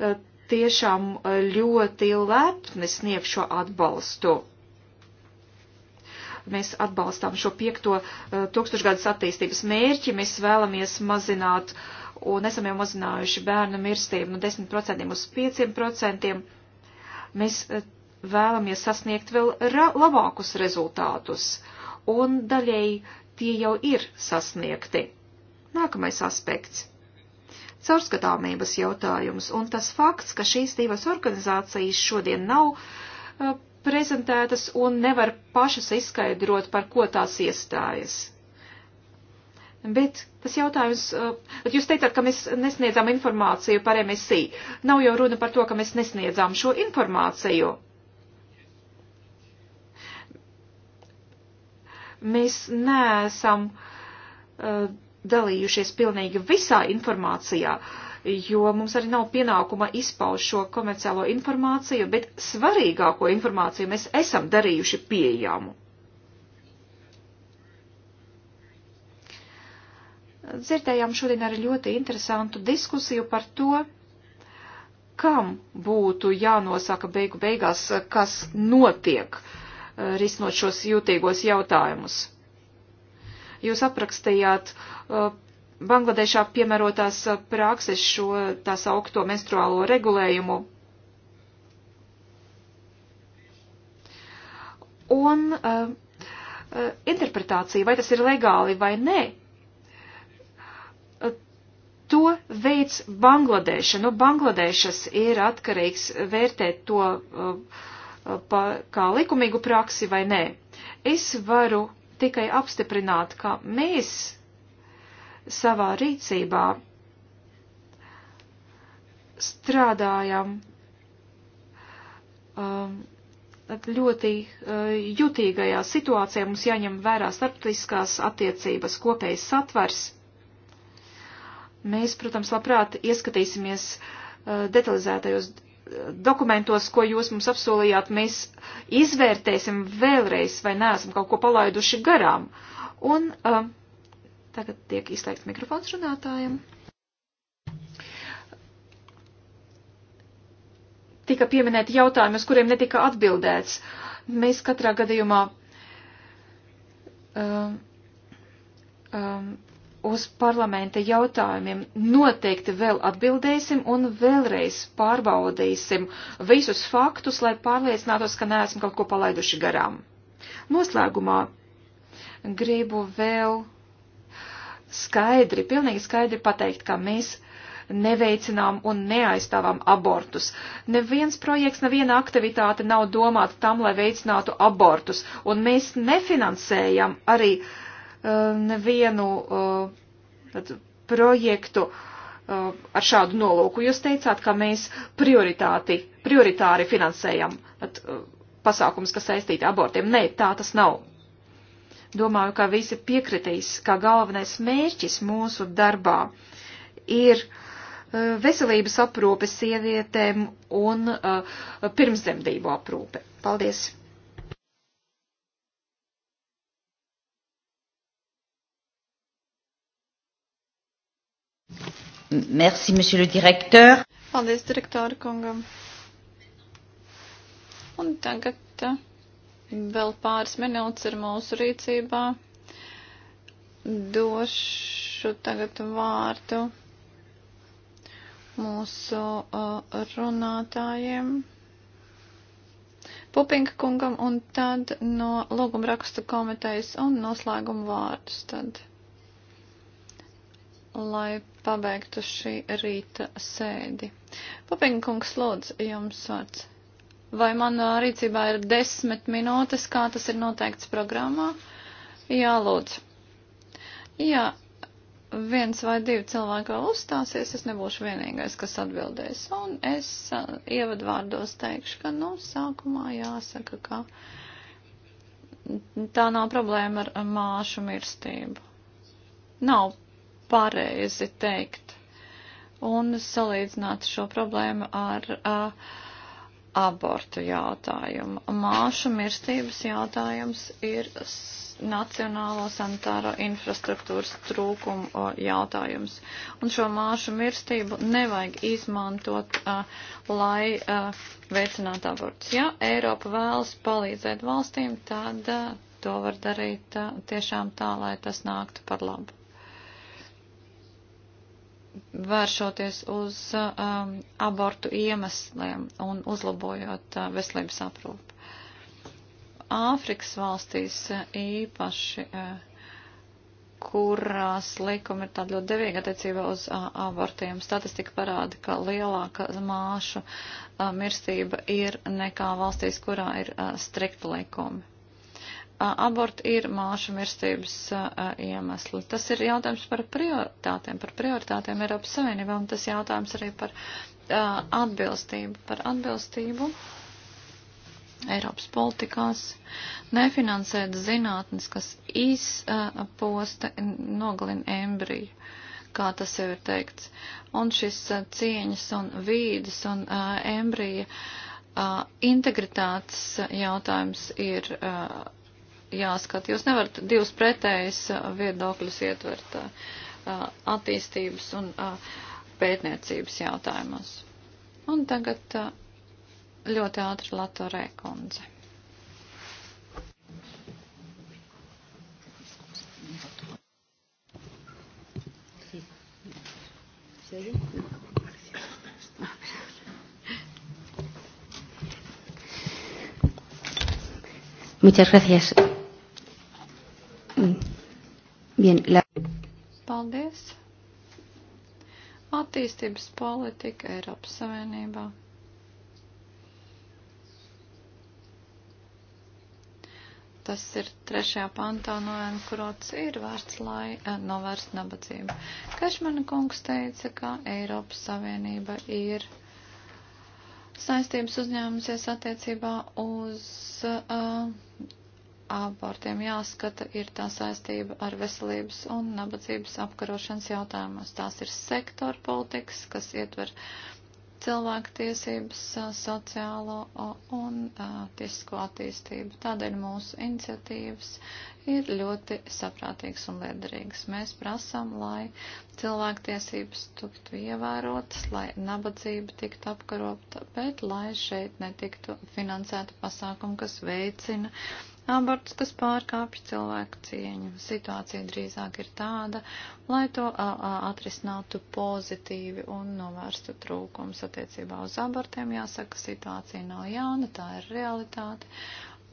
uh, tiešām eh, ļoti lepni sniegt šo atbalstu. Mēs atbalstām šo piekto tūkstošgadus attīstības mērķi, mēs vēlamies mazināt un esam jau mazinājuši bērnu mirstību no 10% uz 5%. Mēs vēlamies sasniegt vēl labākus rezultātus. Uh, un daļēji tie jau ir sasniegti. Nākamais aspekts - caurskatāmības jautājums un tas fakts, ka šīs divas organizācijas šodien nav uh, prezentētas un nevar pašas izskaidrot, par ko tās iestājas. Bet tas jautājums, uh, bet jūs teicāt, ka mēs nesniedzām informāciju par MSI. Nav jau runa par to, ka mēs nesniedzām šo informāciju. mēs neesam uh, dalījušies pilnīgi visā informācijā, jo mums arī nav pienākuma izpaust šo komerciālo informāciju, bet svarīgāko informāciju mēs esam darījuši pieejamu. Dzirdējām šodien arī ļoti interesantu diskusiju par to, kam būtu jānosaka beigu beigās, kas notiek uh, Eh, risinot šos jūtīgos jautājumus. Jūs aprakstījāt eh, Bangladešā piemērotās eh, prakses šo tās augto menstruālo regulējumu. Un uh, interpretācija, vai tas ir legāli vai nē, to veids Bangladeša. Nu, Bangladešas ir atkarīgs vērtēt to uh, pa, kā likumīgu praksi vai nē. Es varu tikai apstiprināt, ka mēs savā rīcībā strādājam um, ļoti uh, jutīgajā situācijā. Mums jāņem vērā starptautiskās attiecības, kopējs satvers. Mēs, protams, labprāt ieskatīsimies uh, detalizētajos dokumentos, ko jūs mums apsolījāt, mēs izvērtēsim vēlreiz, vai neesam kaut ko palaiduši garām. Un um, tagad tiek izslēgts mikrofons runātājiem. Tika pieminēti jautājumi, uz kuriem netika atbildēts. Mēs katrā gadījumā uh, um, um, uz parlamenta jautājumiem noteikti vēl atbildēsim un vēlreiz pārbaudīsim visus faktus, lai pārliecinātos, ka neesam kaut ko palaiduši garām. Noslēgumā gribu vēl skaidri, pilnīgi skaidri pateikt, ka mēs neveicinām un neaizstāvām abortus. Neviens projekts, neviena aktivitāte nav domāta tam, lai veicinātu abortus, un mēs nefinansējam arī uh, Eh, nevienu eh, tad, projektu eh, ar šādu nolūku. Jūs teicāt, ka mēs prioritāti, prioritāri finansējam tad, pasākums, kas saistīti abortiem. Nē, tā tas nav. Domāju, ka visi piekritīs, ka galvenais mērķis mūsu darbā ir veselības aprūpe sievietēm un uh, pirmsdzemdību aprūpe. Paldies! Merci, monsieur le direktor. Paldies, direktora kungam. Un tagad eh, vēl pāris minūtes ir mūsu rīcībā. Došu tagad vārdu mūsu uh, runātājiem. Pupinka kungam un tad no lūguma rakstu komitejas un noslēguma vārdus tad, lai pabeigtu šī rīta sēdi. Papinkungs, lūdzu, jums vārds. Vai manā rīcībā ir desmit minūtes, kā tas ir noteikts programmā? Jā, lūdzu. Jā, viens vai divi cilvēki vēl uzstāsies, es nebūšu vienīgais, kas atbildēs. Un es ievadvārdos teikšu, ka, nu, sākumā jāsaka, ka tā nav problēma ar māšu mirstību. Nav pareizi teikt un salīdzināt šo problēmu ar uh, abortu jautājumu. Māšu mirstības jautājums ir nacionālo sanitāro infrastruktūras trūkumu jautājums. Un šo māšu mirstību nevajag izmantot, a, lai a, veicinātu abortus. Ja Eiropa vēlas palīdzēt valstīm, tad a, to var darīt tiešām tā, lai tas nāktu par labu vēršoties uz um, abortu iemesliem un uzlabojot uh, veselības aprūpu. Āfrikas valstīs uh, īpaši, uh, kurās likumi ir tāda ļoti devīga attiecībā uz uh, abortiem, statistika parāda, ka lielāka māšu uh, mirstība ir nekā valstīs, kurā ir uh, strikta likumi aborti ir māšu mirstības iemesli. Tas ir jautājums par prioritātēm, par prioritātēm Eiropas Savienībā, un tas jautājums arī par a, atbilstību, par atbilstību Eiropas politikās, nefinansēt zinātnes, kas izposta nogalina embriju, kā tas jau ir teikts. Un šis a, cieņas un vīdes un a, embrija integritātes jautājums ir uh, jāskat. Jūs nevarat divus pretējus uh, viedokļus ietvert uh, uh, attīstības un pētniecības jautājumos. Un tagad ļoti ātri Latorē kundze. Muchas gracias. Bien, la... Paldies! Attīstības politika Eiropas Savienībā. Tas ir trešajā pantā noenkurots ir vērts, lai eh, novērst nabadzību. Kašmana kungs teica, ka Eiropas Savienība ir saistības uzņēmusies attiecībā uz uh, abortiem jāskata, ir tā saistība ar veselības un nabadzības apkarošanas jautājumos. Tās ir sektora politikas, kas ietver cilvēku tiesības, sociālo un tiesisko attīstību. Tādēļ mūsu iniciatīvas ir ļoti saprātīgas un liederīgas. Mēs prasām, lai cilvēku tiesības tiktu ievērotas, lai nabadzība tiktu apkarota, bet lai šeit netiktu finansēta pasākuma, kas veicina aborts, kas pārkāpj cilvēku cieņu. Situācija drīzāk ir tāda, lai to a, a, atrisinātu pozitīvi un novērstu trūkums attiecībā uz abortiem. Jāsaka, situācija nav jauna, tā ir realitāte.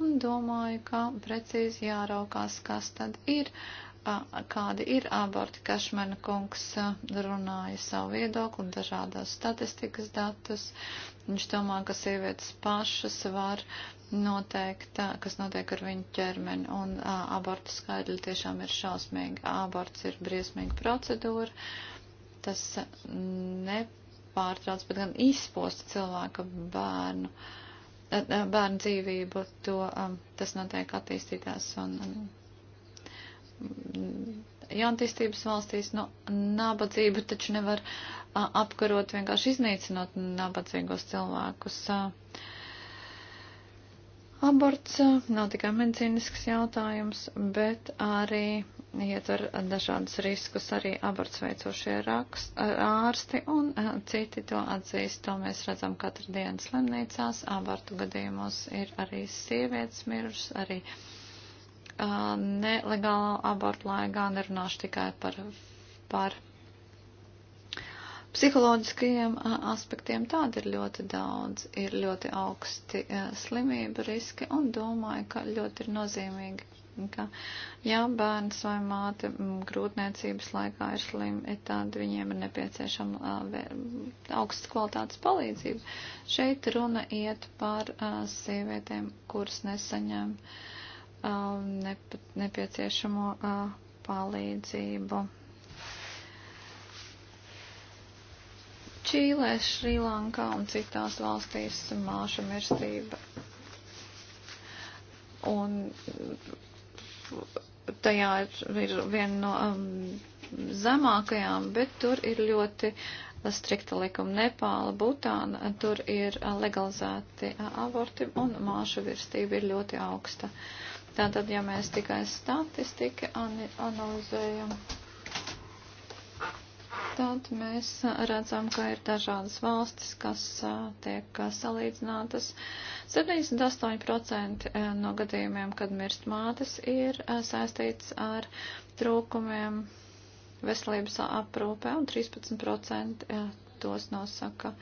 Un domāju, ka precīzi jāraukās, kas tad ir, a, kādi ir aborti. Kašmena kungs runāja savu viedokli, dažādās statistikas datus. Viņš domā, ka sievietes pašas var. Uh, noteikta, kas notiek ar viņu ķermeni, un a, abortu skaidri tiešām ir šausmīgi. Aborts ir briesmīga procedūra, tas mm, nepārtrauc, bet gan izposta cilvēka bērnu, a, a, bērnu dzīvību, to, a, tas notiek attīstītās un. un mm, jaunatīstības valstīs, nu, nabadzību taču nevar a, apkarot vienkārši iznīcinot nabadzīgos cilvēkus. A, Aborts uh, nav tikai medicīnisks jautājums, bet arī ietver dažādus riskus arī aborts veicošie rakst, uh, ārsti un uh, citi to atzīst. To mēs redzam katru dienu slimnīcās. Abortu gadījumos ir arī sievietes mirušas, arī uh, nelegālo abortu laikā nerunāšu tikai par, par Psiholoģiskajiem aspektiem tāda ir ļoti daudz, ir ļoti augsti slimību riski un domāju, ka ļoti ir nozīmīgi, ka ja bērns vai māte grūtniecības laikā ir slimi, tad viņiem ir nepieciešama augstas kvalitātes palīdzība. Šeit runa iet par sievietēm, kuras nesaņem nepieciešamo palīdzību. Čīlē, Šrilankā un citās valstīs māša mirstība. Un tajā ir viena no um, zemākajām, bet tur ir ļoti strikta likuma Nepāla, Butāna, tur ir uh, legalizēti uh, aborti un māšu virstība ir ļoti augsta. Tātad, ja mēs tikai statistiku analizējam. An tad mēs redzam, ka ir dažādas valstis, kas tiek salīdzinātas. 78% no gadījumiem, kad mirst mātes, ir saistīts ar trūkumiem veselības aprūpē, un 13% tos nosaka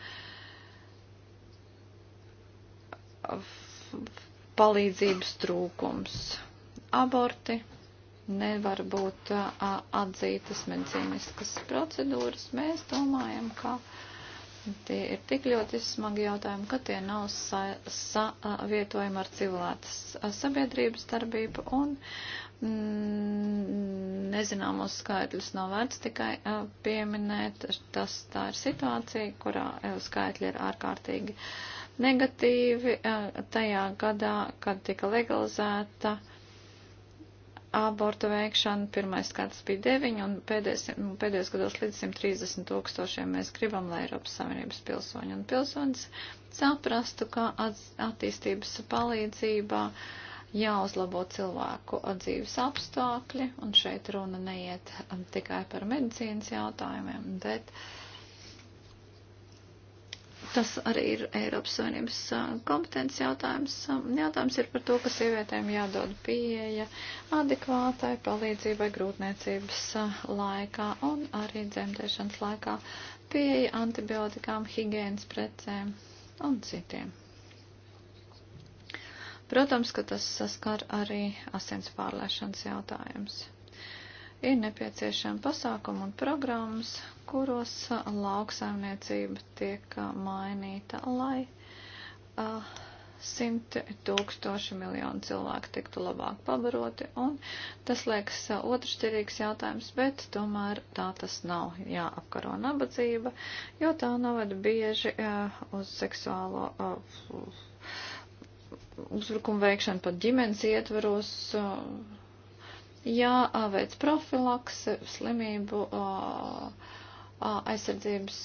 palīdzības trūkums. Aborti nevar būt atzītas medicīniskas procedūras. Mēs domājam, ka tie ir tik ļoti smagi jautājumi, ka tie nav savietojami sa ar civilētas sabiedrības darbību un mm, nezināmos skaitļus nav vērts tikai pieminēt. Tas tā ir situācija, kurā e, skaitļi ir ārkārtīgi negatīvi. Tajā gadā, kad tika legalizēta abortu veikšanu. Pirmais skaits bija 9 un pēdējais, nu, pēdējos gados līdz 130 tūkstošiem mēs gribam, lai Eiropas Savienības pilsoņi un pilsonis saprastu, kā attīstības palīdzībā jāuzlabo cilvēku dzīves apstākļi, un šeit runa neiet tikai par medicīnas jautājumiem, bet uh, Tas arī ir Eiropas Savienības kompetences jautājums. Jautājums ir par to, ka sievietēm jādod pieeja adekvātai palīdzībai grūtniecības laikā un arī dzemdēšanas laikā pieeja antibiotikām, higienas precēm un citiem. Protams, ka tas saskar arī asins pārlēšanas jautājums ir nepieciešama pasākuma un programmas, kuros lauksaimniecība tiek mainīta, lai uh, simti tūkstoši miljonu cilvēku tiktu labāk pabaroti. Un tas liekas uh, otršķirīgs jautājums, bet tomēr tā tas nav jāapkaro nabadzība, jo tā novada bieži uh, uz seksuālo. Uh, uzbrukumu veikšanu pat ģimenes ietvaros. Uh, jāveic profilakse slimību aizsardzības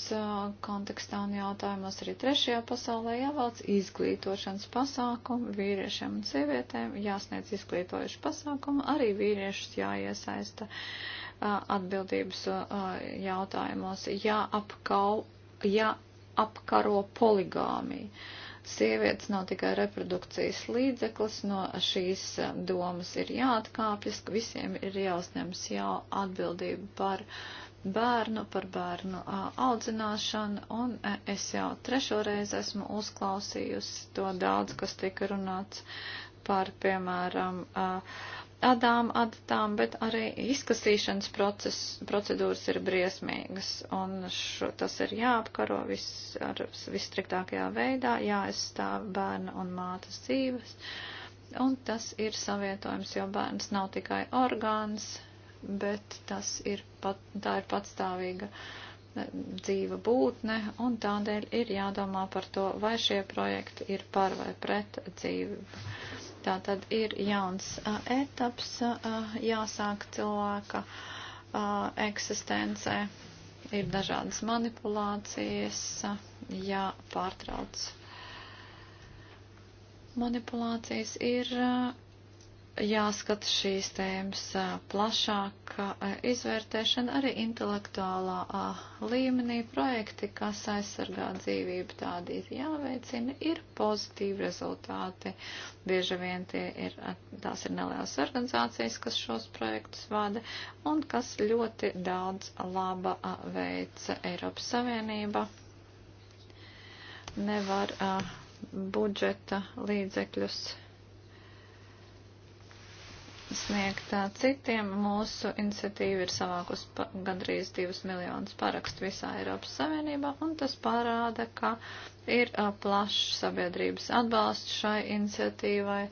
kontekstā un jautājumos arī trešajā pasaulē jāvalc izglītošanas pasākumi vīriešiem un sievietēm, jāsniedz izglītojuši pasākumi, arī vīriešus jāiesaista atbildības jautājumos, jāapkau, jāapkaro poligāmiju sievietes nav tikai reprodukcijas līdzeklis, no šīs eh, domas ir jāatkāpjas, ka visiem ir jāuzņemas jau atbildība par bērnu, par bērnu audzināšanu, un e, es jau trešoreiz esmu uzklausījusi to daudz, kas tika runāts par, piemēram, adām, adatām, bet arī izkasīšanas proces, procedūras ir briesmīgas, un šo, tas ir jāapkaro vis, ar visstriktākajā veidā, jāaizstāv bērna un mātes dzīves, un tas ir savietojums, jo bērns nav tikai orgāns, bet tas ir pat, tā ir patstāvīga e, dzīva būtne, un tādēļ ir jādomā par to, vai šie projekti ir par vai pret dzīvi Tā tad ir jauns uh, etaps uh, jāsāk cilvēka uh, eksistencē. Ir dažādas manipulācijas, uh, jāpārtrauc. Manipulācijas ir. Uh, jāskata šīs tēmas plašāka izvērtēšana arī intelektuālā līmenī. Projekti, kas aizsargā dzīvību, tādi ir jāveicina, ir pozitīvi rezultāti. Bieži vien tie ir, tās ir nelielas organizācijas, kas šos projektus vada un kas ļoti daudz laba veica Eiropas Savienība. Nevar uh, budžeta līdzekļus sniegt citiem. Mūsu iniciatīva ir savākus gandrīz 2 miljonus parakstu visā Eiropas Savienībā, un tas parāda, ka ir plašs sabiedrības atbalsts šai iniciatīvai.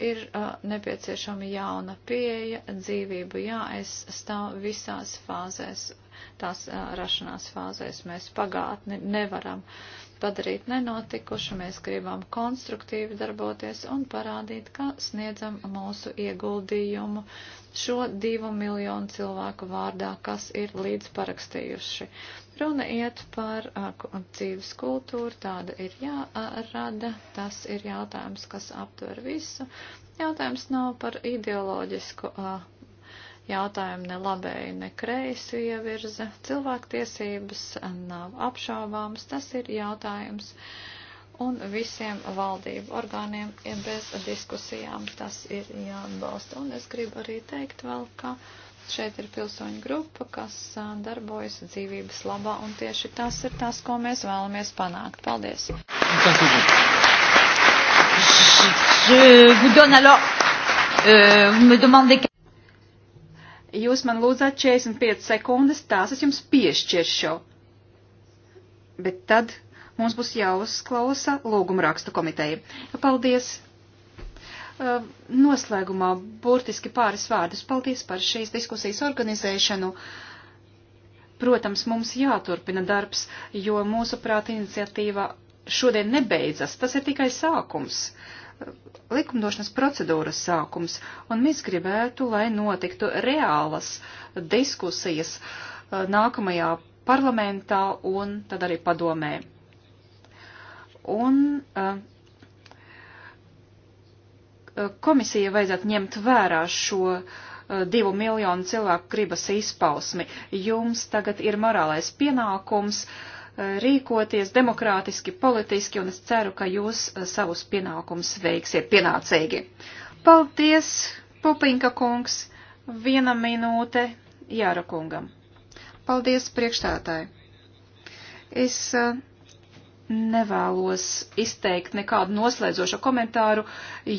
Ir nepieciešama jauna pieeja, dzīvību jāaizstāv visās fāzēs, tās rašanās fāzēs. Mēs pagātni nevaram uh, padarīt nenotikuši, mēs gribam konstruktīvi darboties un parādīt, ka sniedzam mūsu ieguldījumu šo divu miljonu cilvēku vārdā, kas ir līdz parakstījuši. Runa iet par dzīves kultūru, tāda ir jārada, tas ir jautājums, kas aptver visu. Jautājums nav par ideoloģisku. A, jautājumi ne labēji, ne kreisi ievirza. Cilvēktiesības nav apšaubāmas, tas ir jautājums. Un visiem valdību orgāniem ja bez diskusijām tas ir jāatbalsta. Un es gribu arī teikt vēl, ka šeit ir pilsoņu grupa, kas darbojas dzīvības labā, un tieši tas ir tas, ko mēs vēlamies panākt. Paldies! Je vous donne alors, euh, vous me demandez Jūs man lūdzāt 45 sekundes, tās es jums piešķiršu. Bet tad mums būs jāuzklausa lūguma rakstu komiteja. Paldies! Uh, noslēgumā burtiski pāris vārdus. Paldies par šīs diskusijas organizēšanu. Protams, mums jāturpina darbs, jo mūsuprāt iniciatīva šodien nebeidzas. Tas ir tikai sākums. Uh, likumdošanas procedūras sākums, un mēs gribētu, lai notiktu reālas diskusijas uh, nākamajā parlamentā un tad arī padomē. Un uh, uh, komisija vajadzētu ņemt vērā šo divu miljonu cilvēku gribas izpausmi. Jums tagad ir morālais pienākums uh, Eh, rīkoties demokrātiski, politiski, un es ceru, ka jūs eh, savus pienākumus veiksiet pienācīgi. Paldies, Popinka kungs, viena minūte Jāra kungam. Paldies, priekšstātāji. Es eh, nevēlos izteikt nekādu noslēdzošu komentāru,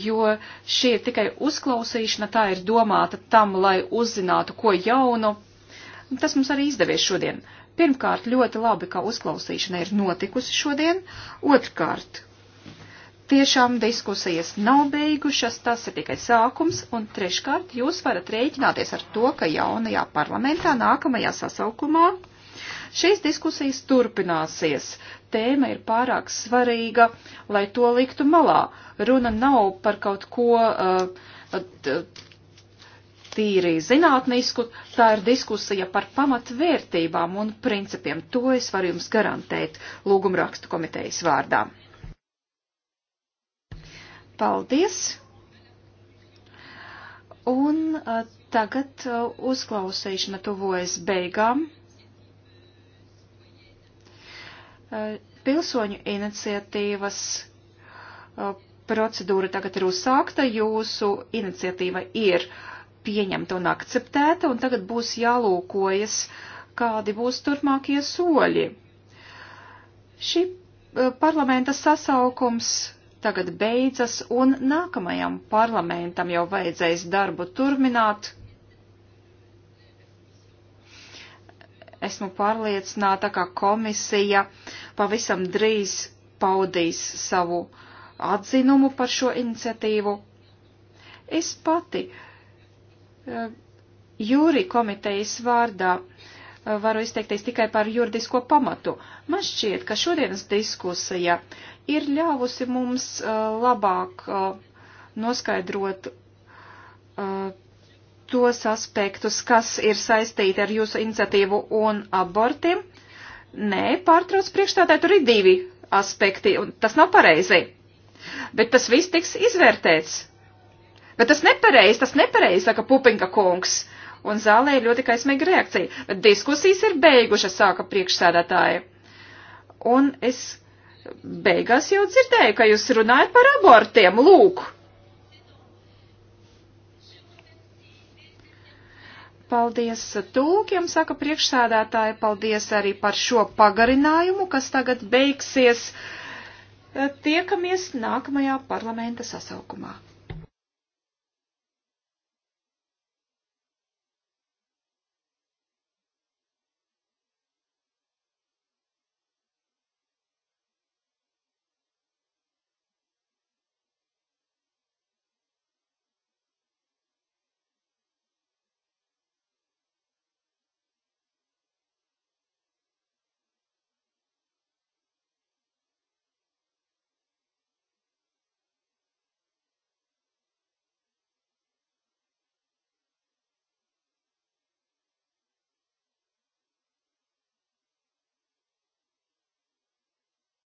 jo šī ir tikai uzklausīšana, tā ir domāta tam, lai uzzinātu ko jaunu. Tas mums arī izdevies šodien. Uh, Pirmkārt, ļoti labi, ka uzklausīšana ir notikusi šodien. Otrkārt, tiešām diskusijas nav beigušas, tas ir tikai sākums. Un treškārt, jūs varat rēķināties ar to, ka jaunajā parlamentā nākamajā sasaukumā šīs diskusijas turpināsies. Tēma ir pārāk svarīga, lai to liktu malā. Runa nav par kaut ko. Uh, uh, tīri zinātnisku, tā ir diskusija par pamatvērtībām un principiem. To es varu jums garantēt lūgumrakstu komitejas vārdā. Paldies! Un uh, tagad uh, uzklausīšana tuvojas beigām. Uh, pilsoņu iniciatīvas procedūra tagad ir uzsākta, jūsu iniciatīva ir uh, pieņemta un akceptēta, un tagad būs jālūkojas, kādi būs turpmākie soļi. Šī eh, parlamenta sasaukums tagad beidzas, un nākamajam parlamentam jau vajadzēs darbu turpināt. Esmu pārliecināta, ka komisija pavisam drīz paudīs savu atzinumu par šo iniciatīvu. Es pati uh, Eh, jūri komitejas vārdā eh, varu izteikties tikai par juridisko pamatu. Man šķiet, ka šodienas diskusija ir ļāvusi mums eh, labāk noskaidrot tos aspektus, kas ir saistīti ar jūsu iniciatīvu un abortiem. Nē, pārtrauc priekšstādē, tur ir divi aspekti, un tas nav pareizi. Bet tas viss tiks izvērtēts Bet tas nepareizi, tas nepareizi, saka Pupinka kungs. Un zālē ir ļoti kaismīga reakcija. Bet diskusijas ir beigušas, sāka priekšsēdētāja. Un es beigās jau dzirdēju, ka jūs runājat par abortiem, lūk. Paldies tūkiem, saka priekšsēdētāja, paldies arī par šo pagarinājumu, kas tagad beigsies. Tiekamies nākamajā parlamenta sasaukumā.